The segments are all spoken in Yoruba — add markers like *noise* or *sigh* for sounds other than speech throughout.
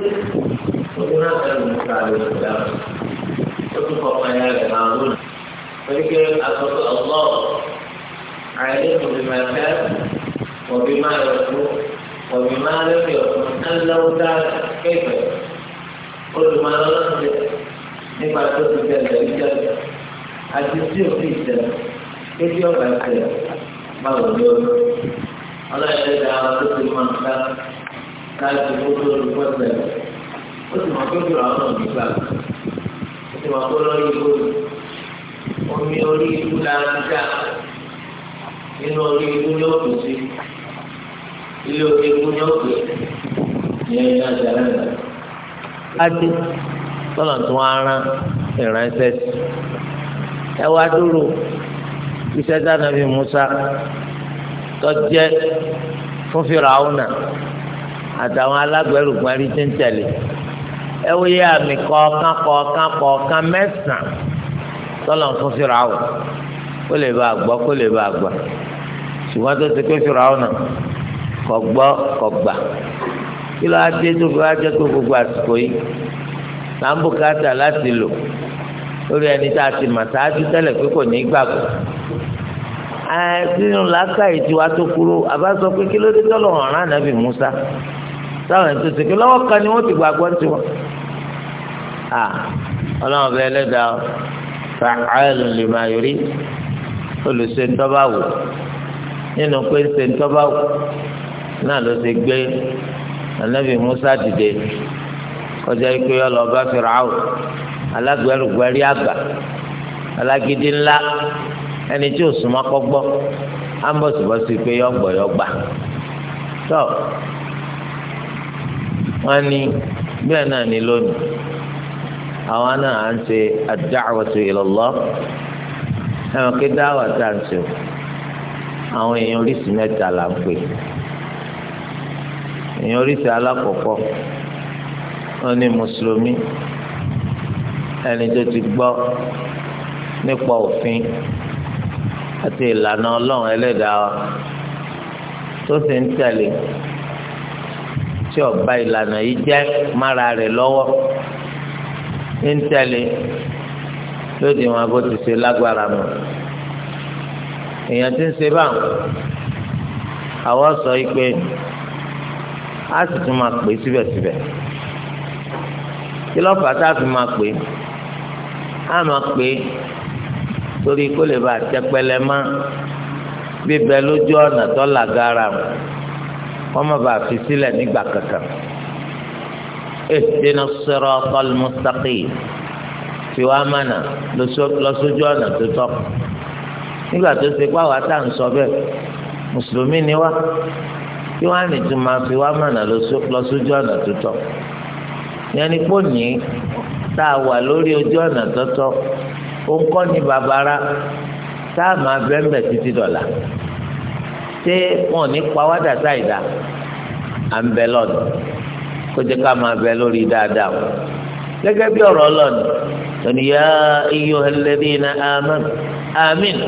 ó ti náà sẹ́nu nípa àlejò ìdá ó tún kọ́ ọmọ ẹ̀yà rẹ̀ máa ń lò torí pé àtọ́tọ́ ọ̀gbọ́ àìlè kò bí máa fẹ́ òbí máa yọ fún òbí máa lókè ọ̀tún ńláwó dára kéèké olùmọ̀ ọlọ́sẹ̀ nípa tó ti tẹ̀lé ìjọba àti tí ò fi tẹ̀lé kéde ọ̀gá tẹ̀lé báwo ni ó lọ ọlọ́yẹ̀dẹ̀ tó ti mọ̀ nípa láti owó lórí pẹ́pẹ́ ó sì máa tóbi àwọn náà nígbà ó sì máa tó lórí ìbò omi orí ikú la ń dà nínú ni ikú ní òkú sí ilé orí ikú ní òkú ìyẹn ní àjàrà rẹ. Adé tọ́lọ̀ tó wá rán ìránṣẹ́ sí. Ẹ wá dúró iṣẹ́ dáná bíi Musa tó jẹ́ fún Fìràwọ́nà àtàwọn alágbẹ̀rù kan rí tí ń tẹ̀lé ẹ wo yẹ àmì kọ̀ọ̀kan kọ̀ọ̀kan kọ̀ọ̀kan mẹ́sàn-án tọ́lọ̀ ń fún fìrà wọ̀ kó lè bá a gbọ́ kó lè bá a gbà ṣùgbọ́n tó ti pé fìrà wọ̀ náà kọ̀ gbọ́ kọ̀ gbà kí ló á dé tó fi wá jẹ́ kó gbogbo àsìkò yìí là ń bùkátà láti lò lórí ẹni tá a ti mà sáájú tẹ́lẹ̀ pé kò ní í gbàgbọ́ ẹ sínú làákàyè tiwa tó kúrò àbá sọ pé kí ló dé tọ́lọ̀ ọ̀ràn ànábì Musa táwọn ètò ìsìnkú lọ́wọ́ kan ni wọ́n ti gbàgbọ́ ti wọn. ọlọ́run bẹ ẹlẹ́dàá fàáìlì lè máa yọrí olùṣe ńtọ́bà wò nínú pé ṣe ńtọ́bà wò náà ló ṣe gbé anabi musa dìde kọjá ikú yọ lọ bá fìràwò alágbẹrùgbẹrí àgbà alágídí ńlá ẹni tí ò súnmọ́ kọ́ gbọ́ ambọ̀sibọ́sí pé yọ gbọ́ yọ gbà wọ́n ní bẹ́ẹ̀ náà ní lónìí àwọn náà à ń ṣe ad-da'watu ila Allah ẹ̀wọ̀n kí dáwà tá à ń ṣe àwọn èèyàn oríṣìí mẹ́ta là ń pè èèyàn oríṣìí alákọ̀ọ́kọ́ wọ́n ní mùsùlùmí ẹni tó ti gbọ́ nípa òfin àti ìlànà ọlọ́run ẹlẹ́dàá tó sì ń tẹ̀lé tí ọba ìlànà yìí jẹ́ mára rẹ̀ lọ́wọ́ ń tẹ̀lé lóde wọn bó ti ṣe lágbára mọ́ èèyàn ti ń ṣe báwọn àwọn sọ yìí pé a sì tún máa pè síbẹ̀síbẹ̀ kí lọ́ọ̀fà tá a fi máa pè á máa pè torí kó lè bá tẹpẹlẹ mọ́ bíbẹ lójú ọ̀nà tó làgàrà mọ́ wọ́n má bàa fi sílẹ̀ nígbà kankan. ihdina siratal mustaqim fi wá mànà lọ́sọ́jú ọ̀nà tó tọ́. nígbà tó ṣe pàwọ́ àtà ń sọ bẹ́ẹ̀ mùsùlùmí ni wá kí wọ́n á ní tún máa fi wá mànà lọ́sọ́jú ọ̀nà tó tọ́. yẹn pò ní tá a wà lórí ojú ọ̀nà tó tọ́ òun kọ́ ni bàbára tá a máa bẹ́ẹ̀ bẹ́ẹ̀ títí dọ̀la ṣé wọn ò ní pa wá dàtà ìdá à ń bẹ lọ́dọ̀ kó jẹ́ ká máa bẹ lórí dáadáa o gẹ́gẹ́ bí ọ̀rọ̀ ọlọ́ọ̀ni oníyà iyọ̀ ẹlẹ́dínà amẹ́n amín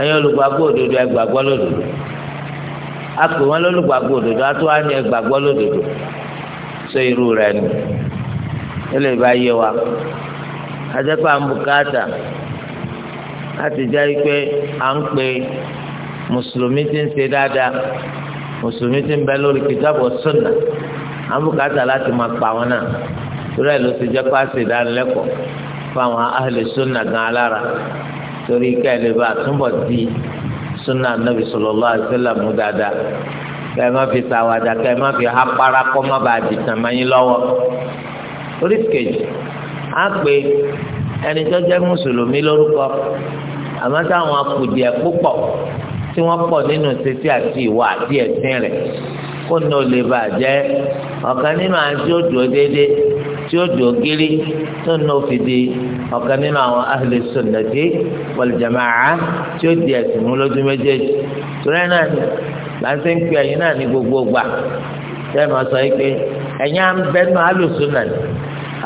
ẹ̀yin olùgbàgbọ́ òdodo ẹgbàgbọ́ lódodo a pè wọ́n lólùgbàgbọ́ òdodo a tó wá ní ẹgbàgbọ́ lódodo sọ irú rẹ̀ ni ẹlẹ́ bá yé wa adẹ́pà ń bùkátà láti jẹ́ pé à ń pè é mùsùlùmí ti ń ṣe dáadáa mùsùlùmí ti ń bẹ lórí kìtàbù sunna àbùkátà láti máa pa wọn náà torí ẹ ló ti jẹ pàṣẹ ìdánilẹ́kọ̀ọ́ fáwọn ahli sunna gan alára torí ká ẹ lè bá túnbọ̀ di sunna nabi sallallahu alaihi wasallam mú dáadáa ká ẹ má fi sàwádà ká ẹ má fi hapara kọ́ má bàa di tàmáyín lọ́wọ́ oríṣìkejì á pé ẹni tó jẹ́ mùsùlùmí lórúkọ àmọ́ táwọn akùdìẹ̀ púpọ̀ tí wọ́n pọ̀ nínú títí àti ìwà àti ẹ̀sìn rẹ̀ kó ní o lè bàjẹ́ ọ̀kan nínú àwọn tí ó dùn ó déédéé tí ó dùn ó gírí tó ní o fi di ọ̀kan nínú àwọn ahli sunnati wal tí ó di ẹ̀sìn mú lójú méjèèjì torí náà ni láti ń pè ẹ̀yin náà ní gbogbo gbà tẹ́ ẹ máa sọ yìí pé ẹ̀yin á ń bẹ́ẹ̀ náà ahli sunnati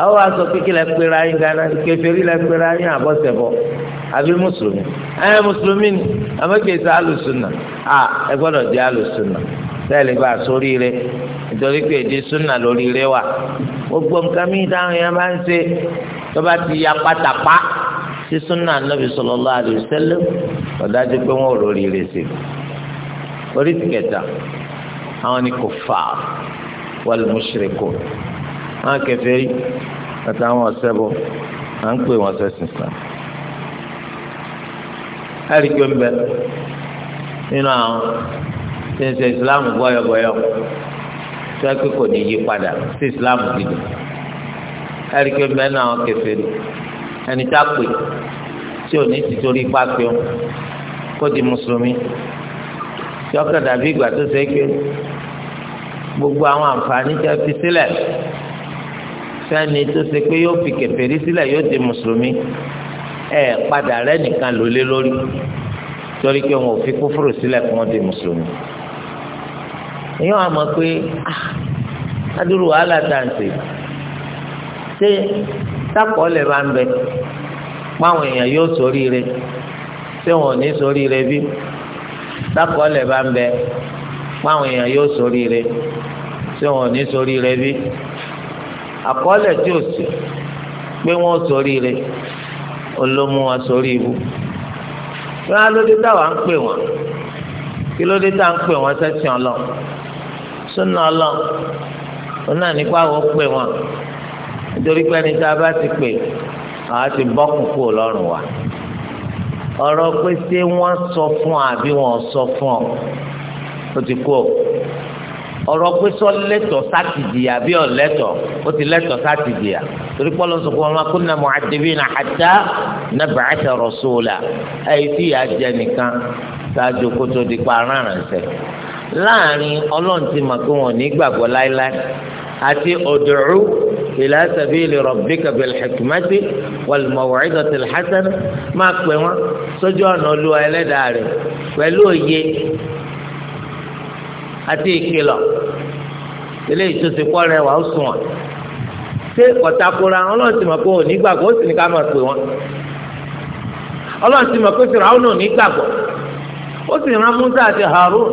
àwọn aṣọ kékeré lẹ pera yín gánà kèfèrí lẹ pera yín àbọ̀sẹ̀bọ̀ àbí mùsùlùmí ẹ mùsùlùmí ni àmọ́ kìí ṣe alùsùnà à ẹ gbọ́dọ̀ di alùsùnà sẹ́ẹ̀lì bá sórí rẹ nítorí pé èdè súnà lórí rẹ wà gbogbo nǹkan mi táwọn yẹn máa ń ṣe tó bá ti ya pátápá sí súnà nàbì sallallahu alaihi wasallam ọ̀dájú pé wọ́n ò lórí rẹ sí orí ti kẹta àwọn ni kò fà wal àwọn kèfèrí àtàwọn ọ̀sẹ́bọ à ń pè wọ́n sẹ́sìn Islam. ẹ̀rí pé ń bẹ nínú àwọn tí ń ṣe Islam bọ́yọ̀bọ́yọ̀ tó ẹ́ pé kò ní yí padà sí Islam gidi ẹ̀rí pé ń bẹ nínú àwọn kèfèrí ẹni tá a pè tí ò ní ti torí ipá pé ó kó di mùsùlùmí tí ọkọ̀ dàbí ìgbà tó ṣe é pé gbogbo àwọn àǹfààní tẹ́ fi sílẹ̀ sẹ́ni tó ṣe pé yóò fi kèfèrí sílẹ̀ yóò di mùsùlùmí ẹ̀ padà rẹ̀ nìkan ló lé lórí torí pé wọn ò fi kúfúrò sílẹ̀ kí wọ́n di mùsùlùmí. èèyàn á mọ̀ pé ah, adúrú wàhálà dàǹtì ṣé sákọọ́lẹ̀ bá ń bẹ páwọn èèyàn yóò ṣoríire ṣé wọn ò ní ṣoríire bí sákọọ́lẹ̀ bá ń bẹ páwọn èèyàn yóò ṣoríire ṣé wọn ò ní ṣoríire bí àkọọ́lẹ̀ tí ò sí pé wọ́n sórí rẹ̀ olómú wa sórí ibu kí wọ́n á lóde táwa ń pè wọ́n kí lóde tá à ń pè wọ́n sẹ́sìn ọlọ́ súnà ọlọ́ òun náà nípa àwọn pè wọ́n nítorí pé ẹni tá a bá ti pè àá ti bọ́kùn kúrò lọ́rùn wa ọ̀rọ̀ pé ṣé wọ́n sọ fún àbí wọ́n sọ fún ọ ó ti kú ọ ọ̀rọ̀ pé sọ lẹ́tọ̀ sátìdìyà bí ọ̀lẹ́tọ̀ ó ti lẹ́tọ̀ sátìdìyà torí pọ́lọ́ sọ fún wa kó nà mọ́ àdébìnà hatta nab'atha rasula ẹ̀yìn tí ìyá jẹ nìkan ṣáájú kó tó di pa aránṣẹ́ láàrin ọlọ́run ti mọ̀ pé wọn ò ní gbàgbọ́ láéláé àti ud'u ila sabili rabbika bil hikmati wal maw'izati àti ìkìlọ̀ ilé ìtòsí kọrẹ wà ó sùn wọn ṣé ọ̀takùnrin àwọn ọlọ́run ti mọ̀ pé òní gbàgbọ́ ó sì ní ká máa pè wọ́n ọlọ́run ti mọ̀ pé fìràwọn òní gbàgbọ́ ó sì rán Musa àti Harun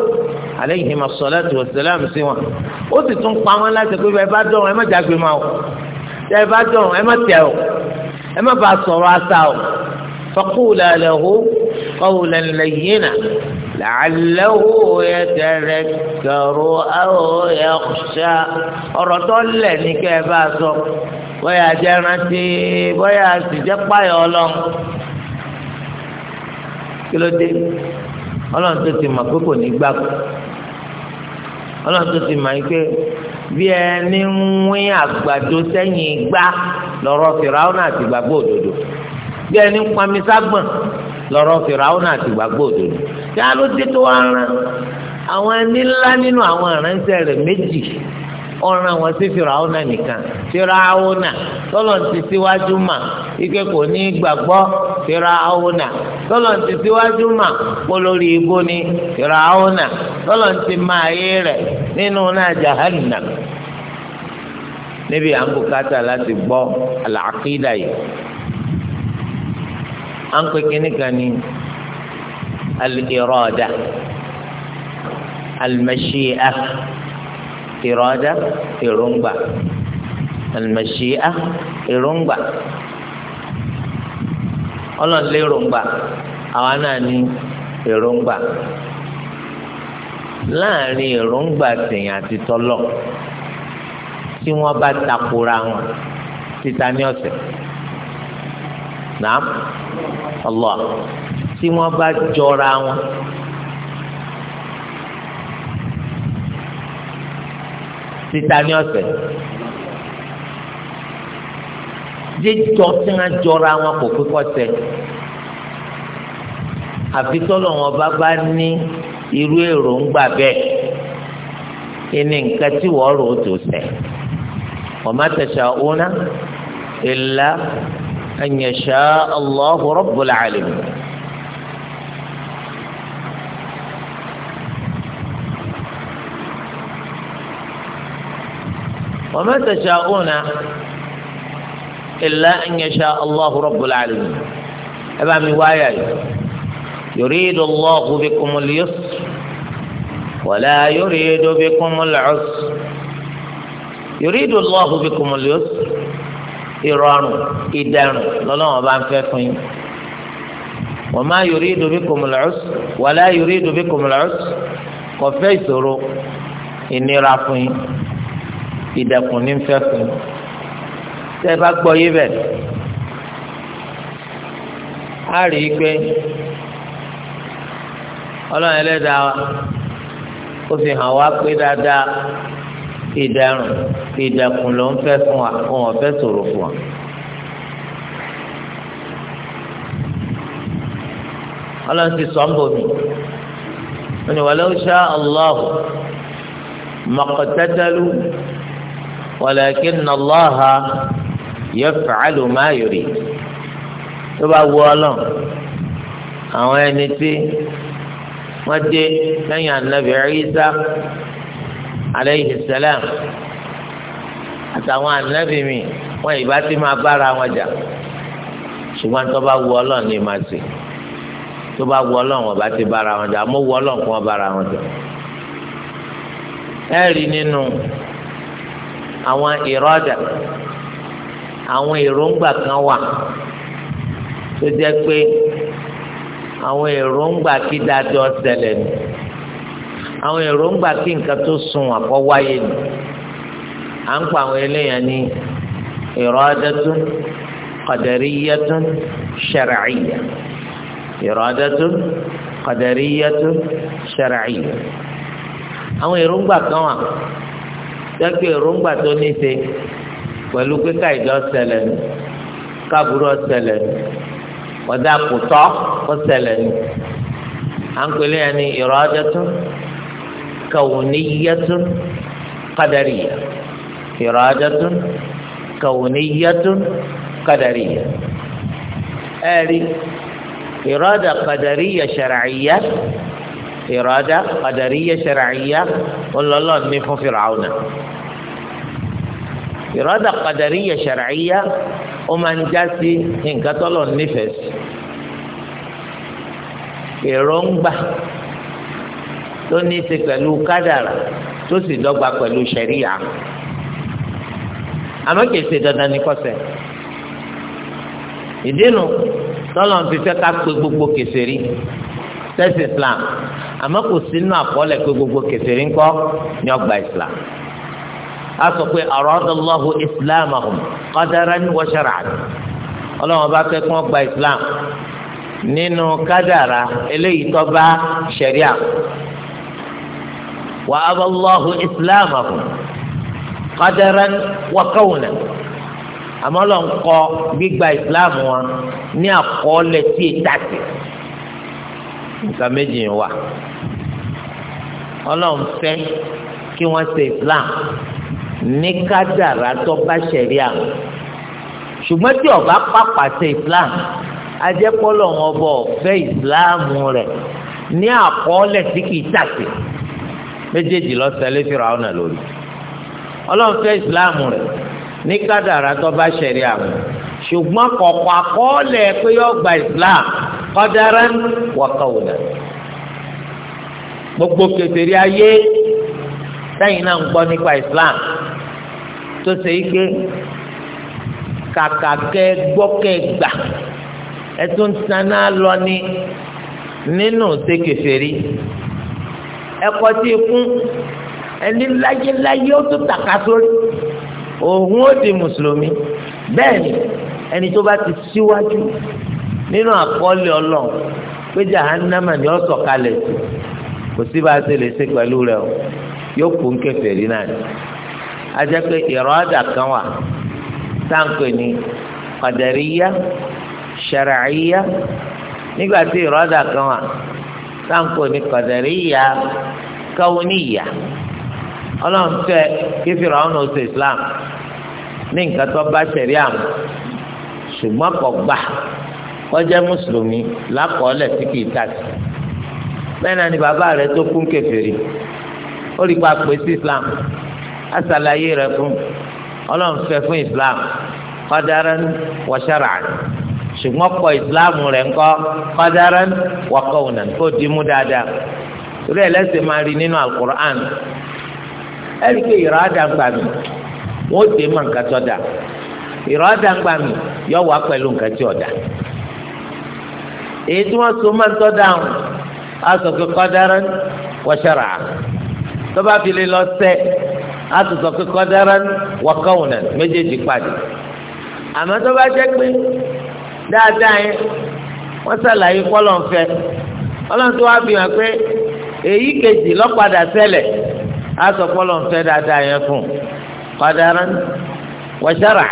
aleyhi masalatu wa salam sí wọn ó sì tún pa wọn láti pé bẹ́ẹ̀ bá dọ̀rùn ẹ má jágbe máa o bẹ́ẹ̀ bá dọ̀rùn ẹ má tẹ̀ o ẹ má bàa sọ̀rọ̀ àṣà o faqula lahu. قولا لينا لعله يتذكر أو يخشى ọ̀rọ̀ tó lẹ̀ ní kẹ́ ẹ bá الله bóyá jẹ́ rántí bóyá sì jẹ́ páyọ̀ ọlọ́run kí ló dé ọlọ́run tó ti mọ̀ pé kò ní gbàgbọ́ ọlọ́run tó ti mọ̀ pé bí ẹni ń wín àgbàdo sẹ́yìn gbá lọ́rọ̀ fìràwọ́n àti gbàgbọ́ òdodo bí ẹni ń pamí ságbọ̀n lọrọ fìràwọn àti gbàgbọ́ òdodo tí a ló dé tó wá rán àwọn ẹni ńlá nínú àwọn aránṣẹ́ rẹ̀ méjì ọ̀ràn wọn sí fìràwọ́nà nìkan fìràwọ́nà tọ́lọ̀ ti síwájú mà ike kò ní gbàgbọ́ fìràwọ́nà tọ́lọ̀ ti síwájú mà polórí igbó ni fìràwọ́nà tọ́lọ̀ ti máa yé rẹ̀ nínú náà jahanna níbi àǹbùkátà láti gbọ́ àlàkídà yìí. à ń pè kíní kan ní al-irada al-mashi'a irada أو al-mashi'a èròǹgbà ọlọ́run léròǹgbà àwa náà ní èròǹgbà láàrin èròǹgbà tèèyàn àti tọ́lọ̀ tí wọ́n bá takora wọn títa ní ọ̀sẹ̀. naam allah tí wọn bá jọra wọn títa ní ọ̀sẹ̀ jíjọ tí wọn jọra wọn kò pé kọsẹ̀ àfi tọ́lọ̀ wọn bá bá ní irú èròǹgbà bẹ́ẹ̀ ìní nǹkan tí wọ́n rò ó tó ṣẹ wa ma tasha'una illa. أن يشاء الله رب العالمين وما تشاءون إلا أن يشاء الله رب العالمين أمام من يريد الله بكم اليسر ولا يريد بكم العسر يريد الله بكم اليسر ìrọ̀rùn ìdẹ̀rùn lọ́lọ́wọ́n bá ń fẹ́ fún yín. wa ma yuridu bikumul usr wa la yuridu bikumul usr kò fẹ́ ìṣòro ìnira fún yín ìdẹ̀kùn ní fẹ́ fún yín. tẹ́ ẹ bá gbọ́ yé bẹ̀ á rí i pé ọlọ́run ẹlẹ́dàá ó fi hàn wá pé dáadáa ìdẹ̀rùn ìdẹ̀kùn ló ń fẹ́ fún wa òun ọ̀fẹ́ sọ̀rọ̀ fún wa. ọlọ́run ti sọ ń bò mí wọ́n ní walau sha'a Allahu maqtatalu walakinna Allaha yaf'alu ma yurid tó bá wù ọlọ́run àwọn ẹni tí wọ́n dé lẹ́yìn ànábì Ìsá aleyhi salam àtàwọn ànábì mi wọn ìbá ti máa bára wọn jà ṣùgbọ́n tó bá wù ọlọ́run ní ma ṣe tó bá wù ọlọ́run wọn bá ti bára wọn jà àmọ́ wù ọlọ́run kó wọn bára wọn jà ẹ rí nínú àwọn ìrọ́dà àwọn èròǹgbà kan wà tó jẹ́ pé àwọn èròǹgbà kí dáadọ́ ṣẹlẹ̀ ni àwọn èròǹgbà kí nǹkan tó sun àkọ́ wáyé ni à ń pa àwọn eléyàn ní ìrọ́dẹ́tún qadariyatun shar'iyya ìrọ́dẹ́tún qadariyatun shar'iyya àwọn èròǹgbà kan wà jẹ́kí èròǹgbà tó ní ṣe pẹ̀lú kíkà ìjọ ṣẹlẹ̀ ní kábúrò ṣẹlẹ̀ ní ọ̀dà kùtọ́ ó ní à ń pèlè yẹn ní ìrọ́dẹ́tún. كونية قدرية إرادة كونية قدرية أري إرادة قدرية شرعية إرادة قدرية شرعية والله الله نفهم فرعون إرادة قدرية شرعية ومن جاتي إن قتل النفس èròǹgbà tó ní í pẹ̀lú kádàrà tó sì dọ́gba pẹ̀lú ṣẹ̀ríyà àmọ́ kìí ṣe dandan ní kọ́sẹ̀ ìdínú tọ́lọ̀ ń fi fẹ́ ká pé gbogbo kèsèrí tẹ́sí Islam àmọ́ kò sínú àkọọ́lẹ̀ pé gbogbo ní ọgbà Islam a sọ pé ọlọ́wọ́n bá fẹ́ Islam nínú وأبى الله إسلامهم قدرا وكونا àmọ́ lọ ń kọ gbígba islam wa ní àkọọ́lẹ̀ tí ìtàkì nǹkan méjì ń wà ọlọ́run fẹ́ kí wọ́n ṣe islam ní kádàrá tó bá ṣẹ̀rí àwọn ṣùgbọ́n tí ọba pàpà ṣe islam ajẹ́pọ́lọ̀ wọn bọ̀ fẹ́ islam rẹ̀ ní àkọọ́lẹ̀ tí kì í tàkì méjèèjì lọ ṣẹlẹ̀ Fíráúnà lórí Ọlọ́run fẹ́ ìsìláàmù rẹ̀ ní kádàrá tó bá ṣẹlẹ̀ àwọn ṣùgbọ́n kọ̀kọ́ àkọọ́lẹ̀ pé yóò gba islam kọ́dára wọ̀kọ̀wọ̀dà gbogbo kẹsìrì ayé sẹ́yìn náà ń gbọ́ nípa islam tó ṣe é ké kàkà kẹ gbọ́ kẹ gbà ẹtún taná lọ ní nínú ṣe kẹsìrì ẹ̀kọ́ tí ikún ẹni láyéláyé ó tún tàka sórí òun ó di mùsùlùmí bẹ́ẹ̀ ni ẹni tó bá ti síwájú nínú àkọọ́lẹ̀ ọlọ́run pé jahannama ni ó sọ̀kalẹ̀ sí kò sí bá a ṣe lè ṣe pẹ̀lú rẹ o yóò kú ń kẹfẹ́ rí náà ni a jẹ́ pé ìrọ́dà kan wà táǹkì ni qadariya shar'iyya nígbà tí ìrọ́dà kan wà táǹkò ní kọ̀dẹ̀ríyà káwọníyà ọlọ́run fẹ́ kí Fíráúnà ó ṣe Islam ní nǹkan tó bá ṣẹ̀rí àmọ́ ṣùgbọ́n kò gbà kọjá mùsùlùmí lákọọ́lẹ̀ tí kìí tàṣì bẹ́ẹ̀ náà ni bàbá rẹ̀ tó kún kèfèrí ó rí pa pé sí Islam àṣàlàyé rẹ̀ fún ọlọ́run fẹ́ fún Islam qadaran wa ṣùgbọ́n kọ ìsìláàmù rẹ̀ ńkọ́ qadaran wa qawnan kó di mú dáadáa torí ẹlẹ́sìn máa rí nínú alukur'an ẹ̀ríkì ìrọ̀dà gbà mí wọ́n dé mọ̀ nǹkan tó dà ìrọ̀dà gbà mí yọ wá pẹ̀lú nǹkan tí ọ̀dà èyí tí wọ́n so máa ń tọ́ dáhùn asọ̀kè qadaran wa shar'a tó lọ sẹ́ asọ̀kè qadaran wa méjèèjì pàdé àmọ́ tó jẹ́ pé dáadáa yẹn wọ́n ṣàlàyé kọ́lọ̀ ń tó wá bí wọn pé èyí kejì lọ́padà ṣẹlẹ̀ á sọ kọ́lọ̀ dáadáa yẹn fún kọ́dára wọ́ṣẹ́rà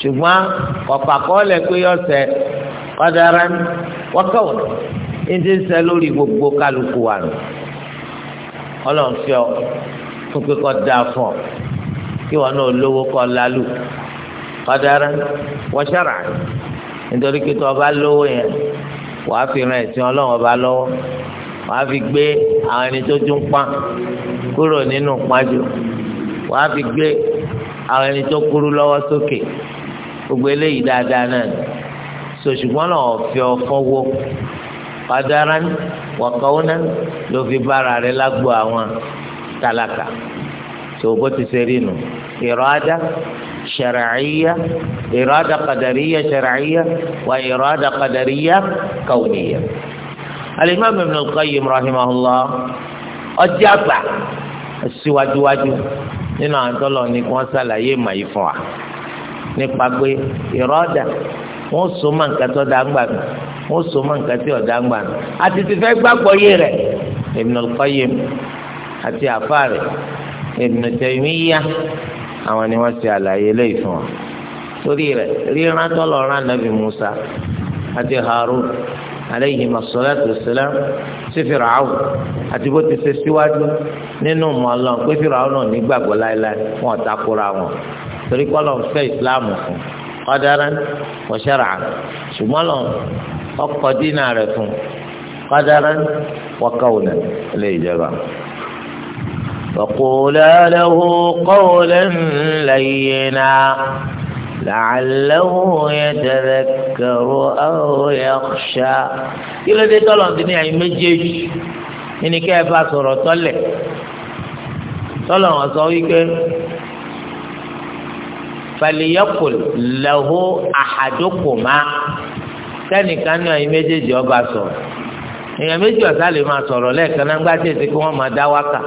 ṣùgbọ́n ọ̀pá kọ́lẹ̀ pé ọ̀sẹ̀ kọ́dára wọ́kọ̀wọ̀ ń ti ń gbogbo kálukú wa nù ọ fún pé kọ́ da fún ọ kí wọn náà nítorí pé tó o bá lówó yẹn wàá fi ran ẹ̀sìn ọlọ́run ọba lọ́wọ́ wàá fi gbé àwọn ẹni tó tún pa kúrò nínú pájò wàá fi gbé àwọn ẹni tó kúrú lọ́wọ́ sókè gbogbo eléyìí dáadáa náà ni sòṣùgbọ́n náà ọ̀fẹ́ ọ̀fọ́wọ́ padàrà wọ̀kọ́wọ́ náà ló fi bára rẹ̀ lágbo àwọn tálákà tó bó ti ṣe rí nu ìrọ̀ ajá شرعية إرادة قدرية شرعية وإرادة قدرية كونية الإمام ابن القيم رحمه الله أجابع السواج واجو nínú àwọn tọ́lọ̀ ni wọ́n ṣàlàyé màá yìí fún wa nípa pé ìrọ́dà wọ́n so mọ́ nǹkan tó dáa ń gbà mí wọ́n so mọ́ nǹkan tí ọ̀dà ń gbà mí àti ti fẹ́ gbàgbọ́ yé rẹ̀ Ibn al-Qayyim àti àfa rẹ̀ Ibn Taymiyyah àwọn ni wọ́n ti àlàyé lẹ́yìn fún wa torí rẹ̀ ríran tọ́lọ̀ rán nàbì Musa àti Harun aleyhi masalatu salam sí firaahun àti bó ti ṣe síwájú nínú mọ́lọ́n pé firaahun náà nígbàgbọ́ láéláé wọn takora wọn torí kọ́lọ̀ ń fẹ́ ìsìláàmù fún qadaran wa shar'an lọ ọkọ̀ dínà rẹ̀ fún qadaran wa kawnan lè jẹba. فقولا له قولا لينا làálẹ́wò yẹn tẹ̀lé kẹrù ọ̀hún yẹn ṣá. kí ló dé tọ́lọ̀ ti ní àyè méjèèjì nínú kẹ́ ẹ bá sọ̀rọ̀ tọ́lẹ̀ tọ́lọ̀ wọn sọ wípé fàlìyẹ́kùn lẹ́hó àhàdókòmá kẹ́nìkan ní àyè méjèèjì ọba sọ̀rọ̀ èèyàn méjì ọ̀sá lè máa sọ̀rọ̀ lẹ́ẹ̀kan náà gbájẹ́ sí pé wọ́n máa dá wákà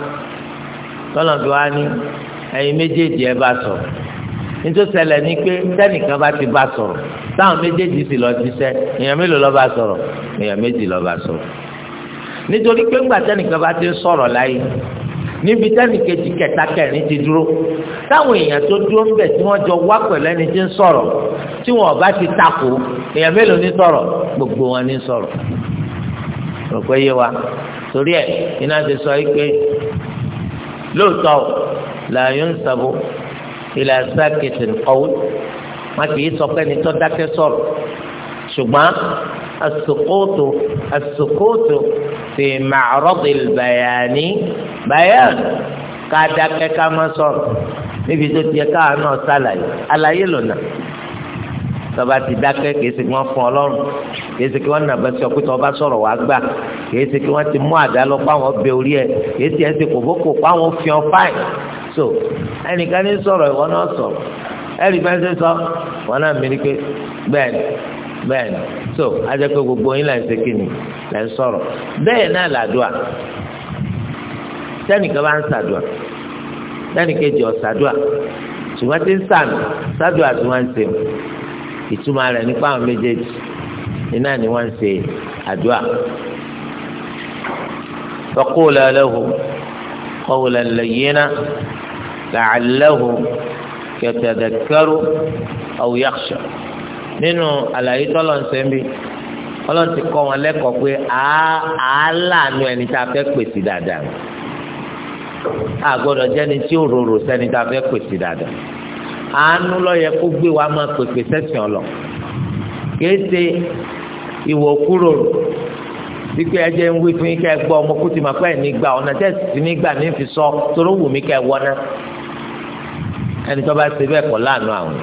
tọ́lọ̀dù wa ní ẹ̀yin méjèèjì ẹ bá sọ̀rọ̀ nítorí ṣẹlẹ̀ ni pé tẹ́nìkan bá ti bá sọ̀rọ̀ táwọn méjèèjì sì lọ jíṣẹ́ èèyàn mélòó ló bá sọ̀rọ̀ èèyàn méjì ló bá sọ̀rọ̀ nítorí pé ńgbà tẹ́nìkan bá ti ń sọ̀rọ̀ láyé níbi tẹ́nìkejì kẹta kẹrin ti dúró táwọn èèyàn tó dúró ń bẹ̀ tí wọ́n jọ wá pẹ̀lú ẹni tí ń sọ̀rọ̀ tí wọ́n bá ti takò èèyàn mélòó ní sọ̀rọ̀ gbogbo wọn ní sọ̀rọ̀ rò yé wa torí ẹ̀ iná ti sọ yìí pé lóòótọ́ la yunsabu ila sakitil qawl wọn kì í sọ pé ẹni tó dákẹ́ sọ̀rọ̀ ṣùgbọ́n as-sukutu as-sukutu fi ma'radil bayani bayan ká dákẹ́ ká má sọ̀rọ̀ níbi tó tiẹ̀ káà náà sálàyé àlàyé lọ́nà tó bá ti dákẹ́ kìí ṣe kí wọ́n fún ọlọ́run kìí ṣe kí wọ́n nàbẹ sọ pé tó bá sọ̀rọ̀ wá gbà kìí ṣe kí wọ́n ti mú àdá lọ páwọn bẹ orí ẹ kìí ṣe ẹsẹ kòbókò páwọn fi ọ fáìn so ẹnìkan ní sọ̀rọ̀ ìwọ náà sọ̀rọ̀ ẹnì bá ń ṣe sọ wọn náà mi ni pé bẹ́ẹ̀ni bẹ́ẹ̀ni so ajẹ pé gbogbo yín là ń ṣe kí ni là ń sọ̀rọ̀ bẹ́ẹ̀ náà làdùà tẹnìkan bá ń ṣàdùà tẹnìkejì ọ̀ṣàdùà ṣùgbọ́n tí ń sàmì ṣàdùà tí wọ́n ń ṣe ìtumọ̀ rẹ̀ nípa àwọn méjèèjì iná ni wọ́n ń ṣe àdúrà. فقولا له قولا لينا لعله يتذكر أو يخشى nínú àlàyé tọ́lọ̀ ń sẹ́ńbí ọlọ́run ti kọ́ wọn lẹ́kọ̀ọ́ pé àálàánú ẹni tá a fẹ́ pèsè dáadáa a gbọ́dọ̀ jẹ́ni tí ó rorò sẹ́ni tá a fẹ́ pèsè dáadáa àánú lọ́yẹ kó gbé wa máa pèpè sẹ́sìn ọ̀lọ́ kìí ṣe ìwò kúrò wípé ẹjẹ ń wí fún yín kẹ́ ẹ gbọ́ ọmọ kó ti máa pẹ́ nígbà ọ̀nà tẹ́sí nígbà ní fi sọ toró wù mí kẹ́ ẹ wọ́ná ẹni tó bá ṣe bẹ́ẹ̀ kọ́ láàánú àwọn.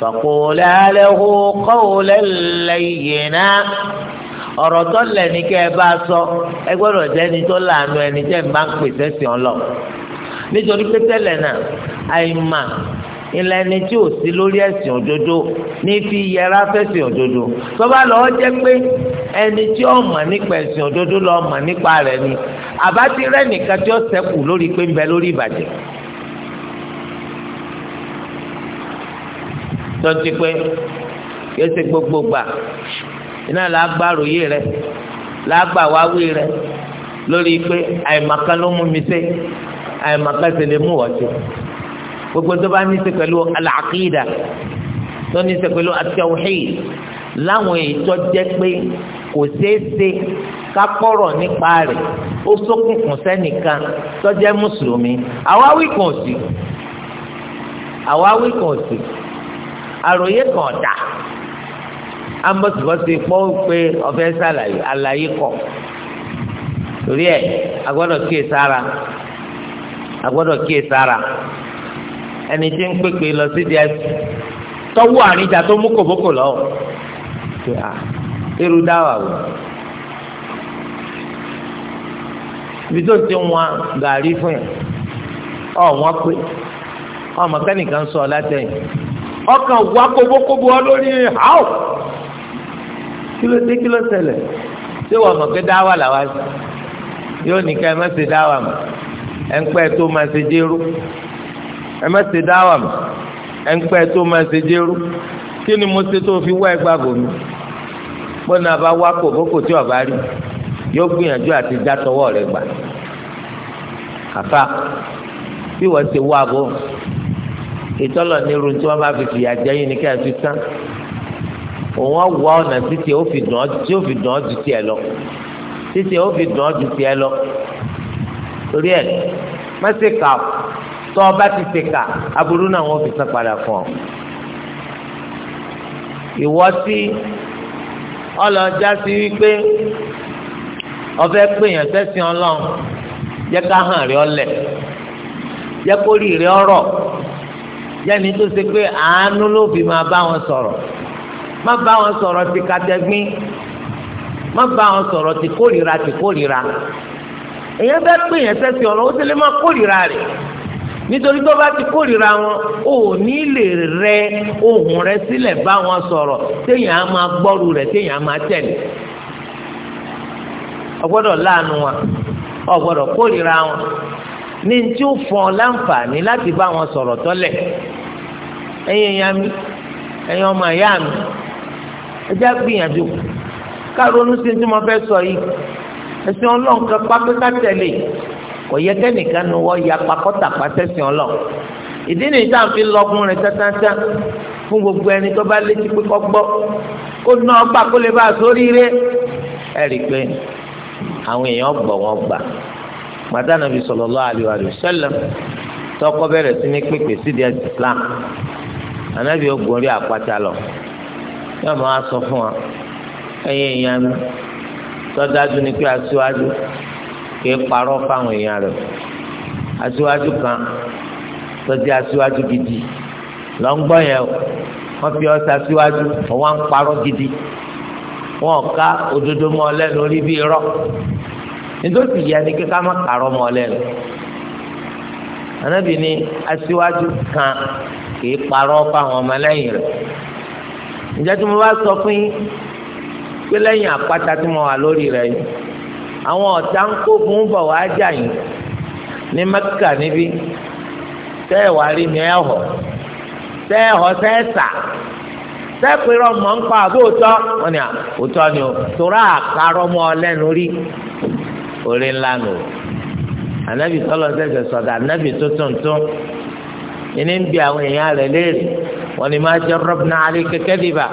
fàkóòlẹ́ alẹ́hu kọ́ọ̀lẹ́ lẹ́yìnà ọ̀rọ̀ tó lẹ̀ ní kẹ́ ẹ bá sọ ẹ gbọ́dọ̀ jẹ́ tó láàánú ẹni tẹ́ ń ń pèsè sí ọ lọ nítorí pé tẹ́lẹ̀ náà àìmà ilẹ̀ ẹni tí ò sí lórí ẹ̀sìn òdodo ní fi yẹra fẹ́sìn òdodo tọ́ba lọ́ọ́ jẹ́ pé ẹni tí ó mọ̀ nípa ẹ̀sìn òdodo lọ́ọ́ mọ̀ nípa rẹ̀ ni àbátí rẹ̀ nìkan tí ó sẹ́kù lórí pé ń bẹ lórí ìbàjẹ́. tọ́ntì pé kése gbogbo gbà iná làágbàrò yé rẹ̀ làágbà wáwí rẹ̀ lórí pé àìmọ̀kan ló mú mi sé àìmọ̀kẹ́sẹ̀ lè mú wọ́tí gbogbo tó bá ní ṣe pẹ̀lú al-aqida tó ní ṣe pẹ̀lú at-tawhid láwọn ètò jẹ́ pé kò ṣeé ṣe kápọ̀rọ̀ nípa rẹ̀ ó ṣókùnkùn sẹ́nìkan tó jẹ́ mùsùlùmí àwa wí kan sí àwa wí kan sí àròyé kan dà ambọ̀sibọ̀sì pọ̀ pé ọ̀fẹ́ sàlàyé àlàyé kọ̀ torí ẹ̀ agbọ́dọ̀ kíyè sára agbọ́dọ̀ kíyè sára ẹni tí ń pèpè lọ sí díẹ̀ tọwọ àríjà tó mú kòbókò lọ irú dáwà wò ibi tó ti ń wọn gàrí fún yẹn ọ wọn pé ọmọ kẹ́nìkan sọ látẹ̀yìn ọkàn wà kóbókóbó ọ lórí hàó kí ló dé kí ló ṣẹlẹ̀ ṣé wọn mọ̀ pé dáwà làwa yóò ní ká ẹ má ṣe dáwà mọ́ ẹnpẹ tó máa ṣe jérú ẹ má ṣe dáwà mọ ẹnpẹ tó máa ṣe jérú kí ni mo ṣe tó fi wá ẹgbà bòmí gbọ́dọ̀ àbá wá kò kókò tí ọba rí yóò gbìyànjú àti já tọwọ́ rẹ gbà kàfà bí wọ́n ṣe wá bò ìtọ́lọ̀ nírú tí wọ́n bá fi fìyà jẹ́ yín ni kí ẹ fi tán òun ọ̀wọ́ ọ̀nà títí ó fi dùn ọ́ ju tiẹ̀ lọ títí ó fi dùn ọ́ ju tiẹ̀ lọ torí ẹ má ṣe kà tó o bá ti ṣe kà aburú náà wọn fi san padà fún ọ. ìwọ tí ọlọ́jà sí wípé ọfẹ́ pèèyàn sẹ́sìn ọlọ́run jẹ́ ká hàn rí ọlẹ̀ jẹ́ kó rí rí ọ̀rọ̀ jẹ́ni tó ṣe pé àánú ló fi máa bá wọn sọ̀rọ̀ má bá wọn sọ̀rọ̀ ti katẹ́gbín má bá wọn sọ̀rọ̀ ti kórìíra ti kórìíra. èyàn fẹ́ pè yẹn sẹ́sìn ọ̀rọ̀ ó sì lè má kórìíra rẹ̀ nítorí tó bá ti kórìíra wọn ò ní lè rẹ ohùn rẹ sílẹ̀ bá wọn sọ̀rọ̀ téèyàn á máa gbọ́rù rẹ̀ téèyàn á máa tẹ̀lé ọgbọ́dọ̀ láàánú wọn ọgbọ́dọ̀ kórìíra wọn ní tí ó fọn láǹfààní láti bá wọn sọ̀rọ̀ tọ́lẹ̀ ẹ̀yin ẹ̀yà mi ẹ̀yin ọmọ ẹ̀yà mi ẹ gbìyànjú ká sí mo fẹ́ sọ yìí. ẹ̀sìn ọlọ́run kan pápẹ́ká tẹ̀lé kò yẹ kẹ́nìkan nu wọ́n ya pakọ́tà pàṣẹsìn ọlọ́run ìdí nìyí tá à ń fi lọ́gùn rẹ̀ tátátá fún gbogbo ẹni tó bá létí pé kọ́ gbọ́ kó ná ọgbà kó lè bá a sórí rẹ̀ ẹ rí i pé àwọn èèyàn gbọ̀ wọ́n gbà màdánà bí sallallahu alaihi wasallam tọkọ bẹ̀rẹ̀ sí ní pèpè sí díẹ̀ Islam ànábì ogun orí àpáta lọ yóò máa sọ fún wa ẹ̀yin èèyàn sọdájú ni pé aṣíwájú kì í parọ́ fáwọn èèyàn rẹ̀ aṣíwájú kan sọdí aṣíwájú gidi lọ ń gbọ́ yẹn o wọ́n fi ọ́ ṣaṣíwájú ọ̀wá ń parọ́ gidi wọn ká òdodo mọ́ lẹ́nu orí bí irọ́ nítòsí yẹ ni kí ká má kàrọ́ mọ́ lẹ́nu anábì ni aṣíwájú kan kì í parọ́ fáwọn ọmọlẹ́yìn rẹ̀ ǹjẹ́ tí bá sọ fún yín pé lẹ́yìn àpáta tí mo wà lórí rẹ̀ yìí àwọn ọ̀tá ń kó fún bọ̀ wá jà yìí ní mẹ́kà níbí tẹ́ ẹ̀ wá rí ni ẹ̀ họ̀ tẹ́ ẹ̀ họ̀ tẹ́ ẹ̀ sà tẹ́ ẹ̀ pé rọmọ ń pa àbó òótọ́ wọn ni òótọ́ ni o torá àkàrọ̀ mọ́ ọ lẹ́nu rí orí ńlá nù ànábì sọlọ sẹsẹ sọdọ ànábì tó tuntun ìní ń bi àwọn èèyàn rẹ̀ léèrè wọn ni máa jẹ rọbìnà àlè kẹkẹ dìbà.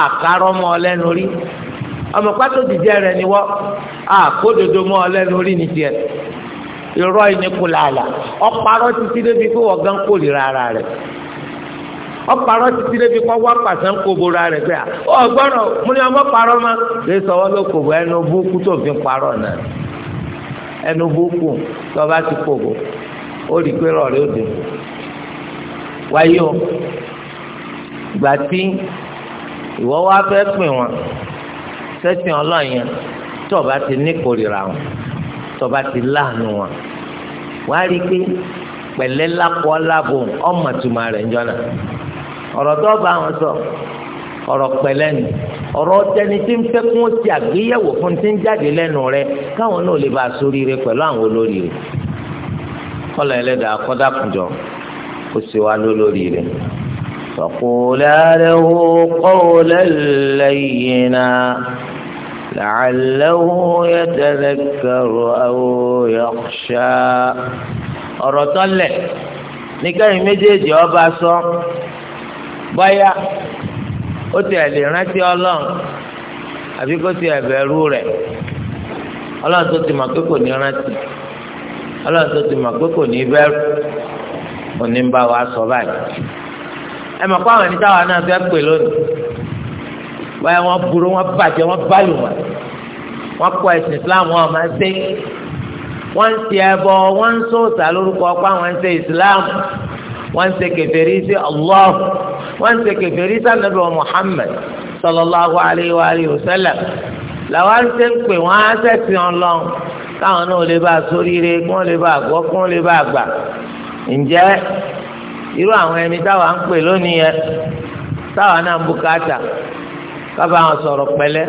àkàrọ̀ mọ́ ọ lẹ́nu rí ọmọ pátó dìjẹ́ rẹ̀ ni wọ́ àkódodo ọ lẹ́nu rí ni tiẹ̀ irọ́ kò títí débi kó wọ́n gán kò lè rẹ̀ títí débi kó wá pàṣẹ ń kó bora rẹ̀ pé ọ̀gbọ́nọ̀ mo ní ọmọ parọ́ ma lè ló kò bọ́ ẹnu tó fi parọ́ náà ti kò bọ́ ó rí òde wáyé ìwọ wá fẹ́ pè wọn sẹ́sìn ọlọ́run yẹn tó o bá ti níkórìíra wọn tó o bá ti láàánú wọn wá rí i pé pẹ̀lẹ́ lápọ̀ lábò ọmọ tuma rẹ̀ jọ́nà ọ̀rọ̀ tó bá wọn sọ ọ̀rọ̀ pẹ̀lẹ́ ni ọ̀rọ̀ tẹni tí ń fẹ́ ti àgbéyẹ̀wò fún ti ń jáde lẹ́nu rẹ̀ káwọn náà lè bá a sóríire pẹ̀lú àwọn olóríire kọ́lọ̀ ẹlẹ́dàá kọ́dà kùjọ kó sì wá lólóríire. فقولا له قولا لينا لعله يتذكر أو يخشى ọ̀rọ̀ tọ́lẹ̀ ní kẹ́yìn méjèèjì ọba sọ báyà ó tiẹ̀ lè rántí ọlọ́run àbí kó tiẹ̀ bẹ̀rù rẹ̀ ọlọ́run tó ti mọ̀ pé kò ní rántí ọlọ́run tó ti mọ̀ pé kò ní bẹ̀rù òní ń bá wa sọ báyìí ẹ mọ̀ fáwọn ẹni táwọn náà fẹ́ pè lónìí báyà wọ́n burú wọ́n bàjẹ́ wọ́n bálù wọn wọ́n kọ ẹ̀sìn Islam wọn máa ṣe wọ́n ń ṣe ẹbọ wọ́n ń sòòtà lórúkọ ọpá wọ́n ń ṣe Islam wọ́n ń ṣe kèfèrí sí Allah wọ́n ń ṣe kèfèrí sí Ànábì Muhammad sallallahu alayhi wa alihi wa sallam làwọn ń ṣe pè wọ́n á ṣẹ̀sìn Ọlọ́run káwọn náà lè bá a sóríire kí wọ́n lè bá a gbọ́ kí wọ́n lè bá a gbà ǹjẹ́ irú àwọn ẹni táwa ń pè lónìí yẹn táwa náà ń bùkátà kábà wọn sọ̀rọ̀ pẹ̀lẹ́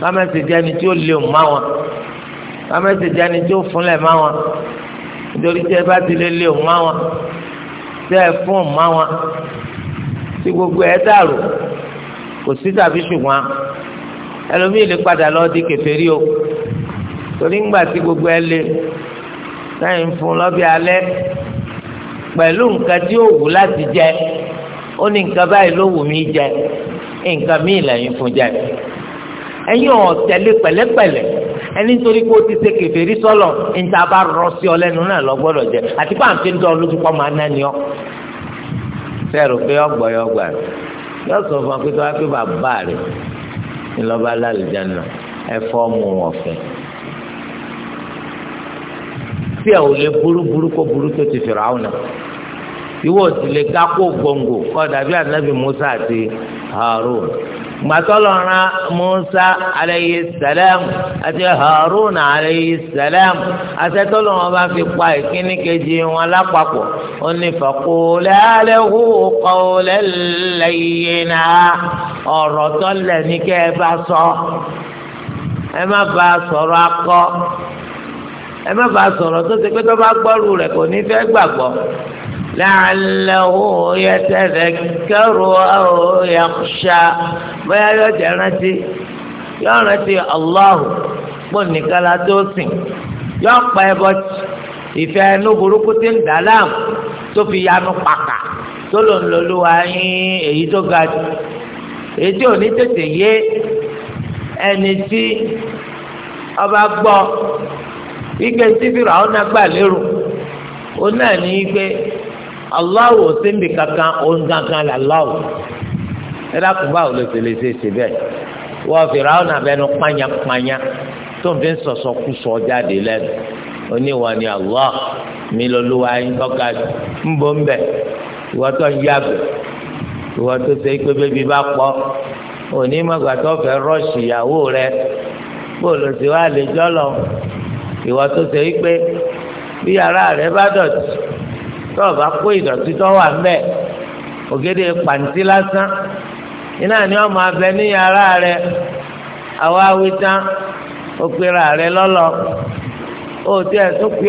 kámẹ́sì jẹ́ni tí ó lè má wọn kámẹ́sì jẹ́ni tí ó fúnlẹ̀ má nítorí tí ẹ bá ti lè lè má wọn tẹ́ ẹ fún má wọn tí gbogbo ẹ dàrú kò sí tàbí ṣùgbọ́n ẹlòmíì lè padà lọ di kèfèrí o torí ńgbà tí gbogbo ẹ sẹ́yìn fún lọ́bí alẹ́ pẹ̀lú nǹkan tí ó wù láti jẹ ó ní nǹkan báyìí ló wù mí jẹ nǹkan míì lẹ́yìn fún jẹ ẹ̀yin ọ̀tẹ̀lé pẹ̀lẹ́pẹ̀lẹ́ ẹni nítorí pé ó ti ṣe kèfèrí sọ́lọ̀ níta bá rọ sí ọ lẹ́nu náà lọ gbọ́dọ̀ jẹ àti pé à ń fi ń dán lójú pọ́ máa ná ọ́ sẹ́rù pé ọgbọ̀ yọ gbà yọ sọ fún ọ pé bàbá rẹ̀ ńlọ́ba lálẹ́ jẹ́ náà ẹ̀fọ́ mu ọ̀fẹ́ tí ẹ ò lè burú burú kó burú tó ti Fìràwọ̀n náà ìwọ sì lè ká gbòǹgò kọ́ dàbí ànábì Musa àti Harun gbàtọ́lọ́ra Musa aleyhi salam àti Harun aleyhi salam àtẹ́tọ́lọ́wọ́n bá fi pa ìkíní kejì wọn lápapọ̀ ó ní faqula lahu qawlan layyina ọ̀rọ̀ tọ́lẹ̀ ní kẹ́ ẹ bá sọ ẹ má bá sọ̀rọ̀ akọ ẹ má bàa sọ̀rọ̀ tó ṣe pé tó bá gbọ́rù rẹ̀ kò ní fẹ́ gbàgbọ́ làálẹ̀wò yẹtẹ̀rẹ̀ kẹrù ọ̀hún yàkùṣà bóyá yóò jẹ́ rántí yóò rántí Allahu pọ̀ nìkan la tó sìn yóò pa ẹbọ ìfẹ́ inú burúkú ti ń dà láàmú tó fi yanu pàkà tó lò ń lòlúwa yín èyí tó ga jù èyí tí ò ní tètè yé ẹni tí ọba gbọ́. ike tí fìràwọn agbà lérò ó náà ní pé aláwò síbi kankan òun kankan là láwò ẹ dákun báwo ló ti lè ṣe ṣe bẹ́ẹ̀ wọ́n fìràwọn abẹnú pányápányá tó ń fi sọsọ kú sọ jáde lẹ́nu ni Allah mi lọ́lọ́wọ́ ayé tọ́ka ń bọ́ ń bẹ̀ ìwọ́n tó ń yàgbẹ́ ìwọ́n tó ṣe bá pọ̀ òní mọ̀gbà rẹ wa lè ìwà tó ṣe wípé bí yàrá rẹ bá dọ̀tí tó o bá kó ìdọ̀tí tó wà mbẹ́ ògèdè pàǹtí lásán iná ni ọmọ abẹ ní yàrá rẹ àwa awi tán ó pera rẹ lọ́lọ́ ó tiẹ̀ tó pe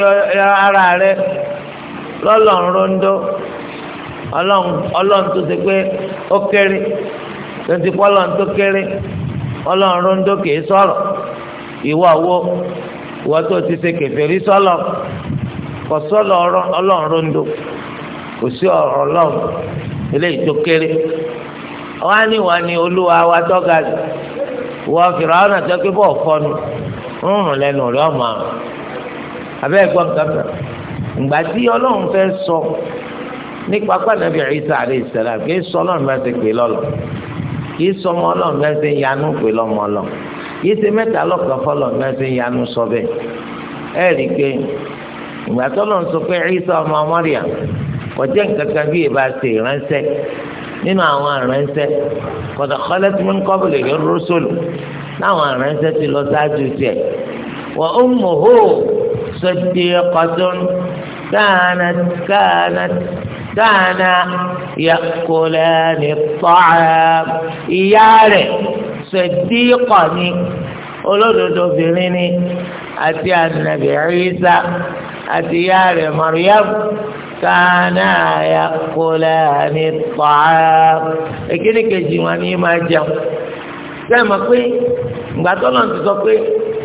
ara rẹ lọ́lọ́ ńlọ́ńdó ọlọ́run tó ṣe pé ó kéré tó ti pọ́ ọlọ́run tó kéré ọlọ́run ńlọ́ńdó kìí sọ̀rọ̀ ìwọ wo. wọ́n tó ti ṣe kèfèrí sọ́lọ̀ kò sọ́lọ̀ ọlọ́run rondo kò sí ọ̀rọ̀ ọlọ́run eléyìí tó kéré wọ́n á ní wọ́n ní olúwa wa tọ́ga jù wọ́n fìrà ọ̀nà tó ké bọ̀ fọ́nu rúnrún lẹ́nu rẹ̀ ọ̀mà abẹ́ ẹ̀gbọ́n kàmá ìgbà tí ọlọ́run fẹ́ sọ nípa pàdánù Ìsá alayhi salam kì í sọ ọlọ́run bá ti pè lọ́lọ́ kì í sọ ọmọ ọlọ́run yìí ṣe mẹ́ta lọ́kàn fọlọ́ ní ẹsẹ̀ yanu sọ bẹ́ẹ̀ ẹ rí i pé ìgbà tó lọ́n sọ pé Ìsá ọmọ Mọ́ríà kò jẹ́ nǹkan kan bí ìbá ṣe ìránṣẹ́ nínú àwọn ìránṣẹ́ kọ̀dọ̀ kọ́lẹ́tì mi ń kọ́ láwọn ìránṣẹ́ ti lọ sáájú tiẹ̀ wọ́n ó hó sọ́dí ọkọ̀tún dáná dáná dáná yẹ kó lẹ́ni tọ́ ìyá rẹ̀ sẹdíkọ ni olódodo obìnrin ni àti ànàbì Ìsá àti ìyá rẹ̀ Maryam kánà àyàkólà ní pàà èkéde kejì wọn ni máa jẹun sẹ́yìn mọ̀ pé gbàtọ́ náà ti sọ pé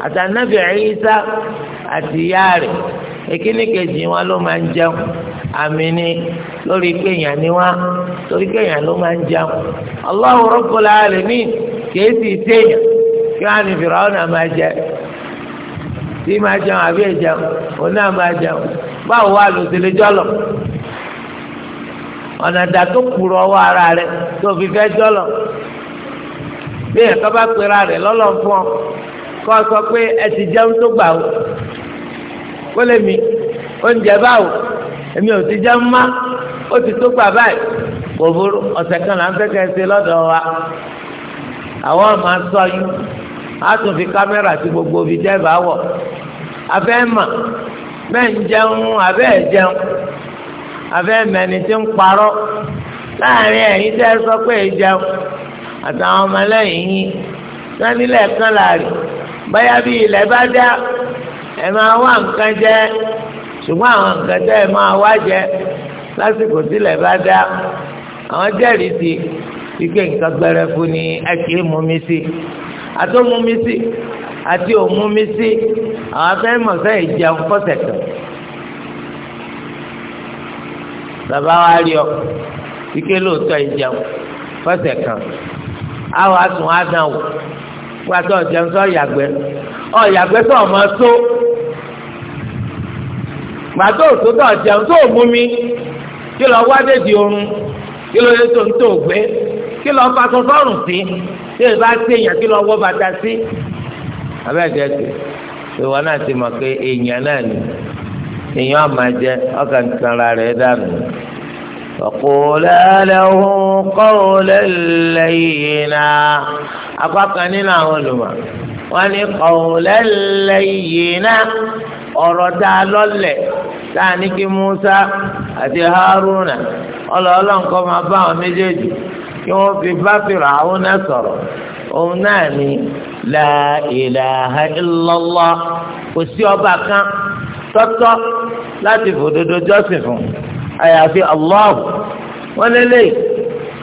àti ànàbì Ìsá àti ìyá rẹ̀ èkéde kejì wọn ló máa jẹun àmì lórí kéèyàn ni wọn torí kéèyàn ló máa ń jẹun Allahu Rabbul Alamin. kìí sì kí wọn ní fìràwọn náà máa jẹ tí máa jẹun àbí ìjẹun òun máa jẹun báwo wà lòsèlè jọlọ ọ̀nà ìdá tó kúrò ọwọ́ ara rẹ tó fi fẹ́ jọlọ bí ẹ̀ka bá pera rẹ lọ́lọ́ fún ọ kọ́ ọ sọ pé ẹ ti jẹun tó gbà ó kó lè mi oúnjẹ báwo èmi ò ti jẹun má ó ti tó gbà báyìí kò burú ọ̀sẹ̀ kan là ń fẹ́ àwọn ọmọ asọ yín a tún fi kámẹ́rà sí gbogbo ibi dẹ́ẹ̀bà wọ̀ abẹ́ mà bẹ́ẹ̀ ń jẹun abẹ́ ẹ̀ jẹun abẹ́ mẹ́ni tí ń parọ́ láàrin ẹ̀yin tẹ́ sọ pé ẹ̀ jẹun àtàwọn ọmọlẹ́yìn yín sanilẹ̀ kan láàrin báyà bí ilẹ̀ bá dá ẹ̀ máa wá nǹkan jẹ ṣùgbọ́n àwọn nǹkan tẹ́ ẹ̀ máa wá jẹ lásìkò tílẹ̀ bá dá àwọn jẹ́rìí sí ike nǹkan gbẹrẹ fún ni ẹtì mú mi sí àti òmú mi sí àti òmú mi sí àwọn afẹ́ mọ̀ sẹ́yìn jẹun fọ́sẹ̀ kan. bàbá wa rí ọ ike lóòótọ́ ìjẹun fọ́sẹ̀ kan àwọn asùn adánwò wàtí ọ̀jẹun sọ ọ̀yàgbẹ́ ọ̀yàgbẹ́ sọ ọmọ tó gbàtó òtótó ọ̀jẹun tó mú kí lọ wá dédìí oorun kí ló tó ń tó gbé kí lọ fa aṣọ sọ́rùn sí tí èyí bá sí èèyàn kí lọ wọ́ bàtà sí. abẹ́ẹ̀dẹ́ ti ìwọ náà ti mọ̀ pé èèyàn náà ni èèyàn àmàjẹ ọkàn tanra rẹ̀ dànù. ọ̀kùnrin ẹlẹ́hùn kọ́ọ̀lẹ́ lẹ́yìn náà apá kan nínú àwọn olùmọ̀ wọ́n ní kọ́ọ̀lẹ́ lẹ́yìn náà ọ̀rọ̀ dá lọ́lẹ̀ tá ní kí Musa àti Haruna ọlọ́ọ̀lọ́ nǹkan máa bá àwọn méjèèjì kí wọ́n fi bá fìrà àwọn náà sọ̀rọ̀ òun náà ni la ilaha illallah kò sí ọba kan tọ́tọ́ láti fòdodo jọ́sìn fún àyàfi Allah wọ́n lélẹ̀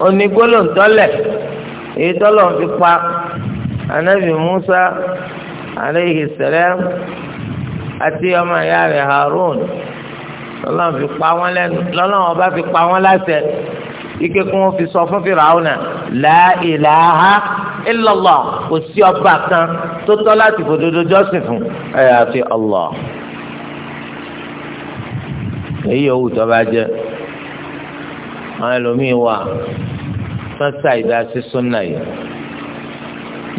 onígbólóńtọ́lẹ̀ èyí tọ́lọ̀ ń fi pa anabi Musa aleyhi salam àti ọmọ ìyá rẹ̀ Harun lọ́lọ́run fi pa wọ́n lẹ́nu lọ́lọ́run ọba fi pa wọ́n láṣẹ ike kí wọ́n fi sọ fún fìràwọ́nà láìláha illallah kò sí ọba kan tó tọ́ láti fòdodo jọ́sìn fún àyàfi Allah. èyí yòówù tó bá jẹ́ àwọn ẹlòmíín wà sọ́sà ìdásí súnà yìí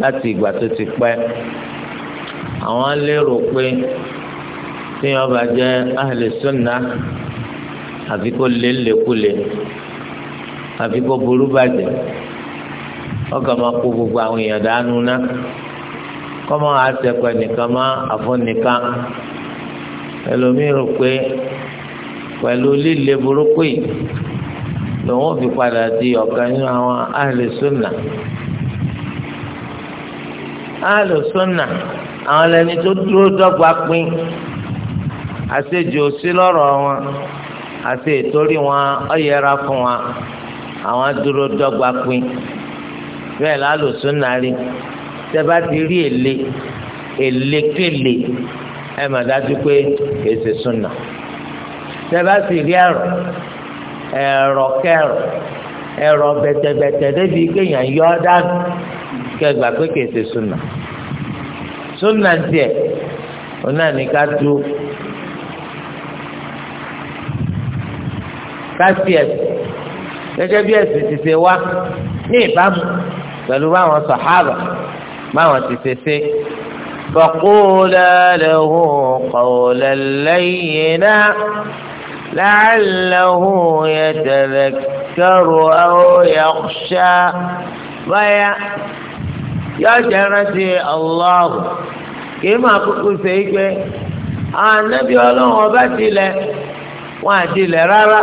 láti ìgbà tó ti pẹ́ àwọn lérò pé tí wọ́n bá jẹ́ ahli súnà àfi kó lélẹ̀kulè àfi kó burú bàjẹ́ ọkàn máa kó gbogbo àwọn èèyàn dànù ná kọ́mọ àtẹ̀pẹ̀ nìkan má àfọ̀nìkan ẹlòmíì rò pé pẹ̀lú líle burúkú yìí lòun fi padà di ọ̀kan nínú àwọn ahli sunna ahli sunna àwọn ẹni tó dúró dọ́gba pín àṣejù sí lọ́rọ̀ wọn àti ìtorí wọn ọ̀yẹ́ra fún wọn àwọn dúró dọ́gba pin bẹ́ẹ̀ lálùsùn náà rí tẹ́bá ti rí èlé èlékèlè ẹ mà dájú pé èsì súnà tẹ́bá sì rí ẹ̀rọ ẹ̀rọ kẹrọ ẹ̀rọ bẹ̀tẹ̀bẹ̀tẹ̀ débi kéèyàn yọ ọ́ dànù kẹgbà pé kèsì súnà súnà tiẹ̀ ọ̀nà ní ká tú ká tiẹ̀ sí gẹ́gẹ́ bí ẹ̀sìn ti ṣe wá ní ìbámu pẹ̀lú báwọn sàhábà báwọn ti ṣe ṣe. فقولا له قولا لينا لعله يتذكر أو يخشى báyà yóò ṣe rántí Allahu kì í máa kúkú ṣe é pé àwọn anábì ọlọ́run ọba tilẹ̀ wọn àtilẹ̀ rárá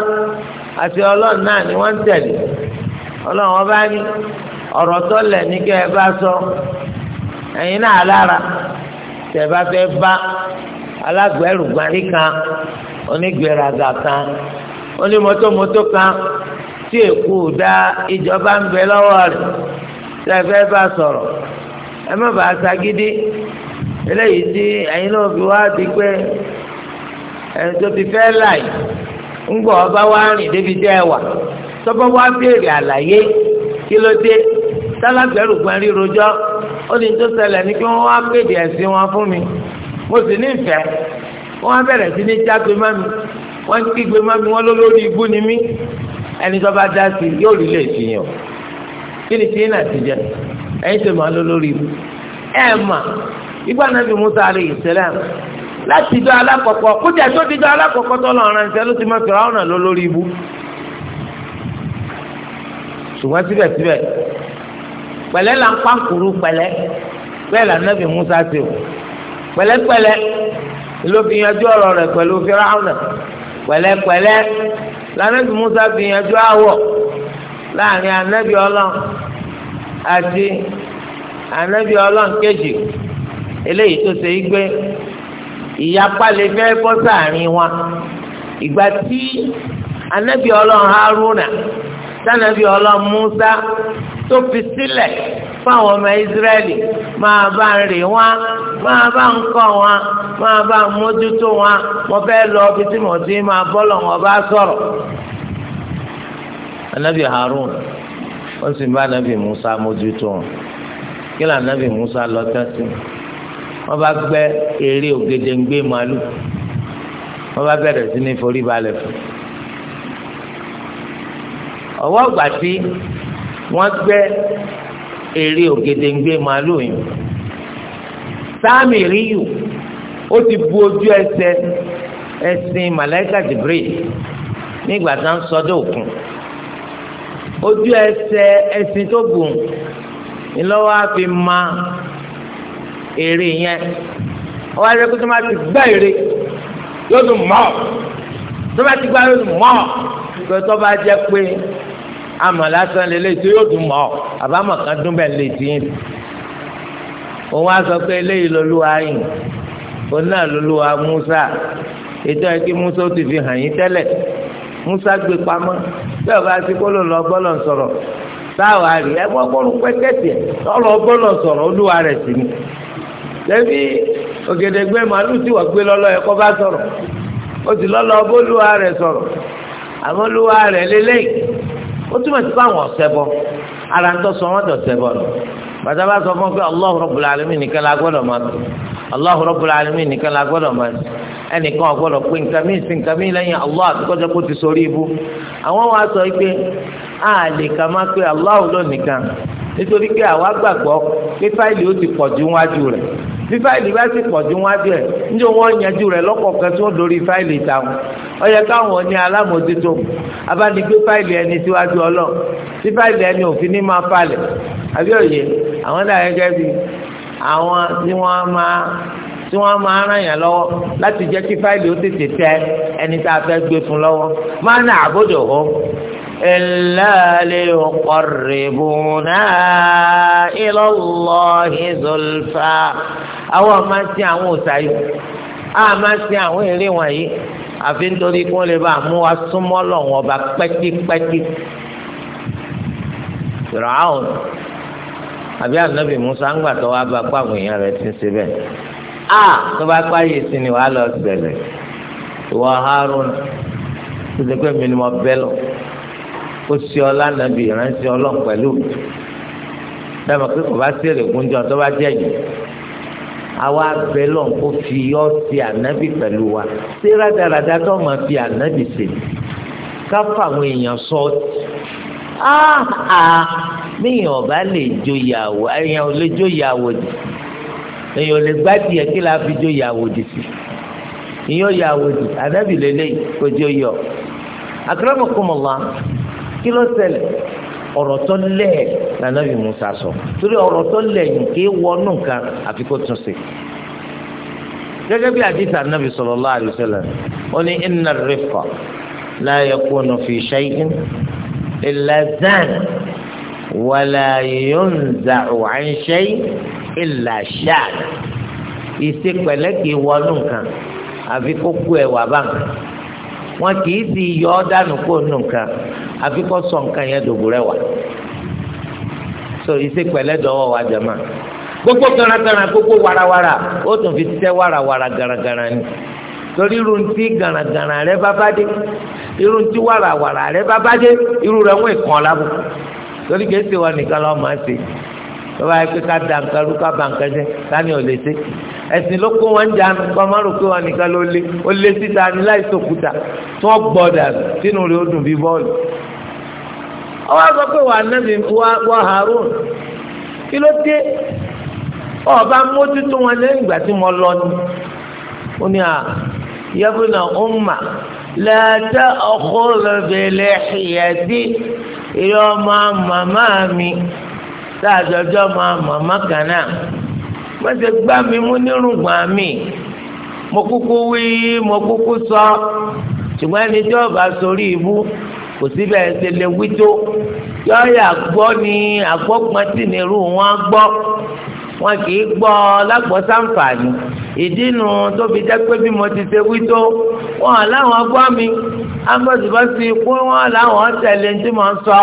àti ọlọ́run náà ni wọ́n ń tẹ̀lé ọlọ́run ọba n'ike ọ̀rọ̀ lẹ̀ ní ẹ bá sọ ẹ̀yin náà lára tẹ̀ bá fẹ́ bá alágbẹ̀rùgbani kan onígbèrágà kan onímọ́tòmọ́tò kan tí èkó dá ìjọba ń bẹ lọ́wọ́ rẹ̀ tẹ̀ fẹ́ ẹ ńgbọ́ ọba wa rìn débi tẹ́ ẹ wà tọ́gbọ́n wa béèrè àlàyé kí ló dé sálágbẹ́rù gbọ́n rí rojọ́ ó ní tó ṣẹlẹ̀ ní kí wọ́n wá ẹ̀sìn wọn fún mi mo sì nífẹ̀ẹ́ wọ́n á bẹ̀rẹ̀ sí ní jágbe má mi wọ́n ń kígbe má mi wọ́n ló lórí ni mí ẹni tó bá dá sí yóò rí lè fi kí ni tíyẹn náà ti jẹ tó máa ló lórí láti ìjọ alákọ̀ọ́kọ́ kódà tó ti ìjọ alákọ̀ọ́kọ́ tó lọ ránṣẹ́ ló ti mọ fìràwọ̀nà lọ lórí ibú. ṣùgbọ́n síbẹ̀síbẹ̀ pẹ̀lẹ́ là ń pàǹkùrú pẹ̀lẹ́ bẹ́ẹ̀ là nàbì Musa ti o pẹ̀lẹ́pẹ̀lẹ́ ló fi yanjú ọ̀rọ̀ rẹ̀ pẹ̀lú fìràwọ̀nà pẹ̀lẹ́pẹ̀lẹ́ là nàbì Musa fi yanjú àwọ̀ láàrin ànábì Ọlọ́run àti ànábì Ọlọ́run kejì eléyìí tó ṣe é gbé ìyapa lè fẹ́ bọ́ sáàrin wọn ìgbà tí anabi ọlọ́run haruna sanabi ọlọ́run musa tó fi sílẹ̀ fáwọn ọmọ israẹli máa bá ń rè wọn máa bá ń wọn máa bá ń wọn fẹ́ lọ bí tí mo ti máa bọ́lọ̀ wọn bá sọ̀rọ̀ anabi haruna sì bá anabi musa mójútó wọn kí anabi musa lọ tẹ́sí. wọ́n bá gbẹ́ eré ògèdèǹgbé màálù wọ́n bá bẹ̀rẹ̀ sí ní forí balẹ̀ fún ọwọ́ ìgbà tí wọ́n gbẹ́ eré ògèdèǹgbé màálù yìí sáàmì ríyù ó ti bu ojú ẹsẹ̀ ẹṣin màláìkà jìbìrì nígbà tá à ń sọdọ̀ òkun ojú ẹsẹ̀ ẹṣin tó gùn ńlọ́wọ́ á fi máa èrè yẹn wọ́n á rí pé tó máa ti gbá èrè yóò tún mọ́ tó máa ti gbá yóò tún mọ́ pé tó bá jẹ́ pé àmọ̀ lásán lè léyìí tó yóò tún mọ́ àbámọ̀ kan dún bẹ́ẹ̀ lè dín in òun á sọ pé eléyìí lolúwa yìí òun náà lolúwa Musa ètò ẹ̀ kí Musa ó ti fi hàn yín tẹ́lẹ̀ Musa gbé pamọ́ bẹ́ẹ̀ bá sí kó ló lọ bọ́lọ̀ sọ̀rọ̀ táwa rí ẹ gbọ́gbọ́rún pẹ́kẹ́tì ẹ̀ lọ́rọ̀ bọ́lọ̀ sọ̀rọ̀ olúwa rẹ̀ sí ni. lẹ́bí ògèdègbè màálù tí wàá gbé lọ́lọ́ yẹ kọ́ bá sọ̀rọ̀ o ti lọ́lọ́ bólúwa rẹ̀ sọ̀rọ̀ àmọ́ olúwa rẹ̀ lélẹ́yìn ó túmọ̀ sí ara ń tọ́sọ wọn dọ̀sẹ̀ bọ́ lọ bàtà bá sọ fún pé Allahu nìkan la gbọ́dọ̀ máa tó ẹnìkan pé nǹkan mí sí nǹkan mí lẹ́yìn Allah kó ti ibú àwọn a lè kà má pé Allah nítorí pé àwa gbàgbọ́ pé fáìlì ó ti pọ̀ ju wájú rẹ̀ bí fáìlì bá sì pọ̀ ju wájú rẹ̀ níjọ́ wọn yanjú rẹ̀ lọ́kọ̀ọ̀kan tí wọ́n dorí fáìlì táwọn ó yẹ káwọn ní alámòójútó abánigbé fáìlì ẹni síwájú ọlọ́ tí fáìlì ẹni òfin ní máa falẹ̀ àbí òye àwọn náà gẹ́gẹ́ bí àwọn tí wọ́n máa ràn yàn lọ́wọ́ láti jẹ́ kí fáìlì ó tètè tẹ ẹni tá a fẹ́ gbé fún lọ́wọ́ إلا ليقربونا إلى الله زلفى àwọn ọmọ ti àwọn òòṣà yìí a máa ti àwọn eré wọ̀nyí àfi nítorí kí wọ́n lè bá mú wa súnmọ́ lọ́wọ́ ọba pẹ́kípẹ́kí. Fìràhùn àbí ànábì Musa ń gbà tó wá bá pa àwọn èèyàn rẹ̀ ti ṣe bẹ́ẹ̀. a tó bá páyé sí ni wàá lọ bẹ̀rẹ̀ ìwọ Harun tó ti pé mi ni mo bẹ́ lọ ó ṣe ọlá nàbì ìrántí ọlọ́run pẹ̀lú dábàá pé kò bá sí èrè gúnjọ tó bá jẹ́ yìí àwa abẹ lọ kó fi yọ ti ànábì pẹ̀lú wa ṣé rádaràda tó máa fi ànábì ṣe ká fáwọn èèyàn sọ áà míyàn ọba lè joyàwó èèyàn ò lè joyàwó dì èèyàn ò lè gbádìí ẹ kí la fi joyàwó dì sí ìyàn yàwó dì ànábì lélẹ́yìí kò joyọ àkàrà mọ̀kúmọ̀lá kí ló ṣẹlẹ̀ ọ̀rọ̀ tó lẹ̀ lànàbì Musa sọ torí ọ̀rọ̀ tó lẹ̀ yìí kì í wọnú nǹkan àfi kó tún ṣe gẹ́gẹ́ bí àdìsá nàbì sallallahu alaihi wasallam ó ní inna rifqa la yakunu fi shay'in illa zan wala yunza'u an shay'in illa shan ìṣe pẹ̀lẹ́ kì í wọnú nǹkan àfi kó kú ẹwà bá nǹkan. wọn kì í sì yọ ọ́ dànù kó nù nǹkan àfi kọ́ sọ nǹkan yẹn dògùrẹ́ wà so ìsèpẹ̀lẹ́ dọ́wọ́ wa jẹ̀ máa gbogbo garagara gbogbo warawara ó tún fi tẹ warawara garagara ni torí irun tí garagara rẹ bá bá dé irun tí warawara rẹ bá bá dé irú rẹ wọn kàn lábùkù torí kìí ṣe wa nìkan lọ́ọ́ máa ṣe tó bá yẹ pé ká da nǹkan rú ká ba nǹkan jẹ sani ò lè ṣe ẹ̀sìn ló kó wọn jà nù kọ́ máa rò pé wọn nìkan ló lé ó lé síta ní láì sòkúta tó wọ́n gbọ́ dànù sínú rẹ̀ ó dùn bí bọ́ọ̀lù. ọwọ́ sọ pé wà nẹ́bí wà Harun kí ló dé ọba mójútó wọn lẹ́yìn ìgbà tí mo lọ ni ó ní à yẹ́bùnà ó mà lẹ́tẹ̀ ọkọ̀ rẹ̀ bẹ̀lẹ̀ ìyẹ́dí ìyọ́ máa màmá mi tá a jọjọ́ máa màmá kan náà wọ́n ti gbá mi mú nírùngbọ̀n mi mo kúkú wí mo kúkú sọ ṣùgbọ́n ẹni tí ọba sórí ibú kò síbẹ̀ ṣe lè wí tó yọ̀ọ́yà gbọ́ ni àgbọ́gbọ́n tì ní irú wọn gbọ́ wọn kì í gbọ́ lágbọ́sáǹfààní ìdí nu tó fi jẹ́ pé bí mo ti ṣe wí tó wọn làwọn gbọ́ mi ambọ̀sibọ́sí kú wọn làwọn tẹ̀lé ní tí mo sọ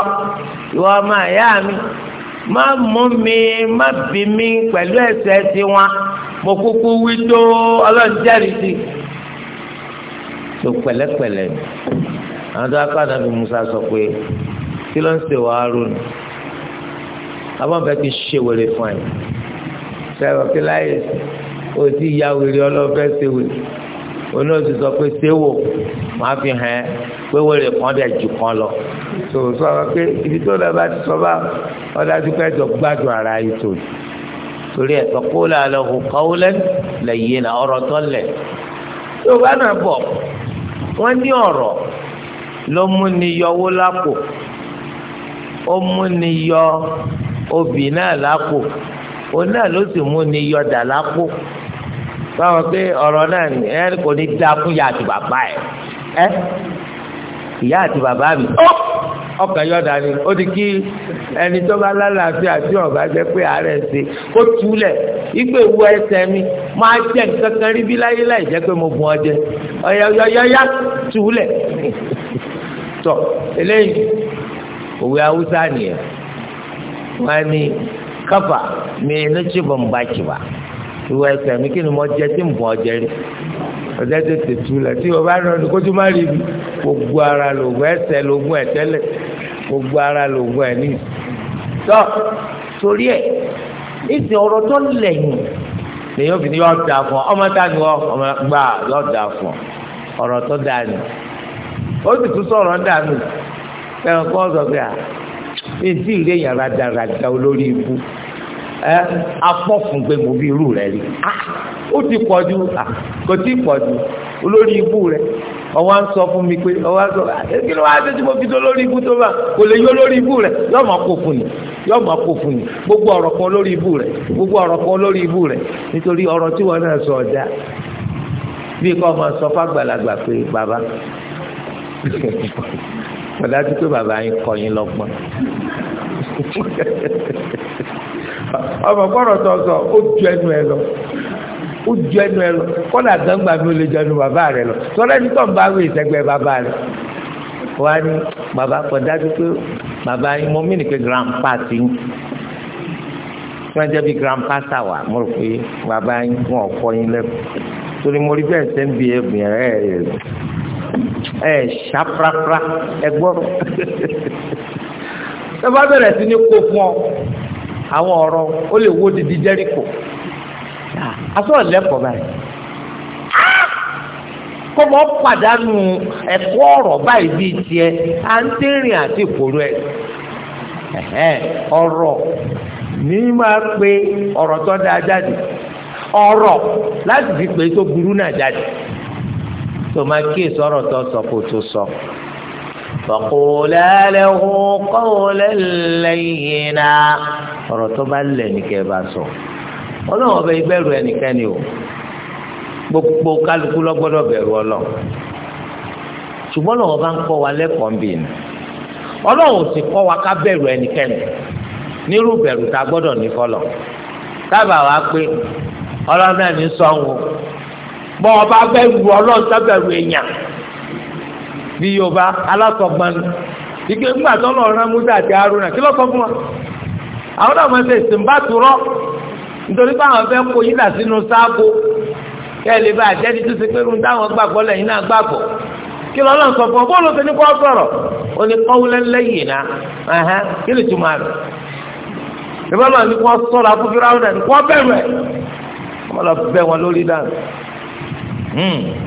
ìwọ ọmọ ìyá mi má mú mi má bí mi pẹ̀lú ẹ̀ṣẹ̀ tiwọn mo kúkú wí tó ọlọ́ọ̀jẹ́rìí sí tó pẹ̀lẹ́pẹ̀lẹ́ ni àwọn tó akọ́ ànábì Musa sọ pé kí ló ń ṣe wàá ronú abọ́nfẹ́ ti ṣe wèrè fún ẹ sẹ́wọ̀n kí láyé o ti ya wèrè ọlọ́fẹ́ ṣe wèrè oní oṣù sọ pé séwò máa fi hàn ẹ́ pé wèrè kan dẹ̀ jù kan lọ tó sọ wọn pé ibi tó lọ bá ti sọ bá ọ̀dà tó pẹ́ tó gbádùn ara yìí tó torí ẹ̀ sọ kó làálọ̀ kó kọ́wó lẹ́nu lẹ́yìn náà ọ̀rọ̀ tó lẹ̀ tó bá náà bọ̀ wọ́n ní ọ̀rọ̀ ló mú ni yọwó lápò ó mú ni yọ obì náà lápò òun náà ló sì mú ni yọ dà lápò. báwọn pé ọ̀rọ̀ náà ni ẹ kò ní dá fún ìyá àti bàbá ẹ ẹ ìyá àti bàbá mi ọkàn ni ó ti kí ẹni tó bá lálàáfíà tí ọ̀gá jẹ́ pé ààrẹ ṣe kó túlẹ̀ ìgbé wu ẹsẹ̀ mi máa jẹ́ kankan rí bí láyé láì jẹ́ pé mo bùn ọ jẹ ọ̀yọ̀yọ̀yá túlẹ̀ *laughs* tọ̀ eléyìí òwe haúsá nìyẹn mi ní tìbọn bá ìwọ ẹsẹ̀ mi kí ni mo jẹ tí ń bọ̀ ọjẹ́ rí ọjẹ́ tètè túlẹ̀ tí o bá rán ọdún kó tó má rí ibi gbogbo ara lògùn ẹsẹ̀ lògùn ẹ̀ tẹ́lẹ̀ gbogbo ara lògùn ẹ̀ níyì. tọ́ torí ẹ̀ ìsìn ọ̀rọ̀ tó lẹ́yìn lèyìn obìnrin yóò da fún ọ ọmọ tá ni wọ́n ọmọ gbà yóò da fún ọ ọ̀rọ̀ tó da ni ó sì tún sọ̀rọ̀ ń dànù ẹ̀rọ kọ́ sọ pé à mi ti rí èèyàn rádaràda olórí ibú ẹ afọ́fun pé mo bí irú rẹ̀ rí ah, ó ti pọ̀ ju ah, kò tí pọ̀ ju olórí ibú rẹ̀ ọwọ́ ń sọ fún mi pé ọwọ́ ń sọ ah, kí ló wá dé tí mo fi tó lórí ibú tó bá kò lè yọ lórí ibú rẹ̀ yọ máa kó fún ni yọ máa kó fún ni gbogbo ọ̀rọ̀ kan lórí ibú rẹ̀ gbogbo ọ̀rọ̀ kan lórí ibú rẹ̀ nítorí ọ̀rọ̀ tí wọ́n náà sọ ọ̀dà bí kò máa sọ fàgbàlagbà pé bàbá ọ̀dájú *laughs* pé bàbá yín kọ́ yín lọ́gbọ́n *laughs* ọmọ gbọ́dọ̀ tó sọ ó ju ẹnu ẹ lọ ó ju ẹnu ẹ lọ kọ́dà gbangba mi ò lè jẹnu bàbá rẹ lọ sọ́dọ̀ ẹni tó ń bá wí ìsẹ́gbẹ́ bàbá rẹ wá ní bàbá kan dájú pé bàbá yín mo mí ni pé grandpa ti ń wọ́n jẹ́ bí grandpa sàwà mo rò pé bàbá yín fún ọ̀kọ́ yín lẹ́kọ̀ọ́ torí mo rí bẹ́ẹ̀ ṣe ń bi ẹ̀bùn ẹ̀ ẹ̀ ẹ̀ ṣàprapra ẹ̀gbọ́n tó *laughs* bá sí ní kó fún ọ àwọn ọ̀rọ̀ ó lè wó didi jẹ́ríkò asọ̀rọ̀ lẹ́kọ̀ọ́ báyìí ah! kó mọ́ pàdánù ẹ̀kọ́ ọ̀rọ̀ báyìí bíi tiẹ̀ à ń tẹ̀rìn àti ìkòrò ẹ̀ ọ̀rọ̀ ní máa pe ọ̀rọ̀ tó dáa jáde ọ̀rọ̀ láti fi pé tó burú náà jáde tó máa kí èso ọ̀rọ̀ tó sọ kó tó sọ. fọ̀kùlẹ́ lẹ́hu kọ́wọ́lẹ́ lẹ́yìn ọ̀rọ̀ tó bá lẹ̀ nìkẹ́ bá sọ ọlọ́run ọbẹ̀ ìbẹ̀rù ẹnikẹ́ni o gbogbo kálukú lọ́gbọ́dọ̀ bẹ̀rù ọlọ́run ṣùgbọ́n lọ́wọ́ bá ń kọ́ wa lẹ́kọ̀ọ́ bíi sì kọ́ wa ká bẹ̀rù ẹnikẹ́ni nírú bẹ̀rù tá a gbọ́dọ̀ ní wa pé ọba bẹ̀rù tó bẹ̀rù bí yorùbá ike ńgbà tó lọ rán musa àti haruna kí ló sọ fún wa àwọn náà máa ṣe ìsìnbàtúrọ nítorí pé àwọn kó yílà sínú sáàbò kẹ́ lè bá àjẹ́ni tó ṣe pé náà kí sọ fún ní kó sọ̀rọ̀ ó ní lẹ́yìn náà kí túmọ̀ rẹ̀ ní kó sọ̀rọ̀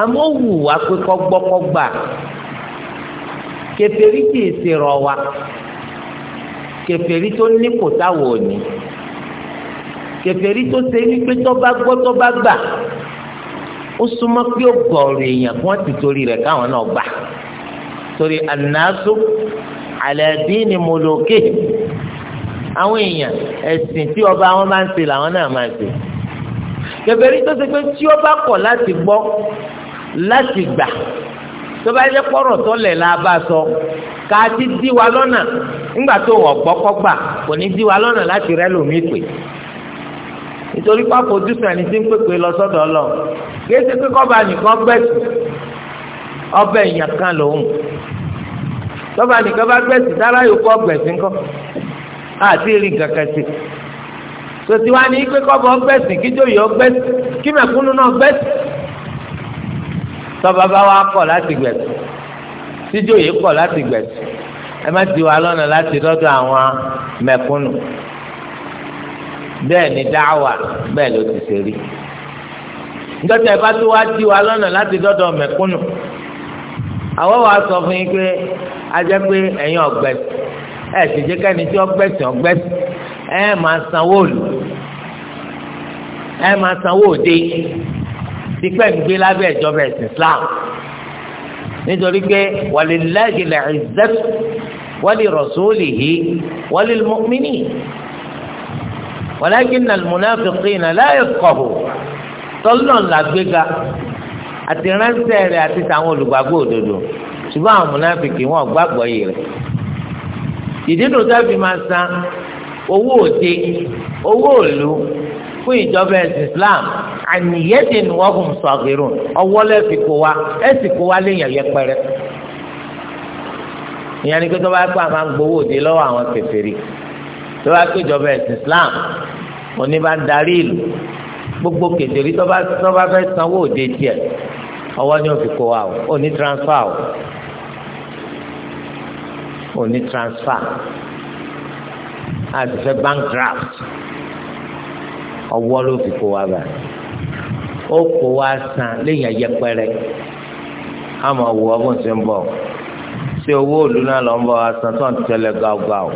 àmọ́ wù wá pé kọ́gbọ́kọ́gbà kèfèrí kì í ṣe rọ̀ wá kèfèrí tó ní kò táwọn ò ní kèfèrí tó ṣe wípé tó bá gbọ́ tó bá gbà ó súnmọ́ pé ó gbọ̀ọ̀rọ̀ èèyàn kí wọ́n ti torí rẹ̀ káwọn náà gbà torí ànásù àlẹ́dínì mọ̀lọ́kè àwọn èèyàn ẹ̀sìn tí ọba wọn bá ń ṣe làwọn náà máa ṣe kèfèrí tó ṣe pé tí ó bá láti gbọ́ láti gbà tó bá yẹ kpọrọ tó lẹ la bá sọ ká ti di wa lọ́nà ńgbà tó wọ gbọkọgbà kò ní di wa lọ́nà láti lómi pè pé lọ sọ́dọ̀ kéésì pé kọba nìkan gbẹsì ọbẹ èèyàn kan lòun kọba nìkan bá dára yóò kọ gbẹsì ńkọ àti rí pé kí tọ́ba wa kọ̀ láti gbẹ̀tù tíjó yìí kọ̀ láti gbẹ̀tù ẹ má ti wà lọ́nà láti dọ́dọ̀ àwọn mẹ̀kúnnù bẹ́ẹ̀ ni dáwà bẹ́ẹ̀ ló ti ṣe rí nítorí ẹ bá tó wá ti wà lọ́nà láti dọ́dọ̀ mẹ̀kúnnù àwọn wa sọ fún yín pé a jẹ́ pé ẹ̀yin ọ̀gbẹ̀sì ẹ̀ sì jẹ́ kẹ́ni tí ọ̀gbẹ̀sì ọ̀gbẹ̀sì ẹ̀ máa sanwó òòlù ẹ̀ máa sanwó òde yìí ti pẹ́ gbé lábẹ́ ìjọba ẹ̀sìn Islam nítorí pé walillahi al-izzatu wa li rasulihi wa lil mu'minin walakinna al-munafiqina la yafqahun tọ́lọ́ la gbéga àti ránṣẹ́ rẹ̀ àti tàwọn olùgbàgbọ́ òdodo ṣùgbọ́n àwọn mùnáfìkì wọn gbàgbọ́ yìí rẹ̀ ìdídùn sábì máa san owó òde owó òlu fún ìjọba ẹ̀sìn Islam àníyẹ́dẹ̀ ni wọ́n fún sọ̀gìrún ọwọ́ lẹ́sìn kó wa ẹ̀sìn kó wa léèyàn yẹpẹrẹ. ìyẹn ni pé tó bá pé àwọn máa ń gbowó òde lọ́wọ́ àwọn kèfèrí tó bá pé ìjọba ẹ̀sìn Islam òní bá ń darí ìlú gbogbo kèfèrí tó bá fẹ́ sanwó òde tiẹ̀ ọwọ́ ni ó fi kó wa o òní transfer o òní transfer àti fẹ́ bank draft ọwọ́ ló fi kó wa bá ó kó wa san léyìn ayẹpẹrẹ àmọ́ wò ó bùn sí ń bọ̀ ṣé owó òlu náà lọ ń bọ̀ asan tó ń tẹ̀lé gàgàù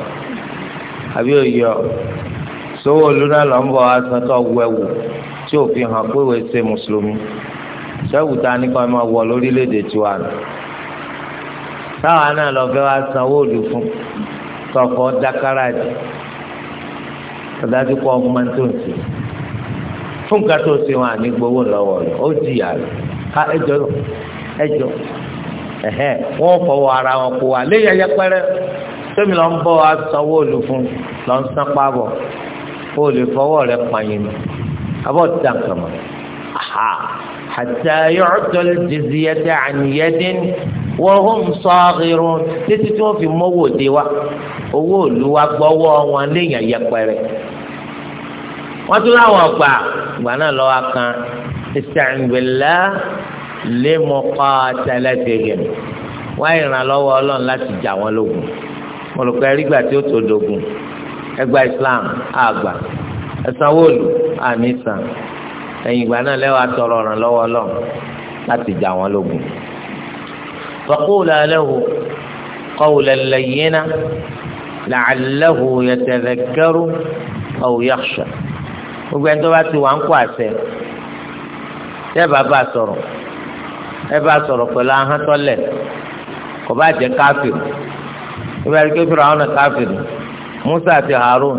àbí òyọ sówó òlu náà lọ ń bọ̀ asan tó wẹ̀wù tí òfin hàn pé wèé ṣe mùsùlùmí sẹ́wùtà nípa ẹ̀ máa wọ lórílẹ̀‐èdè tiwa nù táwa náà lọ fẹ́ wá san owó òdu fún tọkọ dákàrà jù ọ̀dájú kọ́ ọmọ tó ń sè é fún nǹkan tó ṣe wọn àní gbowó lọ́wọ́ rẹ̀ ó jìyà rẹ̀ ká ẹjọ́ ẹjọ́ ẹ̀hẹ́ wọ́n fọwọ́ ara wọn kó wa lé yẹyẹ pẹ́rẹ́ tómi lọ ń bọ́ wa sanwó òlu fún lọ ń san pábọ̀ ó lè fọwọ́ rẹ̀ pààyàn mi abọ́ dàn kàn mọ́ aha àti ayọ́tọ́ jìzìyẹ́tẹ́ àníyẹ́dín wọ́n hó ń sọ irun títí tí wọ́n fi mọ́wọ́ òde wa owó òlu wa gbọ́wọ́ wọn léèyàn yẹpẹrẹ wọ́n tún láwọn ọ̀gbà ìgbà náà lọ́wọ́ kan ìsàǹgbìlá lè mọ kọ́ tẹ́lẹ̀tẹ̀yẹ̀ wá ìrànlọ́wọ́ ọlọ́run láti jà wọ́n lógun mo rò pé ẹrígbà tí ó tó dogun ẹgbà Islam àgbà ẹ̀sánwóòlù àmì sàn ẹ̀yìn ìgbà náà lẹ́wọ̀ àtọ̀rọ̀ ìrànlọ́wọ́ ọlọ́run láti jà wọ́n lógun. فقولا له قولا لينا لعله يتذكر أو يخشى gbogbo ẹni tó bá ti wà ń kó àṣẹ tẹ́ bá bá sọ̀rọ̀ ẹ bá sọ̀rọ̀ pẹ̀lú ahọ́n tọ́lẹ̀ kò bá jẹ́ káfíìn ìbá rí kéfìrì àwọn náà káfíìn Musa àti Harun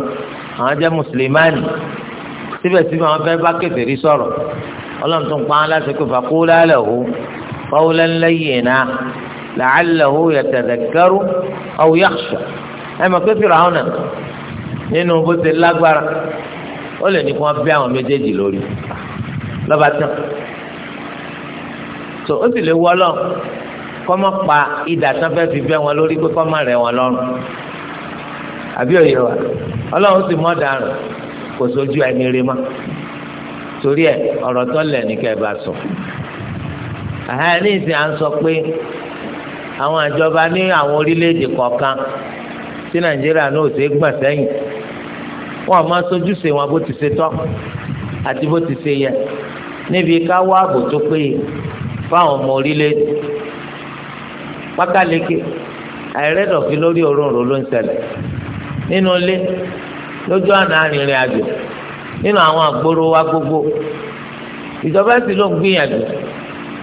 àwọn jẹ́ mùsùlùmáàni síbẹ̀síbẹ̀ àwọn fẹ́ bá kèfèrí sọ̀rọ̀ ọlọ́run tó ń pa án láti kó faqula lahu qawlan layyina la'allahu yatadhakkaru aw yakhsha ẹ mọ̀ kéfìrì àwọn náà nínú bó ti lágbára. ó lè ní kí wọ́n bẹ́ àwọn méjèèjì lórí lọ́ba tán tó ó sì lè wọ́ lọ kọ́ mọ́ pa idà tán fẹ́ fi bẹ́ wọn lórí pé kọ́ rẹ̀ wọn lọ́rùn àbí òye wa ọlọ́run sì mọ́ kò sójú ẹni rí mọ́ torí ẹ ọ̀rọ̀ tó lẹ̀ ní kẹ́ ẹ bá sọ àhání ìsìn à ń sọ pé àwọn àjọba ní àwọn orílẹ̀-èdè kọ̀ọ̀kan tí nàìjíríà náà ò wọn máa sojúṣe wọn bó ti se tọ́ àti bó ti se yẹ níbi ká wá ààbò tó péye fáwọn ọmọ orílẹ̀-èdè pákàleke àìrẹ́dọ̀fí lórí òróǹro ló ń ṣẹlẹ̀ nínú ilé lójú àná arìnrìn àjò nínú àwọn àgbòrò wa gbogbo ìjọba sì ló ń gbìyànjú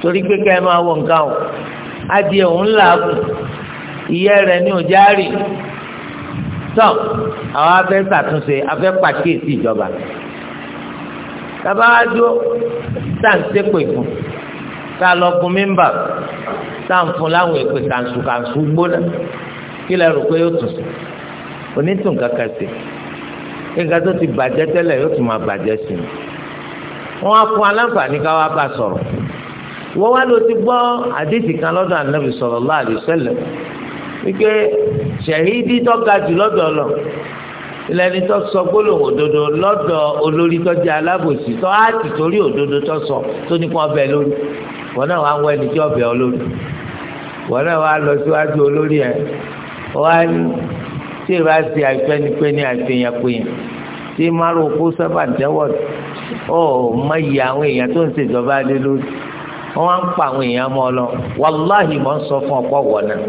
torí pé ká ẹ máa wọ nǹkan o adìẹ tọ́ àwọn afẹ́ ṣàtúnṣe afẹ́ pàkíyèsí ìjọba tabaajo sáǹsẹ pè fún tá a lọ gun mímbà sáǹfún láwọn èpè kàǹsù kàǹsù gbóná kí lẹ rò pé yóò tún sùn onítùn kankan sí nǹkan tó ti bàjẹ́ tẹ́lẹ̀ yóò tún máa bàjẹ́ sí i wọ́n á fún aláǹfààní ká wá bá sọ̀rọ̀ wọ́n wá ló ti gbọ́ àdéhìí kan lọ́dọ̀ ànábì sallallahu alaihi wasallam wípé ṣẹ̀hídì tó ga jù lọ́dọ̀ lọ ìlẹ́ni tó sọ gbólóhùn òdodo lọ́dọ̀ olórí tó jẹ́ alábòsí tó á ti torí òdodo tó sọ tó ní kó ọbẹ̀ lórí wọn náà wá ń wọ ẹni tí ọbẹ̀ olórí wọn náà wá lọ síwájú olórí ẹ wọn á ní tí ìbá ṣe àìpẹ́nipẹ́ni àìfihàn péyàn tí márùn kó sábà tẹ́wọ̀ ọ mọ iye àwọn èèyàn tó ń ṣèjọba lé lórí wọn á ń pa àwọn èèyàn mọ́ ọ lọ wàláhì mọ́ ń sọ fún ọ̀pọ̀ wọ̀ náà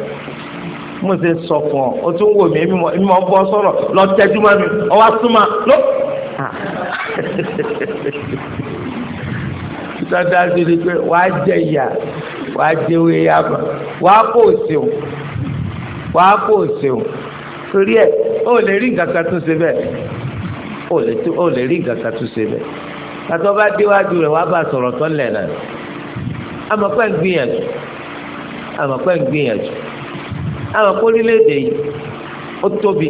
mo ṣe sọ fún ọ o tún wò mí èmi mọ̀ bọ́ sọ̀rọ̀ lọ tẹ́jú mọ́ mi ọ wá súnmọ́ lọ. sọdá *laughs* sí ni pé wàá jẹ ìyà wàá jẹ owó ìyá mà wàá kó o ṣeun wàá kó o ṣeun torí ẹ o lè rí nǹkan kan tún ṣe bẹ́ẹ̀ o lè rí nǹkan kan tún ṣe bẹ́ẹ̀ kàtọ́ bá déwájú rẹ̀ wàá bá sọ̀rọ̀ tán lẹ̀ náà àmọ̀pẹ́ ń gbìyànjú àmọ̀pẹ́ ń gbìyànjú àwọn akórílẹ̀-èdè yìí ó tóbi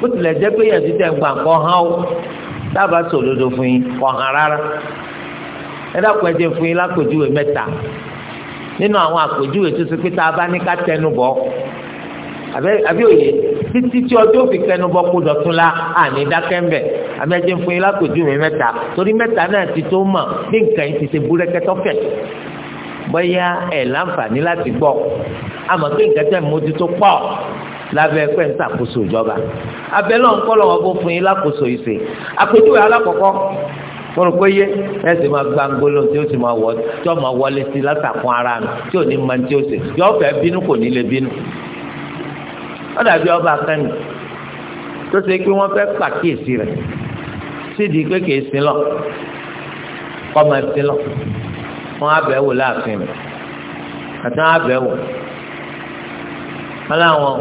bó tilẹ̀ jẹ́ pé yẹn ti tẹ̀ gbà kọ́ hán o dábàá sòdodo fún yín kọ́ hán rárá ẹ dákun ẹ jẹ́ fún yín lápèjúwe mẹ́ta nínú àwọn àpèjúwe tó ṣe pé tá a bá ní ká tẹnu bọ̀ àbí òye títí tí ọjọ́ òfin kẹnu bọ́ kó dọ̀tún la àní dákẹ́mbẹ̀ àmẹ́jẹ́ fún yín lápèjúwe mẹ́ta torí mẹ́ta náà ti tó mọ̀ bí nǹkan yìí ti ṣe búrẹ́kẹ́tọ́fẹ̀ bóyá ẹ̀ láǹfààní láti gbọ́ àmọ́ pé nǹkan tẹ̀ mójútó pọ̀ lábẹ́ pẹ́ ń ṣàkóso ìjọba abẹ́lẹ́ ọ̀nkọ́ lọ́wọ́ bó fún yín lákòóso ìṣe àpèjúwe alákọ̀ọ́kọ́ mo rò pé yé ẹ sì máa gba ngolo tí ó sì máa wọ tí ó máa wọlé sí látàkùn ara mi tí ò ní máa tí ó sè yọ fẹ́ bínú kò ní lè bínú ó dàbí ọba akẹ́ni tó ṣe pé wọ́n fẹ́ pàkíyèsí rẹ̀ sídìí pé kìí sin lọ kọ́ máa sin lọ wọ́n á wò láàfin rẹ̀ àti wọ́n á wò. ala làwọn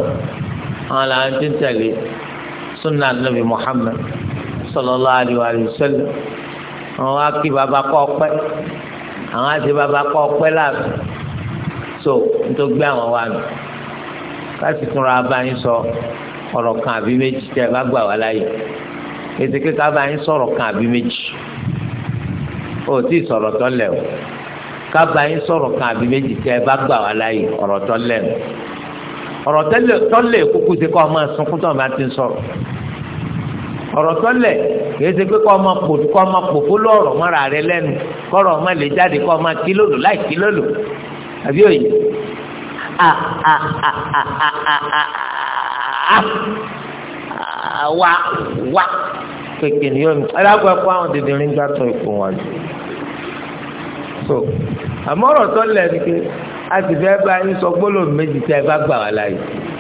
àwọn làwọn ti ń tẹ̀lé sunna nabi muhammed sallallahu alayhi wa sallam àwọn á kí baba kọ́ ọpẹ́ àwọn baba kọ́ ọpẹ́ láàbù so nítorí gbé àwọn wa nù káàsì tún ra sọ ọ̀rọ̀ kan àbí méjì tẹ́ ẹ bá gbà wá láyè ètò kíkà bá sọ̀rọ̀ kan àbí méjì ó tí sọ̀rọ̀ tọ́lẹ̀ o ká sọ̀rọ̀ kan àbí méjì tẹ́ bá gbà wá láyè ọ̀rọ̀ tọ́lẹ̀ o. ọ̀rọ̀ tọ́lẹ̀ kúkú ṣe kọ́ ọmọ sunkún tó ọmọ ti ń sọ̀rọ̀ ọ̀rọ̀ tọ́lẹ̀ kìí ṣe pé kọ́ ọmọ pò kọ́ ọmọ pò fúlọ́ ọ̀rọ̀ mọ́ra rẹ lẹ́nu kọ́rọ̀ ọmọ lè jáde kọ́ ọmọ kí lòlò láì kí lòlò àbí òye wa wa kéèké ni yóò mi alágbó ẹ̀kọ́ àwọn dìndínrín gbàtọ̀ ìfún wa jù so àmọ́ ọ̀rọ̀ tọ́lẹ̀ ni kéèké a sì fẹ́ bá yín sọ gbólóhùn méjì tí ẹ bá gbà wá láàyè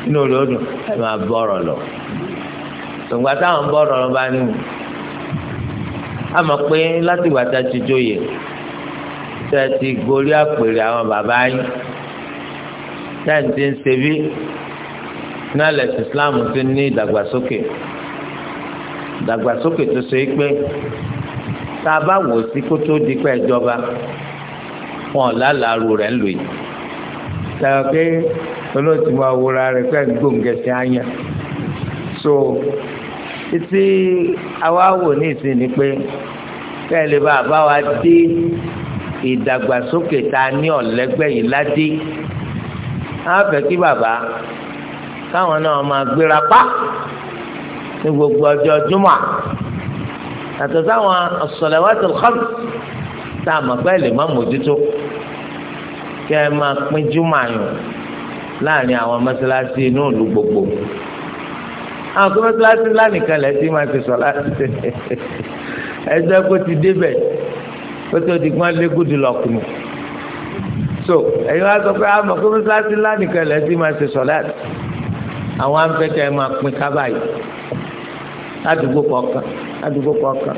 inú rẹ̀ ó dùn ẹ máa bọ̀rọ̀ lọ. ṣùgbọ́n táwọn ń bọ̀rọ̀ lọ bá ní mu a mọ̀ pé láti ìgbà tá a ti jóye tẹ́ ẹ ti gorí àpèrè àwọn bàbá yín tẹ́ ẹ ti ń ṣe bí náà Islam ti ní ìdàgbàsókè ìdàgbàsókè tó ṣe é pé tá a bá wò sí kó tó di pé ìjọba wọn lálàárù rẹ̀ ń lò yìí tàbí pé olóòtú máa wúra rẹ̀ pẹ́ gbòǹgẹ̀sì ányà so títí àwa wò ní ìsinmi pé kẹ́lẹ́ bá bá wa dé ìdàgbàsókè tá a ní ọ̀lẹ́gbẹ́ yìí ládé á fẹ́ kí bàbá káwọn náà máa gbéra pa ní gbogbo ọjọ́ júmọ̀ àtọ̀ sáwọn as-salawatul khams tá a mọ̀ pé lè má mójútó kẹ́ ẹ máa pín júmọ̀ àyàn láàrin àwọn mọ́sálásí inú ìlú gbogbo àwọn tó mọ́sálásí lánìkan lẹ́ sí máa ti sọ láti ẹgbẹ́ kó ti débẹ̀ kó tó di gbọ́n légùdù lọ́kùnrin so ẹ̀yin wá sọ pé àmọ̀ ah, kó mọ́sálásí lánìkan lẹ́ sí máa ti sọ láti àwọn afẹ́kẹ́ máa pín kábà yìí ládùúgbò kọ̀ọ̀kan ládùúgbò kọ̀ọ̀kan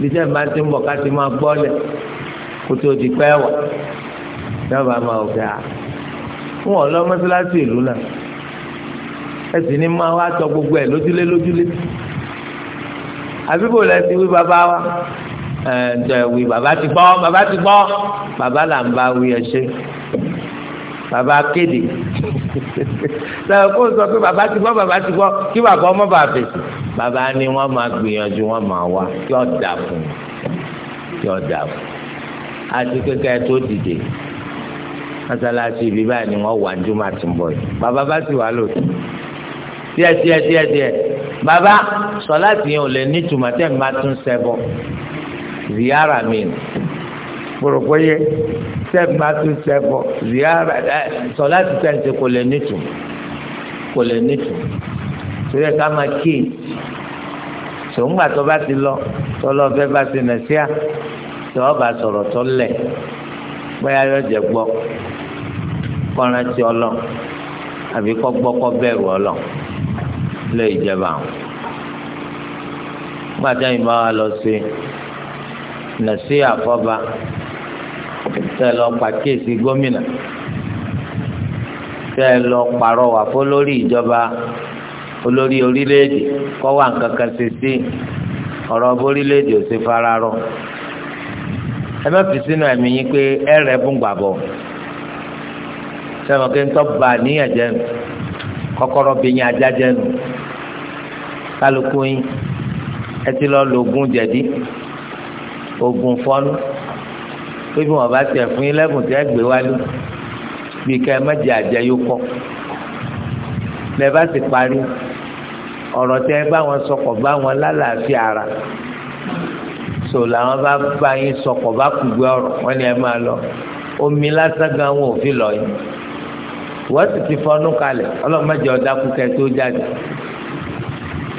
bí sẹ́yìn bá ti ń bọ̀ ká ti máa gbọ́ lẹ̀ kó tó di pẹ́ wà dábàá máa wò pé à wọn ò lọ mọ́sálásí ìlú náà ẹ sì ní máa wá tọ gbogbo ẹ lójúlé lójúlé àbíkò lẹ ti wí bàbá wa ẹ ǹjẹ́ wí bàbá ti gbọ́ bàbá ti gbọ́ bàbá là ń bá wí ẹ ṣe bàbá kéde *laughs* sọ kó sọ pé bàbá ti gbọ́ bàbá ti gbọ́ kí bàbá ọmọ bàbá fèsì bàbá ni wọ́n máa gbìyànjú wọ́n máa wá kí ọ̀dà fún kí ọ̀dà fún àti kékeré tó dìde mọ́sálásí ibi báyìí ni wọ́n wà ní jùmọ̀ àti bọ̀ yìí bàbá bá sì wà lòdì díẹ̀ díẹ̀ díẹ̀ díẹ̀ bàbá sọláàtì yẹn ò lè ní tùmọ̀ tẹ́ ń bá tún sẹ́bọ̀ ziyara mi pòròpóyè tẹ́ ń bá tún sẹ́bọ̀ ziyara ẹ sọláàtì tẹ́ ń ṣe kò lè ní tùmọ̀ kò lè ní tùmọ̀ torí ẹ ká máa kéè sòǹgbà tó bá ti lọ tọ́lọ́ fẹ́ bá ti nà síà tọ́ ọ bá sọ̀rọ̀ tọ́lẹ̀ bóyá yọ jẹ gbọ́ kọ́ran ti ọlọ́ àbí kọ́ gbọ́ kọ́ bẹ̀rù ọlọ́ lé ìjẹba àwọn. gbàdá yìí bá wa lọ sí nàṣí àfọ́ba tẹ lọ pàkíyèsí gómìnà tẹ lọ pàrọwà fọlórí ìjọba olórí orílẹ̀-èdè kọ́ wà nǹkan kan ṣe sí ọ̀rọ̀ orílẹ̀-èdè ò ṣe fara rọ ẹ má fi sínú ẹ̀mí yín pé ẹ rẹ̀ fún gbàbọ̀ sẹ́wọ̀n kí n tọ́ ba níyàn jẹ́ nu kọ́kọ́rọ́ bí yín ajá jẹ́ nu kálukú yín ẹ ti lọ lo oògùn jẹ̀dí oògùn fọ́nú pé bí wọ́n bá tẹ̀ fún yín lẹ́bùn tẹ́ gbé wálé bí ká ẹ má jẹ àjẹ yóò kọ́ lẹ́ bá sì parí ọ̀rọ̀ tẹ́ bá wọn sọkọ̀ bá wọn lálàáfíà ara so làwọn bá bá yín sọkọ̀ bá kùgbé ọ̀rọ̀ wọn ni ẹ máa lọ omi lásán gan wọn ò fi lọ yín wọ́n sì ti fọnú kalẹ̀ ọlọ́run mẹ́jọ ọ̀dà kúkẹ́ tó jáde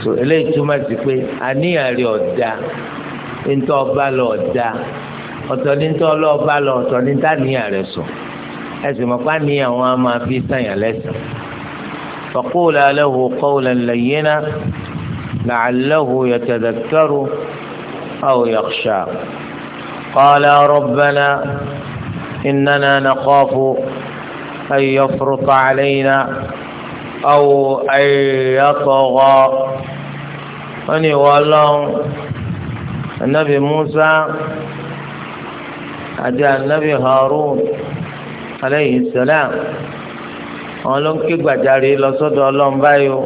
so eléyìí túmọ̀ sí pé àníyàn rẹ̀ ọ̀dà ntọ́ ọba lọ ọ̀dà ọ̀tọ̀ ní ntọ́ ọlọ́ọ̀ba lọ ọ̀tọ̀ ní ntàníyàn rẹ̀ sọ ẹ̀sìn mọ̀pá níyàn wọn a máa fi sàyàn lẹ́sìn faqula lahu qawlan layyina la'allahu yatadhakkaru aw yakhsha qala rabbana innana naqafu. أن يفرط علينا أو أن يطغى wọ́n ní ìwọ ọlọ́run anabi musa àti anabi harun aleyhi salam àwọn ló ń ké gbàjarè lọ sọ́dọ̀ ọlọ́run báyìí o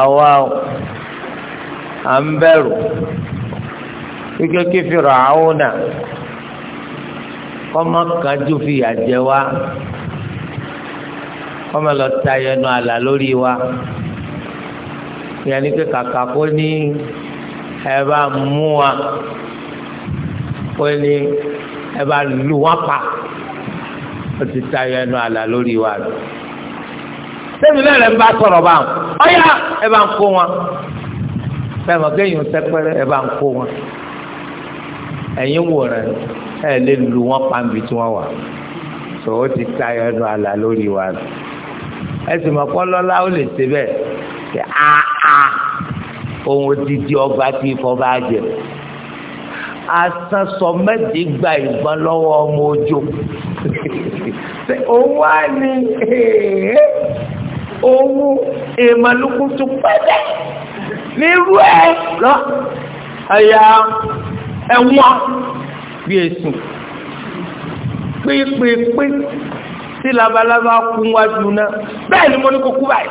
àwa o à ń bẹ̀rù kíkẹ́ kí fìràwọ́nà kọ́mọ kájú fi yà jẹ wá kọ́mọ lọ ta ẹnu àlà lórí wa yẹn ni pé kàkà kó ní ẹ bá mú wa kó ní ẹ bá lù wá pa ó ti ta ẹnu àlà lórí wa lọ sẹ́mi náà lẹ́ ń bá sọ̀rọ̀ bá wọn ọ̀yà ẹ bá ń kó wọn fẹ́ẹ́ mọ̀ sẹ́pẹ́rẹ́ ẹ bá ń kó wọn ẹ̀yin wò rẹ̀ ẹ lè lu wọn pàǹbì tí wọ́n wà tó o ti ta ẹnu àlà lórí wa ẹ sì mọ̀ kọ́ lọ́lá ó lè ṣe bẹ́ẹ̀ ṣe áá ohun odidi ọgbà tí ifọ̀ bá jẹ asansọ mẹ́tì gba ìbọn lọ́wọ́ ọmọ ojú òun wá ní owó ìmọ̀lúkútù pẹ́ẹ́dẹ́ nírú ẹ̀ lọ ẹ̀yà ẹ̀wọ̀n fi èsùn pépépé tí labalábá kú wájú náà bẹ́ẹ̀ ni mo ní kó kú báyìí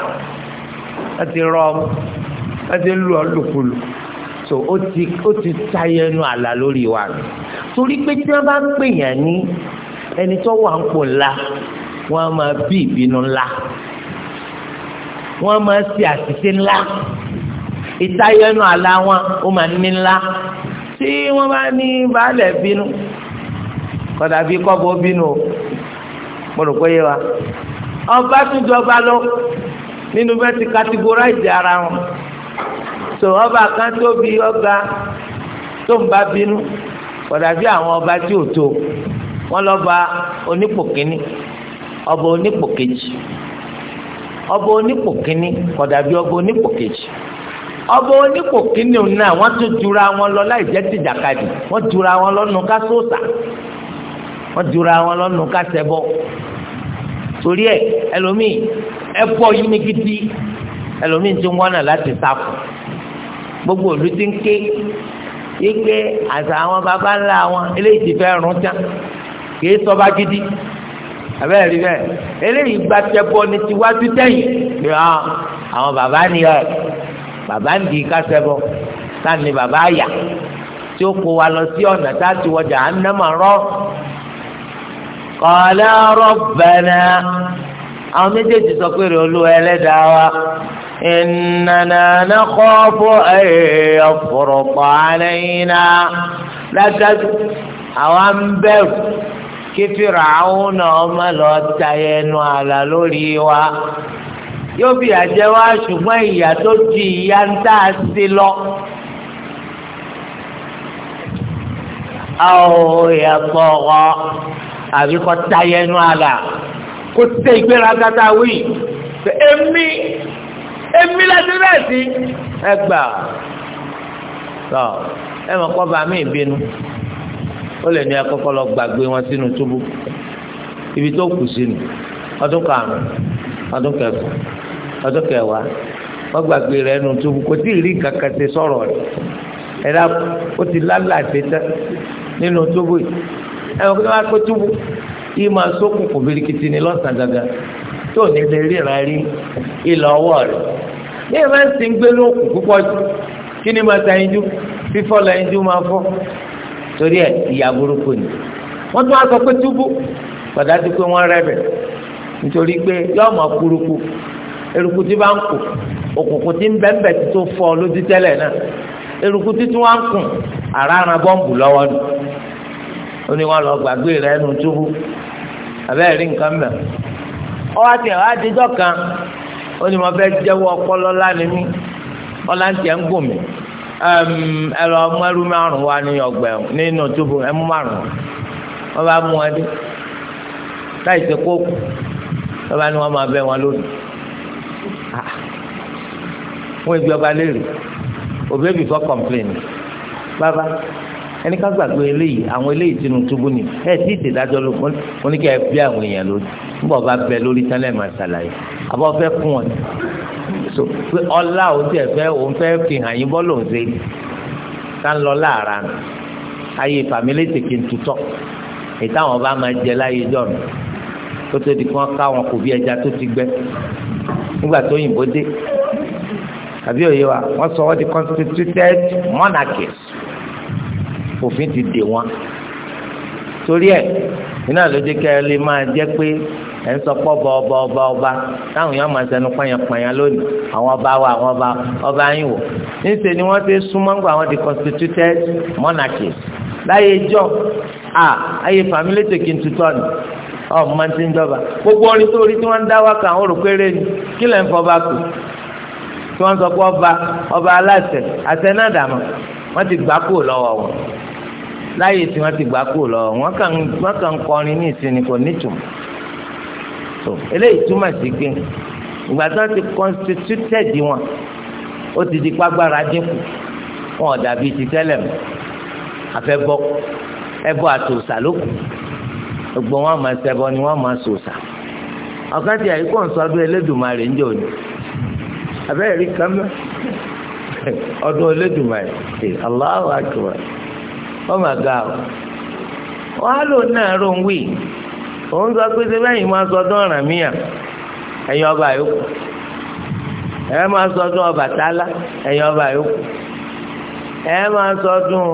wọ́n ti rọ ọmọ wọ́n ti lù ọ́ lùkulù so ó ti ó ti táyé ẹnu àlà lórí wa rẹ̀ torí pé tí wọ́n bá ń pè yàn ní ẹni tó wà ń pò ńlá wọ́n á máa bí ìbínú ńlá wọ́n á máa ṣe àṣìṣe ńlá ìtáyé ẹnu àlà wọn ó máa ní ńlá tí wọ́n bá ní baálẹ̀ bínú kọ́dà bíi kọ́bọ̀ bínú o mo rò pé yé wa ọba tún jọba lọ nínú bẹ́ẹ̀ ti categorize ara wọn so ọba kan tóbi ọba tó ń bá bínú kọ́dà bíi àwọn ọba tí ò tó wọn lọ́ba onípò kínní ọba onípò kejì ọba onípò kínní kọ́dà bíi ọba onípò kejì ọba onípò kínní náà wọ́n tún jura wọn lọ láì jẹ́ tìjàkadì wọ́n jura wọn lọ́nu ká sóòsà wọ́n jura wọn lọ́nu ká ṣẹbọ torí ẹ ẹlòmíì ẹ̀pọ̀ yìí ní gidi ẹlòmíì ti wọ́n náà láti sáfù gbogbo òlu ti ń ké yíké àti àwọn baba ńlá wọn eléyìí ti fẹ́ rún tán kìí sọba gidi abẹ́rẹ́ bẹ́ẹ̀ eléyìí gba tẹ́bọ ní tiwájú tẹ́yìn ah, àwọn baba ni ẹ̀ bàbá ń di kásẹ́bọ táni bàbá àyà tí ó kó wa lọ sí ọ̀nà tá a ti wọ jahannama rọ qala rabbana àwọn méjèèjì sọ pé rèé ẹlẹ́dàá wa ìnana nakhafu ay yafruta alayna dájú àwa ń bẹ̀rù kí Fir'auna ọmọ lọ ta ẹnu àlà lórí wa yóò fi àjẹ wá ṣùgbọ́n ìyà tó ju ìyà ń tà sí lọ. àwọn ìyàtọ̀ ọ̀ àbí kọ́ tayẹnu àlà kó tẹ ìgbéraga tá a wí èmi èmi láti bẹ́ẹ̀ sí ẹgbà tọ ẹ mọ̀ kọ́ bá mi ìbínú ó lè ní akọ́kọ́ lọ gbàgbé wọn sínú túbú ibi tó kù sínú ọdún karùn-ún ọdún kẹfà. ọjọ́ kẹwàá wọ́n gbàgbé rẹ̀ nù tó kò tí ì rí kankan ṣe sọ̀rọ̀ rẹ̀ ẹ̀dá ti lálà ṣe tán nínú túbú yìí ẹ̀wọ̀n kí wọ́n á birikiti ni lọ́sàn-án gangan tó ní lè rí ilẹ̀ ọwọ́ rẹ̀ ní ń sin gbé púpọ̀ jù kí ni máa ta fífọ́ la máa fọ́ torí ẹ̀ ìyá burúkú ni wọ́n tún á sọ eruku ti ba ń kù òkùnkùn ń bẹ́ńbẹ́ tí tó fọ́ lójú tẹ́lẹ̀ náà eruku tí tí wọ́n ń ara ara bọ́ǹbù lọ́wọ́ nù ó ní wọn lọ gbàgbé túbú rí nǹkan mẹ́ ọ wá tiẹ̀ wá díjọ́ kan ó ní mo fẹ́ jẹ́wọ́ ọpọlọ lánìí mi ọlá ń tiẹ̀ ń gùn mí ẹ lọ ẹrú márùn wá ní nínú túbú márùn bá mú wọ́n ebi ọba léèrè òbí ebi fọ́ complain bàbá ẹni ká gbàgbé eléyìí àwọn eléyìí Tinubu ni ẹ tí ìtì dájọ́ ló mo ní kí ẹ bí àwọn èèyàn lójú nígbà ọba bẹ lórí tẹ́lẹ̀ máa ṣàlàyé àbọ̀ fẹ́ fún wọn so pé ọlá òun tiẹ̀ fẹ́ òun fẹ́ fi hàn yín bọ́ọ̀lù òun ṣe ká ń lọ láàárá nù ayé fàmílì tètè tutọ́ ètò àwọn ọba máa jẹ láyé jọ̀nù kó tó di kí wọ́n ká wọn kò bí ẹja tó ti gbẹ nígbà tó yìnbó dé àbí òye wa wọ́n sọ wọ́n di constituted monarchies òfin ti dè wọ́n torí ẹ̀ iná ló jẹ́ kí ẹ lè máa jẹ́ pé ẹ ń sọpọ ọba ọba ọba ọba táwọn èèyàn máa sẹnu pààyàn-pààyàn lónìí àwọn ọba wa àwọn ọba ọba yín wò níṣẹ́ ni wọ́n ti súnmọ́ ńgbà àwọn the constituted monarchies láyé ìjọ à ayé fàmílétèkì tuntun ni ọmọ máa ń ti ń jọba gbogbo orin tó orí tí wọ́n ń dá wákà àwọn olùkéré ni kí lẹ́ ń fọba kù tí wọ́n sọ pé ọba ọba aláṣẹ àṣẹ náà dàmọ́ wọ́n ti gbà kúrò lọ́wọ́ wọn láyé tí wọ́n ti gbà kúrò lọ́wọ́ wọn kàn wọ́n kàn kọrin ní ìsinmi kò nítumọ̀ so eléyìí túmọ̀ sí pé ìgbà tí wọ́n ti constituted wọn ó ti di pàgbára dínkù wọn ò dàbí ti tẹ́lẹ̀ mọ́ àfẹ́bọ́ ẹbọ àtòsà lókùn gbogbo wọn máa ni wọn máa sòsà ọkàtí àyíkọ́ nsọ́dún Elédùmarè ń jẹ́ òní abẹ́rẹ́ rí kámẹ́ ọdún Elédùmarè Allahu Akbar ọ mà ga ọ wàá lò náà ló ń wí òun sọ pé ṣé bẹ́ẹ̀ yìí máa sọdún ọ̀ràn míyàn ẹ̀yin ọba yòókù ẹ máa sọdún Ọbàtálá ẹ̀yin ọba yòókù ẹ máa sọdún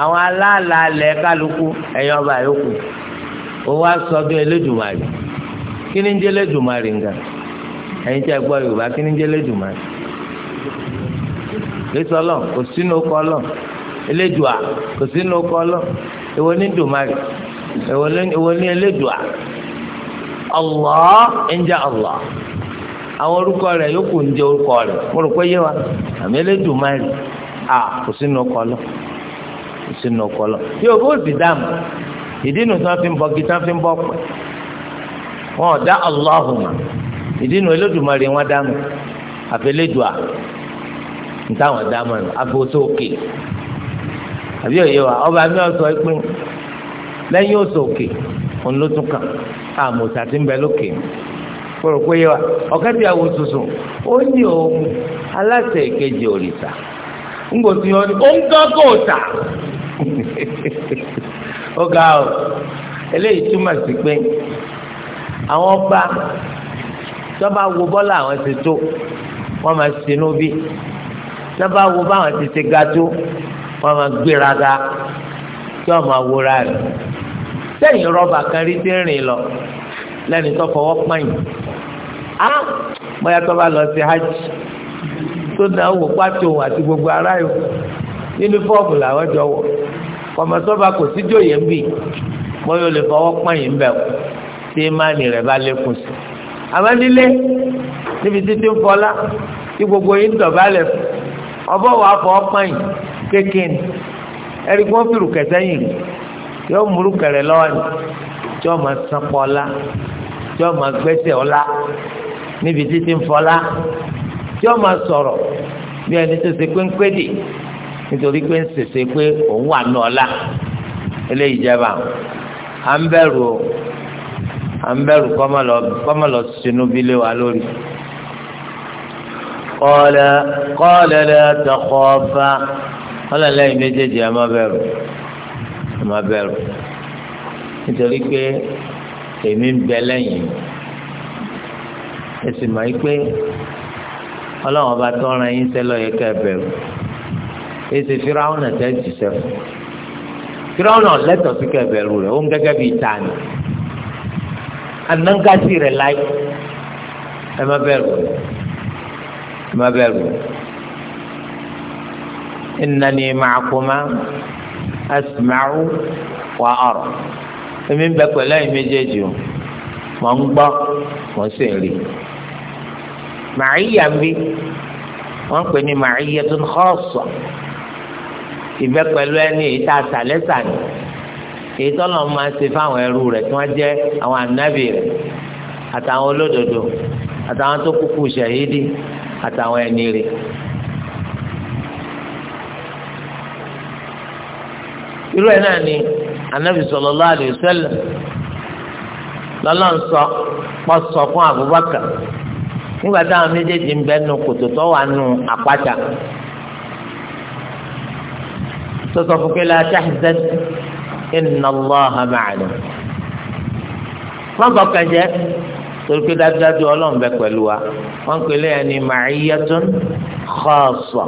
àwọn aláàlá lẹ̀ kálukú ọba ó wá sọ bí Elédùmarè kí ni ń jẹ́ Elédùmarè nga ẹ̀yin tí a gbọ́ Yorùbá kí ni ń jẹ́ Elédùmarè lẹ́sọ̀ lọ kò sínú kọ́ lọ Elédùà kò sínú kọ́ lọ èwo ni Dùmarè èwo ni Elédùà Allah ń jẹ́ Allah àwọn orúkọ rẹ̀ yókù ń jẹ́ orúkọ rẹ̀ mo rò pé yé wa àmì Elédùmarè à kò sínú kọ́ kò sínú kọ́ yóò bó sì dáàmú. Ịdịnụ nu tí fi ń bọ fi ń bọ pẹ̀ wọn ò dá Allahumma ìdí wọn dánu àfẹlẹ́dùà ntàwọn dánu agbósókè àbí òye wa ọba mi ọ̀sọ́ ẹ̀pẹ́ lẹ́yìn òsòkè òun ló tún kàn àmọ̀tà ti ń bẹ lókè fọ̀rọ̀ pé wa tuntun ó ní òun aláṣẹ ìkejì òrìṣà kó ta. *laughs* ó ga o eléyìí túmọ̀ sí pé àwọn ọba tọ́ba wo bọ́lá àwọn ti tó wọ́n máa sinú bí tọ́ba wo báwọn ti ti ga tó wọ́n máa gbéraga tí wọ́n máa wúra rẹ̀ sẹ́yìn rọ́bà kan rí tí ń rìn lọ lẹ́ni tó fọwọ́ pààyàn á bóyá tọ́ba lọ sí hajj tó dáwọ́ pàtó àti gbogbo ará yòó yunifọ́ọ̀mù làwọn jọ wọ̀ kọ̀mọ̀sọ́ba kò sí jòyè ń bì bóyá o lè fọwọ́ pọ́n yìí ń bẹ̀ kú tí ìmánì rẹ̀ bá lékún sí. àmọ́ nílé níbi títí ń fọlá tí gbogbo yìí ń dọ̀bálẹ̀ fún ọbọ̀ wàá fọwọ́ pọ́n yìí kékeré ẹ̀rí kí wọ́n fi rùkẹ̀ sẹ́yìn rẹ̀ yóò múrú kẹrẹ lọ́wọ́ ni tí wọ́n máa san pọ̀ ọlá tí wọ́n máa gbẹ́sẹ̀ ọlá níbi títí ń fọlá tí wọ́n máa sọ̀rọ̀ bí ẹni tó ṣe péńpé dì nítorí pé ń sèse pé òun wà ní ọlá eléyìí jẹba à ń bẹ̀rù o à ń bẹ̀rù kọ́mọ̀lọ́ sínú bílé wa lórí. kọ́lẹ̀ kọ́lẹ̀ lẹ́ tọkọ fa kọ́lẹ̀ lẹ́yìn méjèèjì ẹ má bẹ̀rù ẹ má bẹ̀rù nítorí pé èmi ń bẹ lẹ́yìn ẹ máa ń pé ọlọ́run ọba tó ra yín sẹ́lọ̀ yẹ ká bẹ̀rù èsì firawuna tẹ ń jíṣẹ́ fún firawuna lẹ́tọ̀ọ́ sí kẹbẹ̀rù rẹ̀ ó ń gẹ́gẹ́ bíi tani anangasi rẹ̀ láì ẹ má bẹ̀rù rẹ̀ ẹ má bẹ̀rù rẹ̀ ìnani màkúmá asimaru wà ọ̀rọ̀ èmi ń bẹ pẹ̀lú ẹ̀yin méjèèjì o mò ń gbọ́ mò ń rí màáyà ń bí wọ́n pè ní màáyà tó ń xọ́ọ̀sọ̀. ìbẹ́ pẹ̀lú ẹni èyí tá a sà máa ń re fáwọn ẹrú rẹ̀ tí wọ́n jẹ́ àwọn ànábì rẹ̀ àtàwọn olódodo àtàwọn tó kúkú ṣàhídì àtàwọn ẹni rẹ̀. irú náà ni ànábì sallallahu alaihi wasallam lọ́lọ́nsọ pọ̀ sọ fún Abubakar nígbà táwọn méjèèjì ń kòtò tó sọsọ fún pé la tahzan inna Allaha ma'ana wọn kọkàn jẹ torí pé dájúdájú Ọlọ́run bẹ pẹ̀lú wa wọn ń pèlè ẹni ma'iyyatun khassa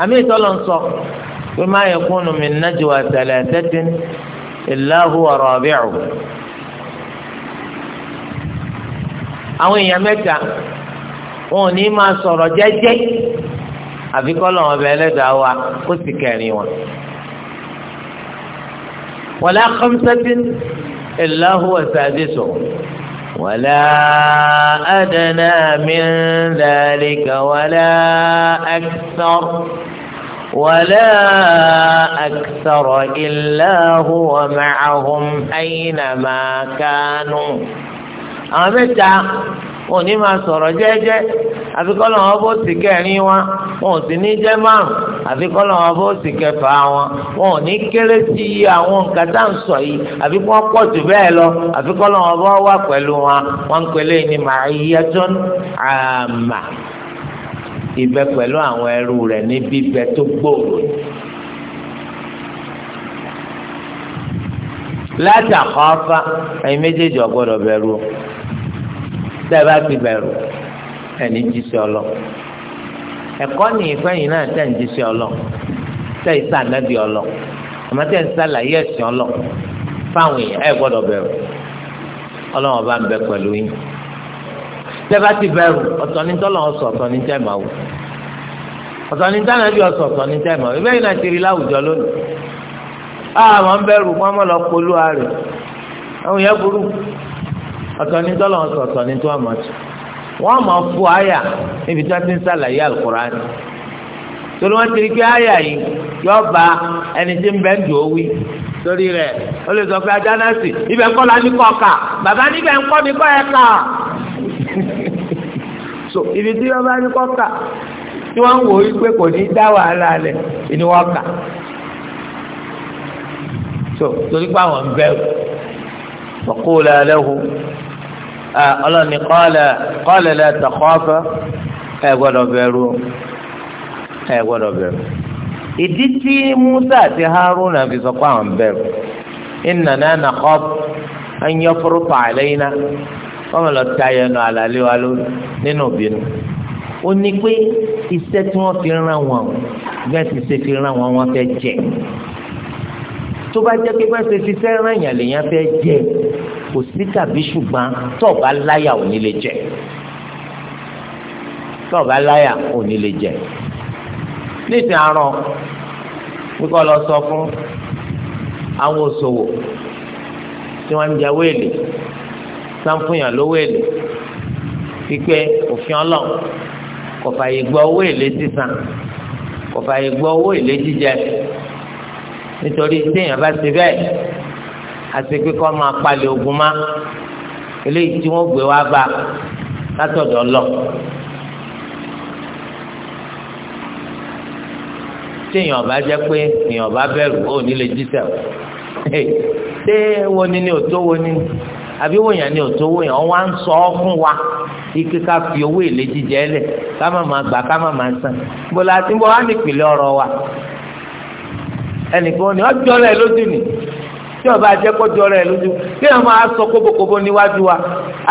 àmì ìtọ́lọ̀ ń sọ pé ma yakunu min najwa thalathatin illa huwa rabi'uhum àwọn èèyàn mẹ́ta wọn ò ní máa sọ̀rọ̀ jẹ́jẹ́. àfi kọ́ lọ́wọ́ bẹ ẹlẹ́dàá wa kó sì kẹrin wọn. wala khamsatin illa huwa sadisuh wala adna min dhalika wala akthar. ولا أكثر إلا هو معهم أينما كانوا أمتع wọn ò ní máa sọ̀rọ̀ jẹ́ẹ́jẹ́ àfi kọ́lọ̀ wọn bó sì kẹrin wọn wọn ò sì ní jẹ́ márùn àfi kọ́lọ̀ wọn bó sì kẹfà wọn wọn ò ní kéré sí iye àwọn nǹkan tá à ń sọ yìí àfi kọ́ pọ̀ jù bẹ́ẹ̀ lọ àfi kọ́lọ̀ wọn bó wà pẹ̀lú wọn wọn ń pèlè ní màáyíyàtún àmà ìbẹ pẹ̀lú àwọn ẹrú rẹ̀ ní bíbẹ tó gbòòrò látàkọ́fà ẹ̀yin méjèèjì ọ̀gbọ́dọ̀ bẹ̀rù dábàá fi bẹ̀rù ẹni jíṣẹ́ ọlọ ẹ̀kọ́ ní ìfẹ́yìn náà tẹ̀ ń jíṣẹ́ ọlọ tẹ̀ ń sànàbí ọlọ àmọ́ tẹ̀ ń sàlàyé ẹ̀sìn ọlọ fáwọn èèyàn ẹ̀ gbọ́dọ̀ bẹ̀rù ọlọ́wọ́n bá ń bẹ pẹ̀lú yín tẹ́fà ti bẹ̀rù ọ̀tọ̀ ní tọ́lọ̀ ọ̀sọ̀ ọ̀tọ̀ ní tẹ́ẹ̀mà wò ọ̀tọ̀ ní tẹ́ẹ̀mà bí ọ̀sọ̀ ọ̀tọ̀ ní tẹ́ẹ̀mà wò ìbẹ́yìn náà ti rí láwùjọ lónìí àwọn ah, bẹ̀rù wọn mọ̀ lọ polú ààrẹ àwọn yẹn burú ọ̀tọ̀ ní tọ́lọ̀ ń sọ ọ̀tọ̀ ní tó àmọ́ tù wọ́n mọ̀ fú àyà níbi tí wọ́n ti ń sàlàyé àlùkùránì torí wọ́n ti rí pé àyà yìí yọ ba ẹni tí ń bẹ́ ń dùn ó torí rẹ̀ ó lè sọ pé ajá náà sì ibẹ̀ ńkọ́ la ní kọ́ ọ̀ka bàbá níbẹ̀ ńkọ́ ní kọ́ ẹ̀ka *laughs* so ibi tí wọ́n bá ní kọ́ ọ̀ka tí wọ́n ń wò ó pé kò ní dá wàhálà rẹ̀ ni wọ́n kà so torí pé àwọn ń bẹ̀rù ọ̀kọ́ ò lálẹ́ hu. Ah, ọlọ́ni kọ́lẹ̀ kọ́lẹ̀ lẹ́ tẹ̀kọ́fẹ́ ẹ bẹ̀rù ẹ bẹ̀rù. ìdí tí Musa àti Haruna fi sọ pé àwọn bẹ̀rù ìnana nàkọ́ ẹ̀yẹ fúru pààlẹ́ iná wọ́n lọ ta ẹnu àlàlé wa ló nínú òbínú. ó ní pé iṣẹ́ tí wọ́n fi wọn bẹ́ẹ̀ ṣe fi wọn fẹ́ tó bá jẹ́ pé bẹ́ẹ̀ ṣe fi sẹ́ràn èèyàn lèèyàn fẹ́ jẹ kò sí tàbí ṣùgbọ́n tọ́ọ̀bá láyà ò ní lè jẹ tọ́ọ̀bá láyà ò ní lè jẹ nísìnyí aràn kíkọ́ lọ sọ fún àwọn òṣòwò tí wọ́n ń jẹ wéèlì sáńfùyàn ló wéèlì pípé òfin ọlọ́run kò gbọ́ owó sísan kò gbọ́ owó jíjẹ nítorí téèyàn bá ṣe bẹ́ẹ̀ àti pé kọ́ máa palẹ̀ ogun má eléyìí tí wọ́n gbé wá bá látọ̀dọ̀ lọ. téèyàn bá jẹ́ pé èèyàn bá bẹ̀rù ó ní lè jísẹ̀ o ṣé wo ni ni òtó wo ni àbí wo yàn ni òtó wo yàn wọ́n á ń sọ ọ́ fún wa ike ká fi owó èlé jíjẹ lẹ̀ ká má máa gbà ká má máa san bọ́lá tí wọ́n á ní ìpìlẹ̀ ọ̀rọ̀ wa ẹnìkan ni ọjọ́ rẹ̀ lójú ni tí ọba àjẹkọjọ rẹ̀ lójú kí ẹ máa sọ kóbókóbó níwájú wa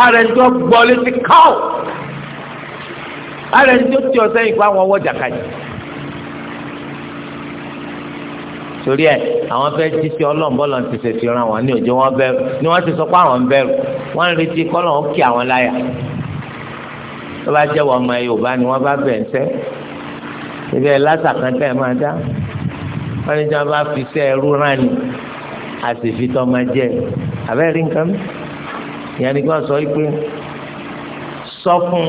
ara ẹni tó gbọ́ létí káò ara ẹni tó ti ọ̀sẹ̀ yìí kó àwọn ọwọ́ jàkàjì. torí ẹ àwọn fẹ́ jí sí ọlọ́ọ̀bọ́lọ́ ti ṣe fi ran wọn ní òjò wọn bẹ̀rù ni wọ́n ti sọ pé àwọn ń bẹ̀rù wọ́n ń retí kọ́lọ̀ ó kí àwọn láyà tó bá jẹ́ wọ́n ọmọ Yorùbá ni wọ́n bá bẹ̀ ń sẹ́ ibẹ̀ lásàkàn tẹ́ ẹ máa dá wọ́n ní jọba fi iṣẹ́ ẹrú rán ni a sì jẹ abẹ́ rí nǹkan ìyẹn ni wọ́n sọ pé sọ fún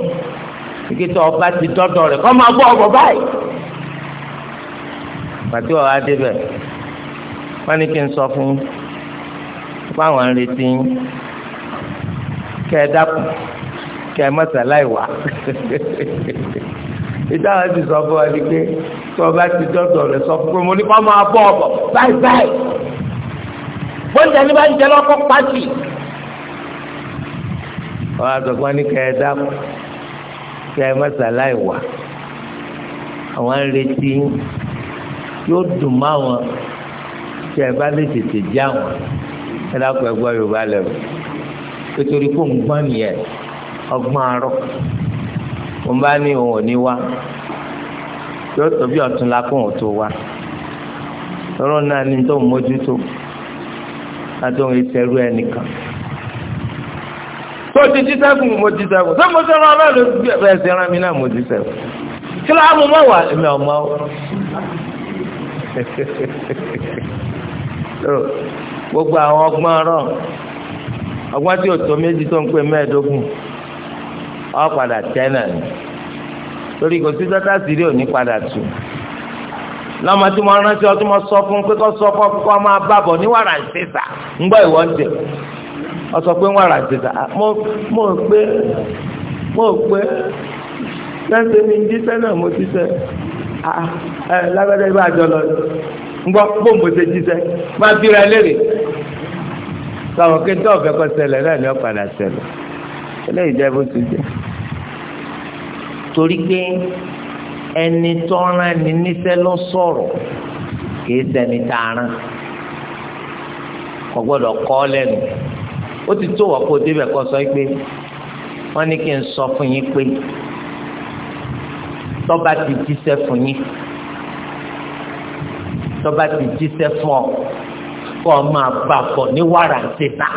ìkìtọ̀ ọba ti dọ́dọ̀ rẹ̀ kọ́ máa bọ́ ọ̀bọ̀ báyìí pàtó ọ̀hà débẹ̀ wọ́n ní kí n sọ fún fáwọn retí kẹ́ ẹ dákun kẹ́ ẹ mọ̀sálá ìwà. *laughs* ìdáhùn ti sọ fún wa ni pé tí o bá ti dọ́dọ̀ rẹ̀ sọ fún pé mo ní kó máa bọ̀ ọ̀bọ̀ báyìí báyìí bóńdà ní bá ń jẹ lọ́kọ́ pàṣì. wọn á sọ fún wa ní kẹ ẹ dákú kẹ ẹ mọ́sálàì wà àwọn ń retí yóò dùn mọ́ àwọn kẹ ẹ bá lè tètè jẹ àwọn ẹ dákú ẹ gbọ́ Yorùbá lẹ́wọ̀ nítorí kó ń gbọ́n nìyẹn ọgbọ́n arọ́ òun bá ní òun ò ní wá yóò tó bí ọ̀tún la kó òun tó wá lọ́rọ̀ náà ní tó ń mójútó láti òun ìṣẹ́rú ẹnìkan tó ti jí sẹ́kùn mo jí sẹ́kùn tó mo sẹ́rọ ọlọ́run ló gbé ẹ̀sẹ̀ ẹran mi náà mo jí sẹ́kùn kí ló á mú mọ́ wà èmi ọmọ o *laughs* gbogbo àwọn ọgbọ́n ọ̀rọ̀ ọgbọ́n tí ò tó méjì tó ń pè mẹ́ẹ̀ẹ́dógún. ọ padà tẹ́ ni torí kò sí sọ́tà sírí òní padà tù lọ́mọ tí mo rántí ọtí mo sọ fún pé kó sọ fún ọkọ máa bá ní wàrà ń ìwọ ọ sọ pé wàrà ìṣèṣà ah, mo pé mo pé sẹ́ńtẹ́ mi ń jíṣẹ́ náà mo ah, ẹ lọ ń gbọ́ bó mo léèrè sọ̀rọ̀ kí n tó ọ̀fẹ́ náà ni eléyìí jẹ́ bó ti jẹ́ torí pé ẹni tó rán ni níṣẹ́ ló sọ̀rọ̀ kì í ṣẹni tá a rán kò gbọ́dọ̀ kọ́ lẹ́nu ó ti tó wà kó débẹ̀ kó sọ pé wọ́n ní kí n sọ fún yín pé tọ́ba ti jíṣẹ́ fún yín tọ́ba ti jíṣẹ́ fún ọ kó o máa bàbọ̀ ní wàrà ṣe bá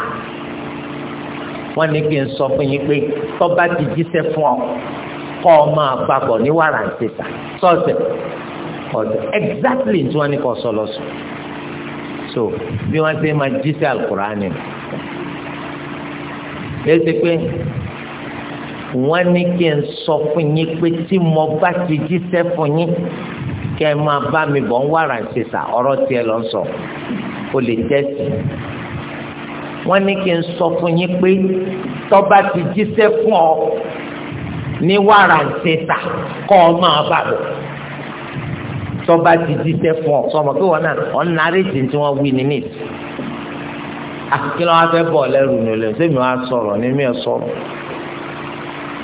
wọ́n ní kí n sọ fún yín pé tọ́ba ti jíṣẹ́ fún ọ kọ́ ọ máa papọ̀ ní wàrà ń tètà sọ́ọ̀tẹ̀ ọ̀dọ̀ exactly tí wọ́n ní kọ́ sọ lọ́sùn so bí wọ́n ṣe máa jíṣẹ́ alukur'ani lẹ́sẹ̀ pé wọ́n ní kí n sọ fún yín pé tí mo bá ti jíṣẹ́ fún yín kẹ́ máa bá mi bọ̀ ń wàrà ń tètà ọ̀rọ̀ tiẹ̀ lọ́ sọ o lè tẹ́sí wọ́n ní kí n sọ fún yín pé tọ́ba ti jíṣẹ́ fún ọ ní wàrà ń ṣe tà kọ́ ọ máa bà bọ̀ tọ́ba ti jíṣẹ́ fún ọ sọmọ pé wọn náà ọ̀n nàárẹ̀ tì tí wọ́n wí nínú ìtì àkìlọ̀ wọn fẹ́ bọ̀ lẹ́rù ní olè sẹ́mi wọn sọ̀rọ̀ ní mi ò sọ̀rọ̀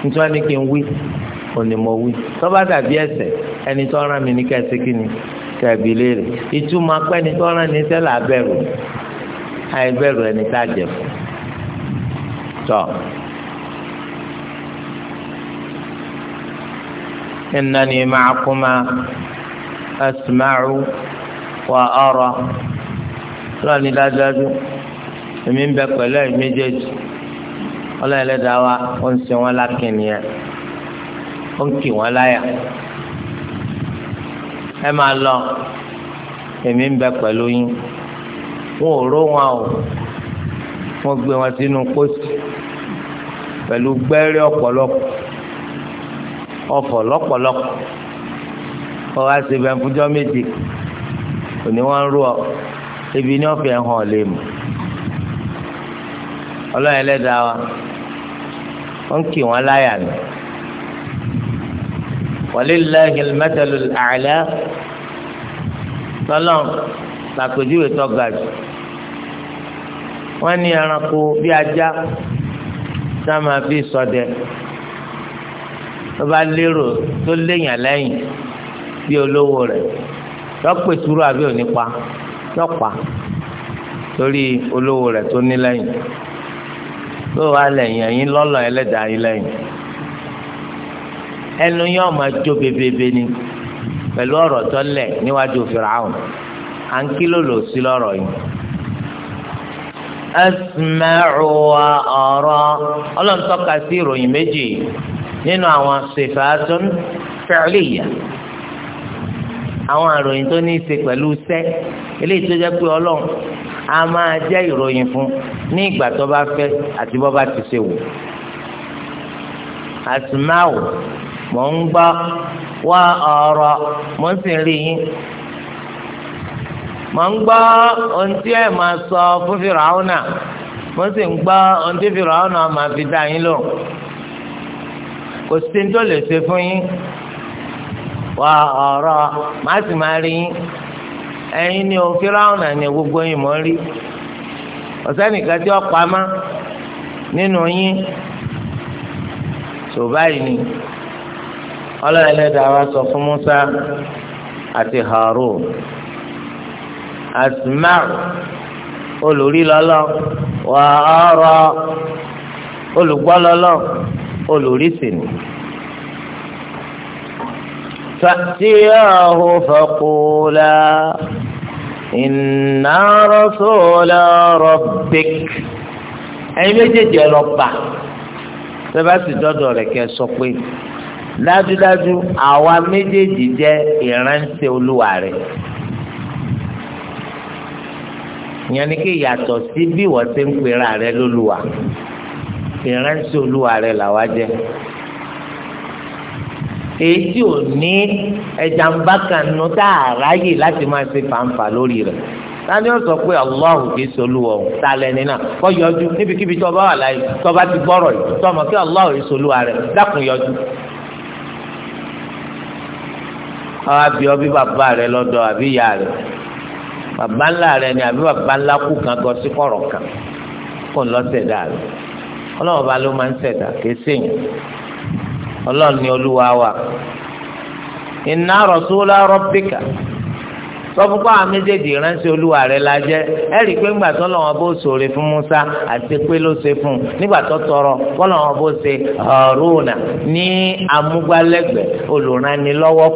nítorí wọn ní kí n wí òní mo wí tọ́ba dàbí ẹsẹ̀ ẹni tó rán mi ní kẹ́sìkì ni kẹ́ẹ̀bì léèrè ìtumọ̀ pẹ́ni tó rán ní sẹ́là bẹ̀rù àìbẹ̀rù ẹni tá a jẹ fún tọ. إنني معكما أسمع وأرى lọ́ọ̀ni dájúdájú èmi ń bẹ pẹ̀lú ẹ̀mí méjèèjì ọlọ́ọ̀ni lẹ́dàá wa ó ń sin wọn lákìnní ẹ̀ ó ń kì wọ́n láyà ẹ máa lọ èmi ń bẹ pẹ̀lú yín wọn ò ró wọn o wọn gbé wọn sínú pósí pẹ̀lú gbẹ́rẹ́ ọ̀pọ̀lọpọ̀ ọ̀fọ̀ lọ́pọ̀lọpọ̀ ọwọ́ àṣebẹ̀ fúnjọ́ méje òní wọn ń rú ọ ebi ní ọ̀fẹ́ hàn lè mọ̀ ọlọ́run ẹlẹ́dàá wa wọ́n kì wọ́n láyà ni walillahi al-mathalu tọ́lọ́n. làpèjúwe tó ga jù wọn ní ẹranko bí ajá tá máa fi ṣọdẹ tó bá lérò tó léèyàn lẹ́yìn bí olówó rẹ̀ lọ́pẹ̀túrú àbí onípa lọ́pa torí olówó rẹ tó ní tó wà lẹ́yìn ẹ̀yìn lọ́lọ́ yín lẹ́yìn ẹnu yóò máa jó bebebe ni níwájú à ń kí lòlò sí lọ́rọ̀ yìí. asma'u wa ara ọlọ́run tọ́ka sí ìròyìn méjì nínú àwọn sifatun fi'liya àwọn àròyìn tó ní í ṣe pẹ̀lú sẹ́ eléyìí tó jẹ́ pé ọlọ́run a máa jẹ́ ìròyìn fún ní ìgbà tó bá fẹ́ àti bó bá ti ṣe wù. asma'u mò ń gbọ́ wá ọ̀rọ̀ mò ń sì rí yín mọ̀ ń gbọ́ ohun tí ẹ̀ máa sọ fún fìràwọ́nà mo sì ń gbọ́ ohun tí fìràwọ́nà máa fi dá yín lò kò sí tó lè ṣe fún yín wà ọ̀rọ̀ màá sì máa rí yín ẹ̀yin ni o fìràwọ́nà ni gbogbo yín mọ̀ ń rí ọ̀sẹ́nìkan tí ó pamá nínú yín tó báyìí ni ọlọ́run wa sọ fún Musa àti Harun asma'u olùrí lọ́lọ́ wà ara olùgbọ́ lọ́lọ́ olùrí sì ni. فأتياه فقولا إنا رسولا ربك ẹyin méjèèjì ẹ lọ bá sẹbàtì dọdọ rẹ kẹ sọ pé dájúdájú àwa méjèèjì jẹ ìránṣẹ́ olúwa rẹ ìyẹn ni kí yàtọ̀ sí bí wọ́n ti ń pera rẹ lólùwà ìrántí olúwa rẹ làwa jẹ èyí tí ò ní ẹja ń bá kan nu tá a ráyè láti máa ṣe fàǹfà lórí rẹ tani ó sọ pé Allahu kìí solúwa ọ̀hún tá a lẹni náà kọ́ yọjú níbikíbi tó bá wà láyé tó bá ti gbọ́rọ̀ yìí tó mọ̀ kí Allahu kìí solúwa rẹ̀ dákun yọjú. àwọn abiyọ́ bí bàbá rẹ lọ́dọ̀ àbí ìyá rẹ̀ baba ńlá rẹ ni àbí baba ńlá kù kan gan sí kan kò ń lọ ṣẹ̀dá rẹ ọlọ́run ló máa ń ni olúwa wa inna rasula rabbika sọfúnpá àwọn méjèèjì olúwa rẹ̀ la jẹ́ ẹ rí i pé ńgbà tó lọ́wọ́ bó fún Musa àti pé ló ṣe fún un tọrọ kọ́lọ́wọ́ bó ṣe ní amúgbálẹ́gbẹ̀ẹ́ olùrànilọ́wọ́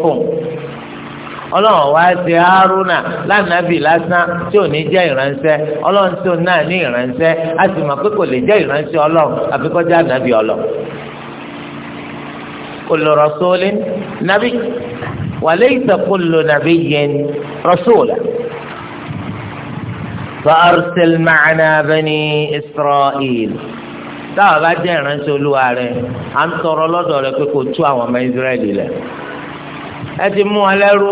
ọlọ́run wá ṣe haruna lánàbì lásán tí ò ní jẹ́ ìránṣẹ́ ọlọ́run tí ò náà ní ìránṣẹ́ a sì mọ̀ pé kò lè jẹ́ ìránṣẹ́ ọlọ́run àfi kó jẹ́ ànábì ọlọ́run. kullu rasulin nabi wa laysa kullu فأرسل معنا بني إسرائيل táwọn bá jẹ́ ìránṣẹ́ olúwa rẹ̀ à ń tọrọ lọ́dọ̀ rẹ̀ pé ẹ ti mú wọn lẹ́rú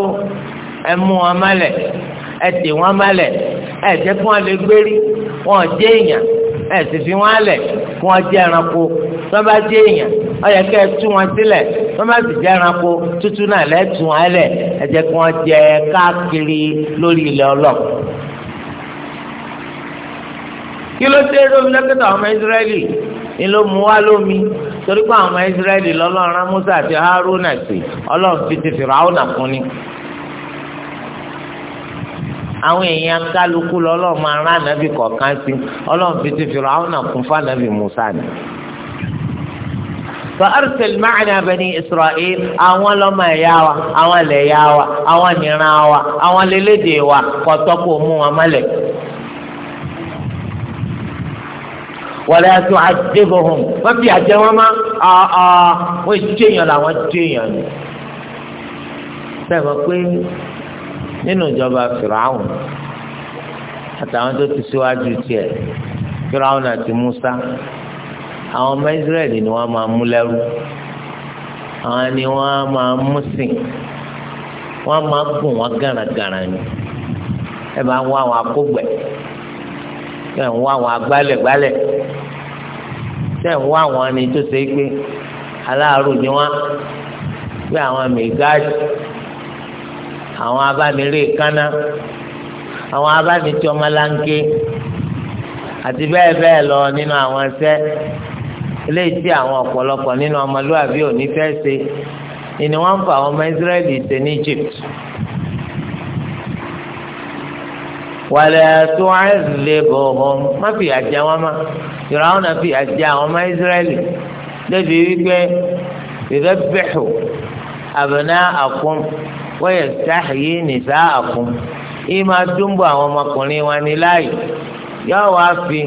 ẹ mú wọn mọ́lẹ̀ ẹ tì wọn mọ́lẹ̀ ẹ jẹ́ kí wọ́n lè gbérí wọn jẹ́ èèyàn ẹ sì fi wọn lẹ̀ kí wọ́n jẹ́ ẹranko tí wọ́n bá jẹ́ èèyàn ó yẹ kẹ́ ẹ tú wọn sílẹ̀ tí wọ́n bá sì jẹ́ ẹranko tútù náà lẹ́tù wọn lẹ̀ ẹ kí wọ́n jẹ káàkiri lórí ilẹ̀ ọlọ́ọ̀ kí ló dé lómi lẹ́kẹ́tà ọmọ Ísírẹ́lì ni ló mu wá lómi torí pé àwọn ọmọ Musa àti Haruna sí ọlọ́run fi ti fún ni àwọn èèyàn kálukú lọ́lọ́run máa rán ànábì kọ̀ọ̀kan sí fi ti Fìràwọ́nà fún fànábì Musa ni. فأرسل معنا بني إسرائيل àwọn lọ́mọ ẹ̀yà wa àwọn lẹ̀yà wa àwọn nìran wa àwọn lélédè wọlé ẹtù àdébòhùn wọn fi àjẹ wọn má ọ̀ọ́ ah, ah, wọn ètò èèyàn làwọn ètò èèyàn ni. sẹ́wọ̀n pé nínú ìjọba fìràhùn àtàwọn tó ti síwájú tiẹ̀ fìràhùn àti Musa àwọn ọmọ Ísírẹ́lì ni wọ́n máa mú lẹ́rú àwọn ni wọ́n máa mú sìn wọ́n máa gùn wọ́n gàràgàrà ni ẹ bá ń wá àwọn akógbẹ́ tẹ̀ ń wá àwọn agbálẹ̀gbálẹ̀ tẹ̀ ń wá àwọn ẹni tó ṣe é pé aláàárò ni wọ́n pé àwọn mẹgáàdì àwọn abániré kánná àwọn abánitì ọmọláńké àti bẹ́ẹ̀ bẹ́ẹ̀ lọ nínú àwọn ẹsẹ́ eléyìí tí àwọn ọ̀pọ̀lọpọ̀ nínú ọmọlúwàbí òní fẹ́ ṣe ni wọ́n ń fa àwọn ọmọ Ísírẹ́lì ṣe ní Egypt. wàlẹ̀ tó àìlèbọ̀ ọ̀hún má fi àjà wọn má ìràwọ̀n náà fi àjà àwọn ma ìsírẹ́lì débi wípé ìrẹ́bẹ̀hù àbẹ̀nà àkún wọ́yẹ̀ sáàyè nìsá àkún yìí máa dúnbọ̀ àwọn ọmọkùnrin wọn ní láàyè yóò wá fi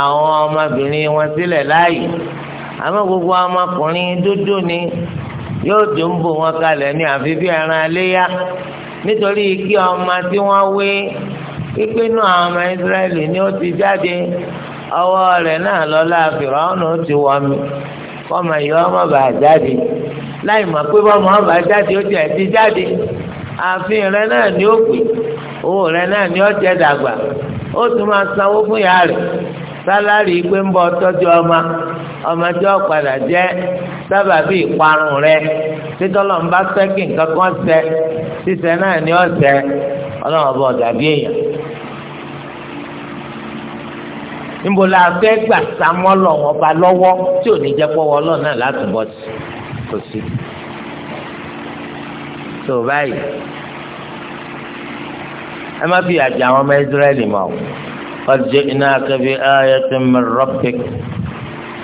àwọn ọmọbìnrin wọn sílẹ̀ láàyè àmọ́ gbogbo ọmọkùnrin dúdú ni yóò dúnbọ̀ wọn kalẹ̀ ní àfi bí ẹran aléyá nítorí kí ọmọ tí wọ́n wé. pípé inú àwọn ọmọ Ísírẹ́lì ni o ti jáde ọwọ rẹ̀ náà ọnà o ti wọ mi kọ́mọ yìí ọmọ bá jáde láì ma pé bọ́mọ ọba jáde ó ti jáde ààfin rẹ̀ náà ni o pè owó rẹ̀ náà ni o jẹ dàgbà o tún máa sanwó fún ìyá sálárì ń bọ ọmọ padà sábàbí ìparun títọ́lọ̀ ń bá sẹ́ sísẹ náà ni níbo la fẹ́ gbà sámọ́ lọ́wọ́ ọba lọ́wọ́ tí ò ní jẹ́ pọ́wọ́ ọlọ́run náà láti bọ́ sí kò sí. tó báyìí ẹ má fi àjà àwọn ọmọ Ísírẹ́lì mọ́ o ọjọ́ iná kẹfì ayé tó ń mẹ rọ́pìk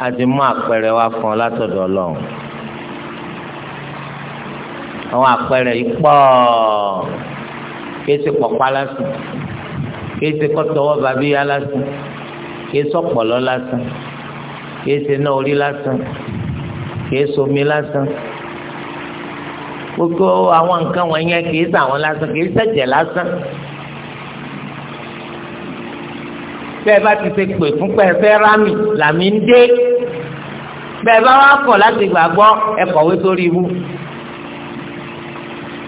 àti mú àpẹẹrẹ wá fún ọ látọ̀dọ̀ ọlọ́run àwọn àpẹẹrẹ yìí pọ̀ kéésì pọ̀pá lásìkò kéésì kọ́tọ̀wọ́ bàbí yá lásìkò kìí sọpọlọ lásán kìí ṣe náà orí lásán kìí somi lásán gbogbo àwọn nǹkan wọ̀nyẹn kìí sàwọn lásán kìí sẹ̀jẹ̀ lásán bẹ́ẹ̀ bá ti ṣe pè fún pẹ́ẹ́fẹ́ rámì làmì ń dé bẹ́ẹ̀ bá wà kọ̀ láti gbàgbọ́ ẹ kọ̀wé sórí ibú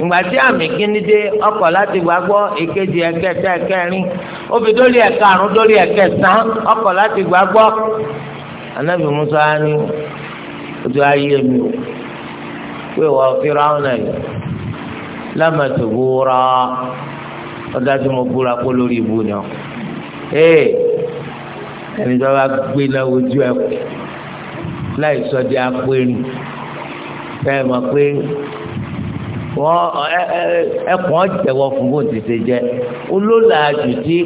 ìgbà tí àmì kíní dé ọkọ̀ láti gbàgbọ́ èkejì ẹ̀kẹta ẹ̀kẹrin obì dórí ẹ̀karùn dórí ẹ̀kẹsàn ọkọ̀ láti gbàgbọ́ anabi musa ni o ti ayé mi o pé wọ́n fira ọ̀nà yìí lámàtò búra ọ̀dà tí mo búra kó lórí ibu ni ọ ee ẹni tó bá gbé náà ojú ẹ láì sọ di apẹ́rin fẹ́ẹ́ mọ̀ pé. wọn ọ jẹ̀wọ́ fún bó ti ṣe olólàájú tí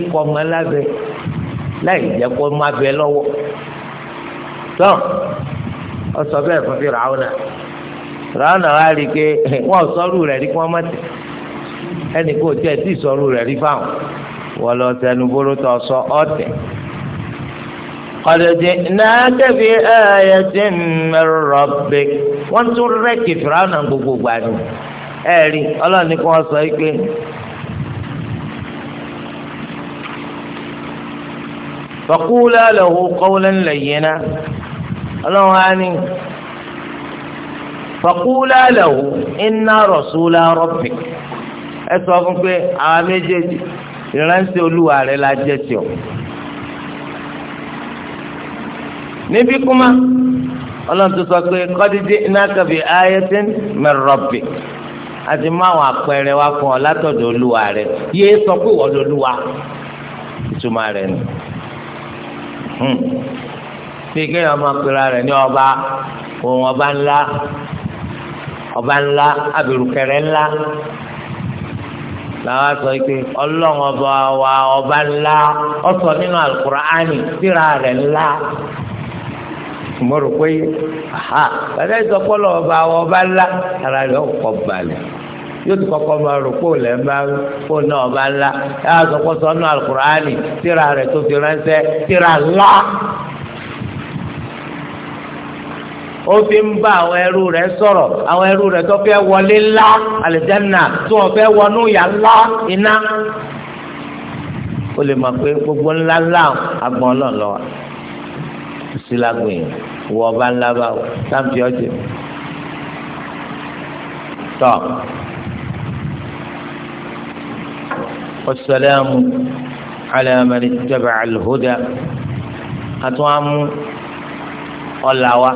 láì kó má bẹ ọ sọ bẹ́ẹ̀ fún Fíráúnà Fíráúnà wá rí i pé *laughs* wọ́n sọ́rù rẹ̀ rí kí wọ́n má tẹ̀ ẹnì kò tẹ̀ tí sọ́rù rẹ̀ rí fáwọn lọ bóró tó sọ ẹ̀rí ọlọ́run ní kí wọ́n sọ yìí pé faqula lahu qawlan layyina ọlọ́run á ní faqula lahu inna rasula rabbik ẹ sọ fún pé àwọn méjèèjì ìránṣẹ́ olúwa rẹ̀ la jẹ́ tiọ̀. níbí kúmá ọlọ́run tó sọ pé qad ji'naka bi ayatin min rabbik a ti mú àwọn àpẹẹrẹ wá fún ọ látọ̀dọ̀ olúwa rẹ yéé sọ pé wọ́n lolúwa ìtumọ̀ rẹ nù hmm. bí kéèyàn máa pera rẹ ní ọba òun ọba ńlá ọba ńlá abirùkẹrẹ ńlá làwọn sọ pé ọlọ́run ọba wa ọba ńlá ọsọ nínú Al-Kùránì síra rẹ̀ ńlá mo rò pé aha bàtà ìsọpọlọ ọba ọba ńlá ara rẹ̀ ọkọ̀ balẹ̀. yóò ti kọ́kọ́ máa rò pò lẹ́ bá pò náà bá la ẹ á sọkọ́ sọnù alukur'ani tíra rẹ̀ tó fi ránṣẹ́ tíra ńlá. ó fi ń bá àwọn ẹrú rẹ̀ sọ̀rọ̀ àwọn ẹrú rẹ̀ tó fẹ́ wọlé ńlá àlìjáná tó wọ́n fẹ́ wọnú yà ńlá iná. ó lè mọ̀ pé gbogbo ńlá ńlá agbọ̀n ọlọ́ọ̀lọ́wà sílágùn yìí ọba ńlá báwo sáǹpì ọ̀jẹ̀ tọ́. والسلام على من اتبع الهدى أتوام ọlàwà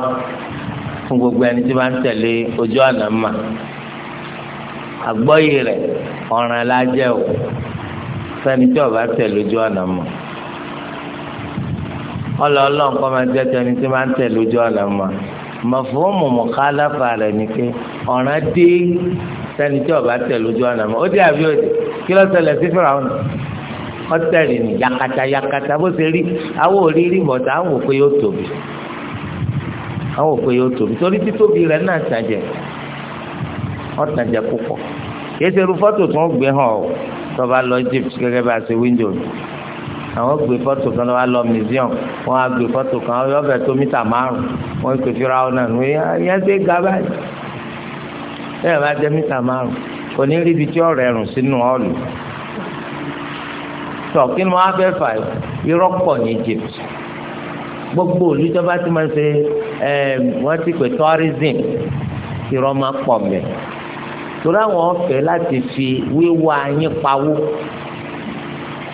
fún gbogbo ẹni tí máa ń tẹ̀lé ojú ọ̀nà mà àgbọ́yé rẹ̀ ọ̀ràn lájẹ́ o fẹ́ni tí ọba tẹ̀lé ojú ọ̀nà mà ọlọ́ọ̀lọ́ nǹkan máa jẹ́ tẹni tí máa ń tẹ̀lé ojú ọ̀nà mà mọ̀fọ́mù mọ̀kálàfà rẹ̀ ni pé ọ̀ràn dé sẹ́ni tí ọba tẹ̀ lójú ọ̀nà mọ́ ó dé àbí òde kí ló ṣẹlẹ̀ sí fúnra ọ̀nà ọ̀tẹ̀lì ní yakata yakata bó ṣe rí àwọn òrírí bọ̀tà àwọn òpè yóò tóbi àwọn òpè yóò tóbi torí títóbi rẹ̀ náà tàjẹ̀ ọ̀tàjẹ̀ púpọ̀ kìí ṣe irú fọ́tò tó ń gbé hàn ọ́ tọ́ba lọ Egypt gẹ́gẹ́ bá a ṣe wíńdò mi àwọn gbé fọ́tò kan wá lọ museum wọ́n á gbé fọ́tò kan ọ̀yọ́ bẹ̀ tó mítà márùn-ún wọ́n ń pè fúnra ọ̀nà nù bẹ́ẹ̀ bá jẹ́ mítà márùn kò ní rí ibi tí ọ̀rọ̀ ẹ̀rùn sínú ọ̀lù tọ̀ kí ni wọ́n á fẹ́ fà irọ́ pọ̀ ní Egypt gbogbo olùjọba ti máa ń ṣe ẹ̀ wọ́n ti pè tourism irọ́ máa pọ̀ mẹ́ torí àwọn ọ̀fẹ́ láti fi wíwá yín pawó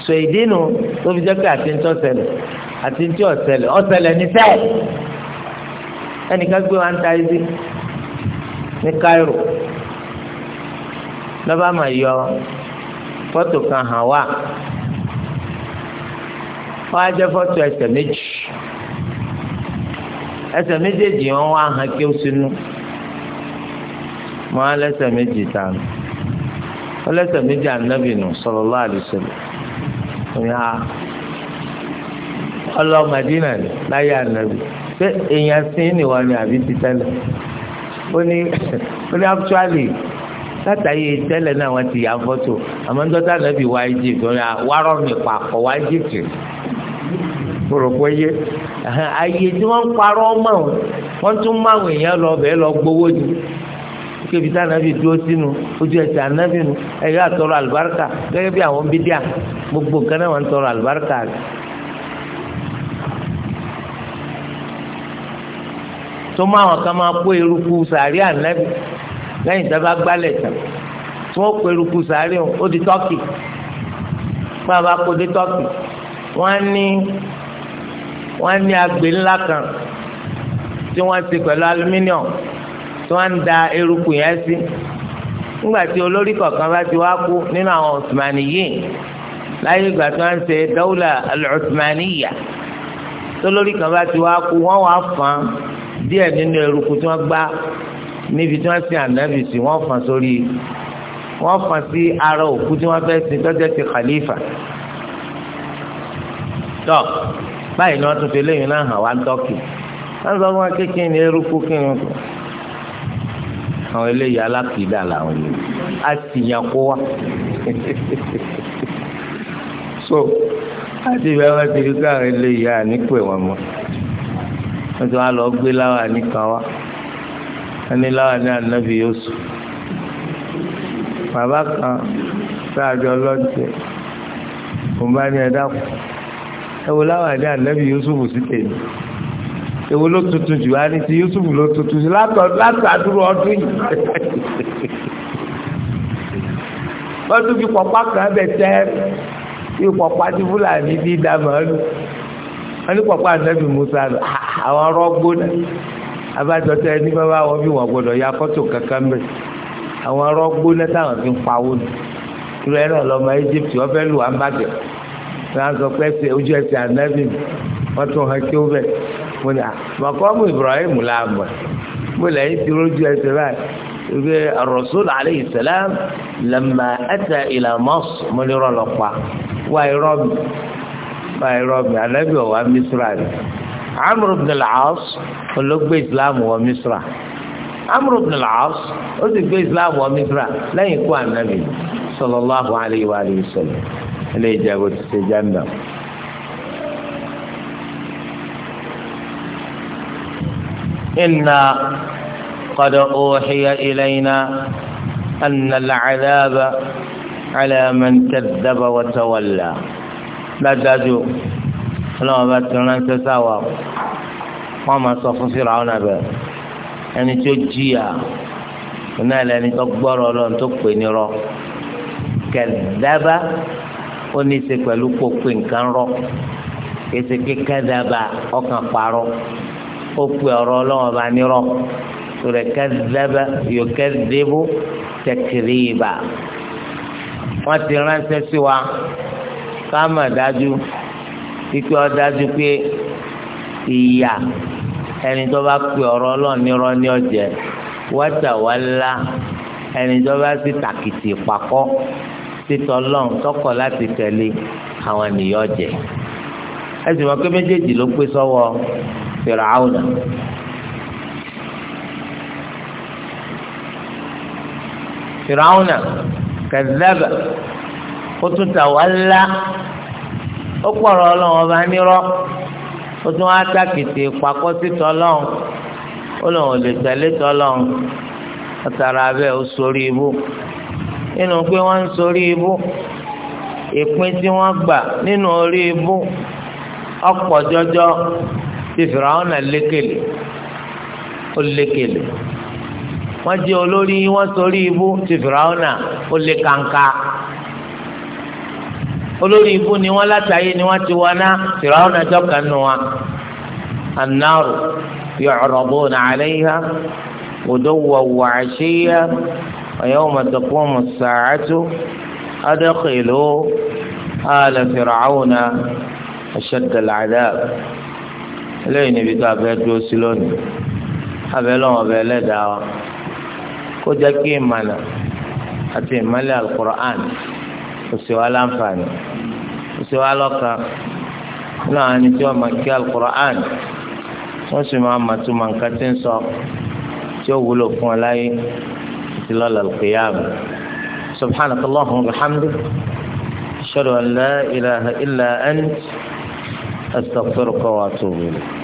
sọ èdè nu tó fi jẹ́ pé àti ń tọ́ ṣẹlẹ̀ àti ń tí ọ̀sẹ̀lẹ̀ ọ̀sẹ̀lẹ̀ ní sẹ́ẹ̀ ẹnìkan gbé wa ń ta ẹ̀sìn ní Cairo lọ́ba mà yọ fọ́tò kan hàn wá wọ́n á jẹ́ fọ́tò ẹsẹ̀ méjì ẹsẹ̀ méjèèjì wọn wá hàn kí ó sinú mọ́ alẹ́sẹ̀ méjì dànù ọlẹ́sẹ̀ méjì ànábì nù sallallahu alaihi wasallam ọ̀yà ah, ọlọ́mọdínà láyé ànábì ṣé èèyàn sí ni wọn ni àbí ti tẹ́lẹ̀ ó ní ó ní actually látàyè tẹ́lẹ̀ náà wọ́n ti yà fọ́tò àmọ́ ńdọ́tà náà fi wá Egypt wọ́n wá rọ́ mi pa kọ́ wá Egypt kúròpọ̀ yé ayé tí wọ́n ń parọ́ mọ́ wọn wọ́n tún mọ àwọn èèyàn lọ bẹ́ẹ̀ lọ gbowó ju kébi tí anabi dúró sínú ojú ẹsẹ̀ anabi nu ẹ̀yọ́ àtọrọ àlùbáríkà gẹ́gẹ́ bí àwọn bídíà gbogbo nǹkan náà wọ́n ń tọrọ àlùbáríkà rẹ̀. tó mú àwọn kan máa kó eruku sàárì ànábì lẹ́yìn tó bá gbálẹ̀ tán tí wọ́n kó eruku sàárì ó di tọ́kì fún àwọn akó di tọ́kì wọ́n ní wọ́n ní agbè ńlá kan tí wọ́n ti pẹ̀lú alumíníọ̀mù tí wọ́n ń da eruku yẹn sí nígbà tí olórí kọ̀ọ̀kan bá ti wá kú nínú àwọn Osmani yìí láyé ìgbà tí wọ́n ń ṣe dáwùlà al-Osmaniya tó lórí kan bá ti wá kú wọ́n wá fún un díẹ̀ nínú eruku tí wọ́n gbá níbi tí wọ́n sin ànábì sí wọ́n fọ́n sórí wọ́n fọ́n sí ara òkú tí wọ́n fẹ́ sin tọ́jọ́ ti khalifa tọ́ báyìí ni wọ́n tún fi léyìn náà hàn wá dọ́kì wọ́n sọ fún wa kékeré ní eruku kínní àwọn eléyìí alákìídà làwọn yìí á sì yàn kó wa *laughs* so àti ìbáwá ti rí káwọn eléyìí à ní pè wọn mọ́ wọ́n ti wá lọ gbé láwa nìkan wá wọ́n ní láwa ní ànábì Yusuf bàbá kan sáàjọ lọ́jẹ̀ mo bá ní ẹ̀dá kù ẹ wo láwa ní ànábì Yusuf sí tèmi èwo ló tuntun jù wá ní ti Yusuf ló tuntun jù látàdúró ọdún yìí *laughs* wọ́n fi pọ̀pá kan bẹ̀ tẹ́ fi pọ̀pá ti Fúlàní bí dá màálù wọ́n ní pọ̀pọ̀ ànábì musa lọ àwọn ọ̀rọ̀ gbóná abájọ tẹ ní bàbá wọn bí wọn gbọdọ̀ ya fọ́tò kankan mẹ́ àwọn ọ̀rọ̀ gbóná táwọn fi ń pawó ni ìrẹ́ náà lọ́mọ Egypt wọ́n fẹ́ lù wá ń bàjẹ́ wọ́n sọ pé ojú ẹsẹ̀ ànábì wọ́n tún hàn kí ó bẹ̀ wọ́n ní Ibrahim la mọ̀ mo lẹ́yìn tí rojú ẹsẹ̀ báyìí ìgbé Rasul alayhi salam lamma ata ila mo ní rọ́ lọ́pàá wá irọ́ mi. ايروبي النبي هو مصري عمرو بن العاص قلوب باسلام هو مصري عمرو بن العاص قلوب باسلام هو مصري لا يكون النبي صلى الله عليه واله وسلم اللي جابوا السجنه إنا قد أوحي إلينا أن العذاب على من كذب وتولى dájú ọlọ́wọ́n bá ti ránṣẹ́ sáwà wọ́n máa sọ fún Fíráwọn abẹ ẹni tó jìyà ọ̀nà ẹlẹ́ni tó gbọ́rọ̀ ọlọ́run tó pè ní rọ kẹ̀dábà ó ní í ṣe pẹ̀lú pópè nǹkan rọ èsì kíkẹ́dábà ọkàn parọ́ ó pè ọ̀rọ̀ ọlọ́wọ́n bá ní rọ rẹ̀ kẹ́dábà yóò kẹ́débó tẹ̀kìrìbà wọ́n ti ránṣẹ́ sí wa. Kama daju dájú pípé ọ dájú ẹni tó bá pe ọ̀rọ̀ Ọlọ́run nírọ́ ní ọ̀jẹ̀ wọ́tà wá ńlá ẹni tó bá sì tàkìtì pàkọ́ títọ́ lọ́n tọkọ̀ láti tẹ̀lé àwọn ènìyàn ọ̀jẹ̀ ẹsìn wọn pé méjèèjì ló pé sọ́wọ́ Fir'auna. Fir'auna kẹ̀dẹ́bẹ̀. ó tún tà wá ńlá ó pọ̀rọ̀ ọlọ́run ọba nírọ́ ó tún wá tàkìtì pakọ́ sí tọ́lọ́run ó lòun lè tẹ̀lé tọ́lọ́run ọ̀tara abẹ́ ó sórí ibú nínú pé wọ́n ń sórí ibú ìpín tí wọ́n gbà nínú orí ibú ọ̀pọ̀ jọjọ ti fìràwọ́nà lékele ó lékele wọ́n jẹ́ olórí wọ́n sórí ibú ti olórí ibú ni wọ́n látàyè ni wọ́n ti wọ́n ná fìràwọn ẹjọ́ kan nù wọn. anáàrò yu'raduna 'alayha ghuduwwan wa 'ashiyyan wa yawma taqumu as-sa'atu adkhilu ala fìràwọn ashadda al-'adhab. níbi tó abẹ́ dúró sí lónìí abẹ́ lọ́wọ́ abẹ́ ẹlẹ́dàá wa kó jẹ́ kí ìmàlà àti ìmàlẹ́ al-Qur'an kò sí wa láǹfààní kò sí wa lọ́kàn náà ẹni tí wọ́n máa kí alukur'an wọ́n sì máa ma tó màǹkà tí ń sọ tí ó wúlò fún ọ láyé ti lọ́la lùkìyàm subhanaka wa bihamdik ashhadu an la ilaha illa ant astaghfiruka wa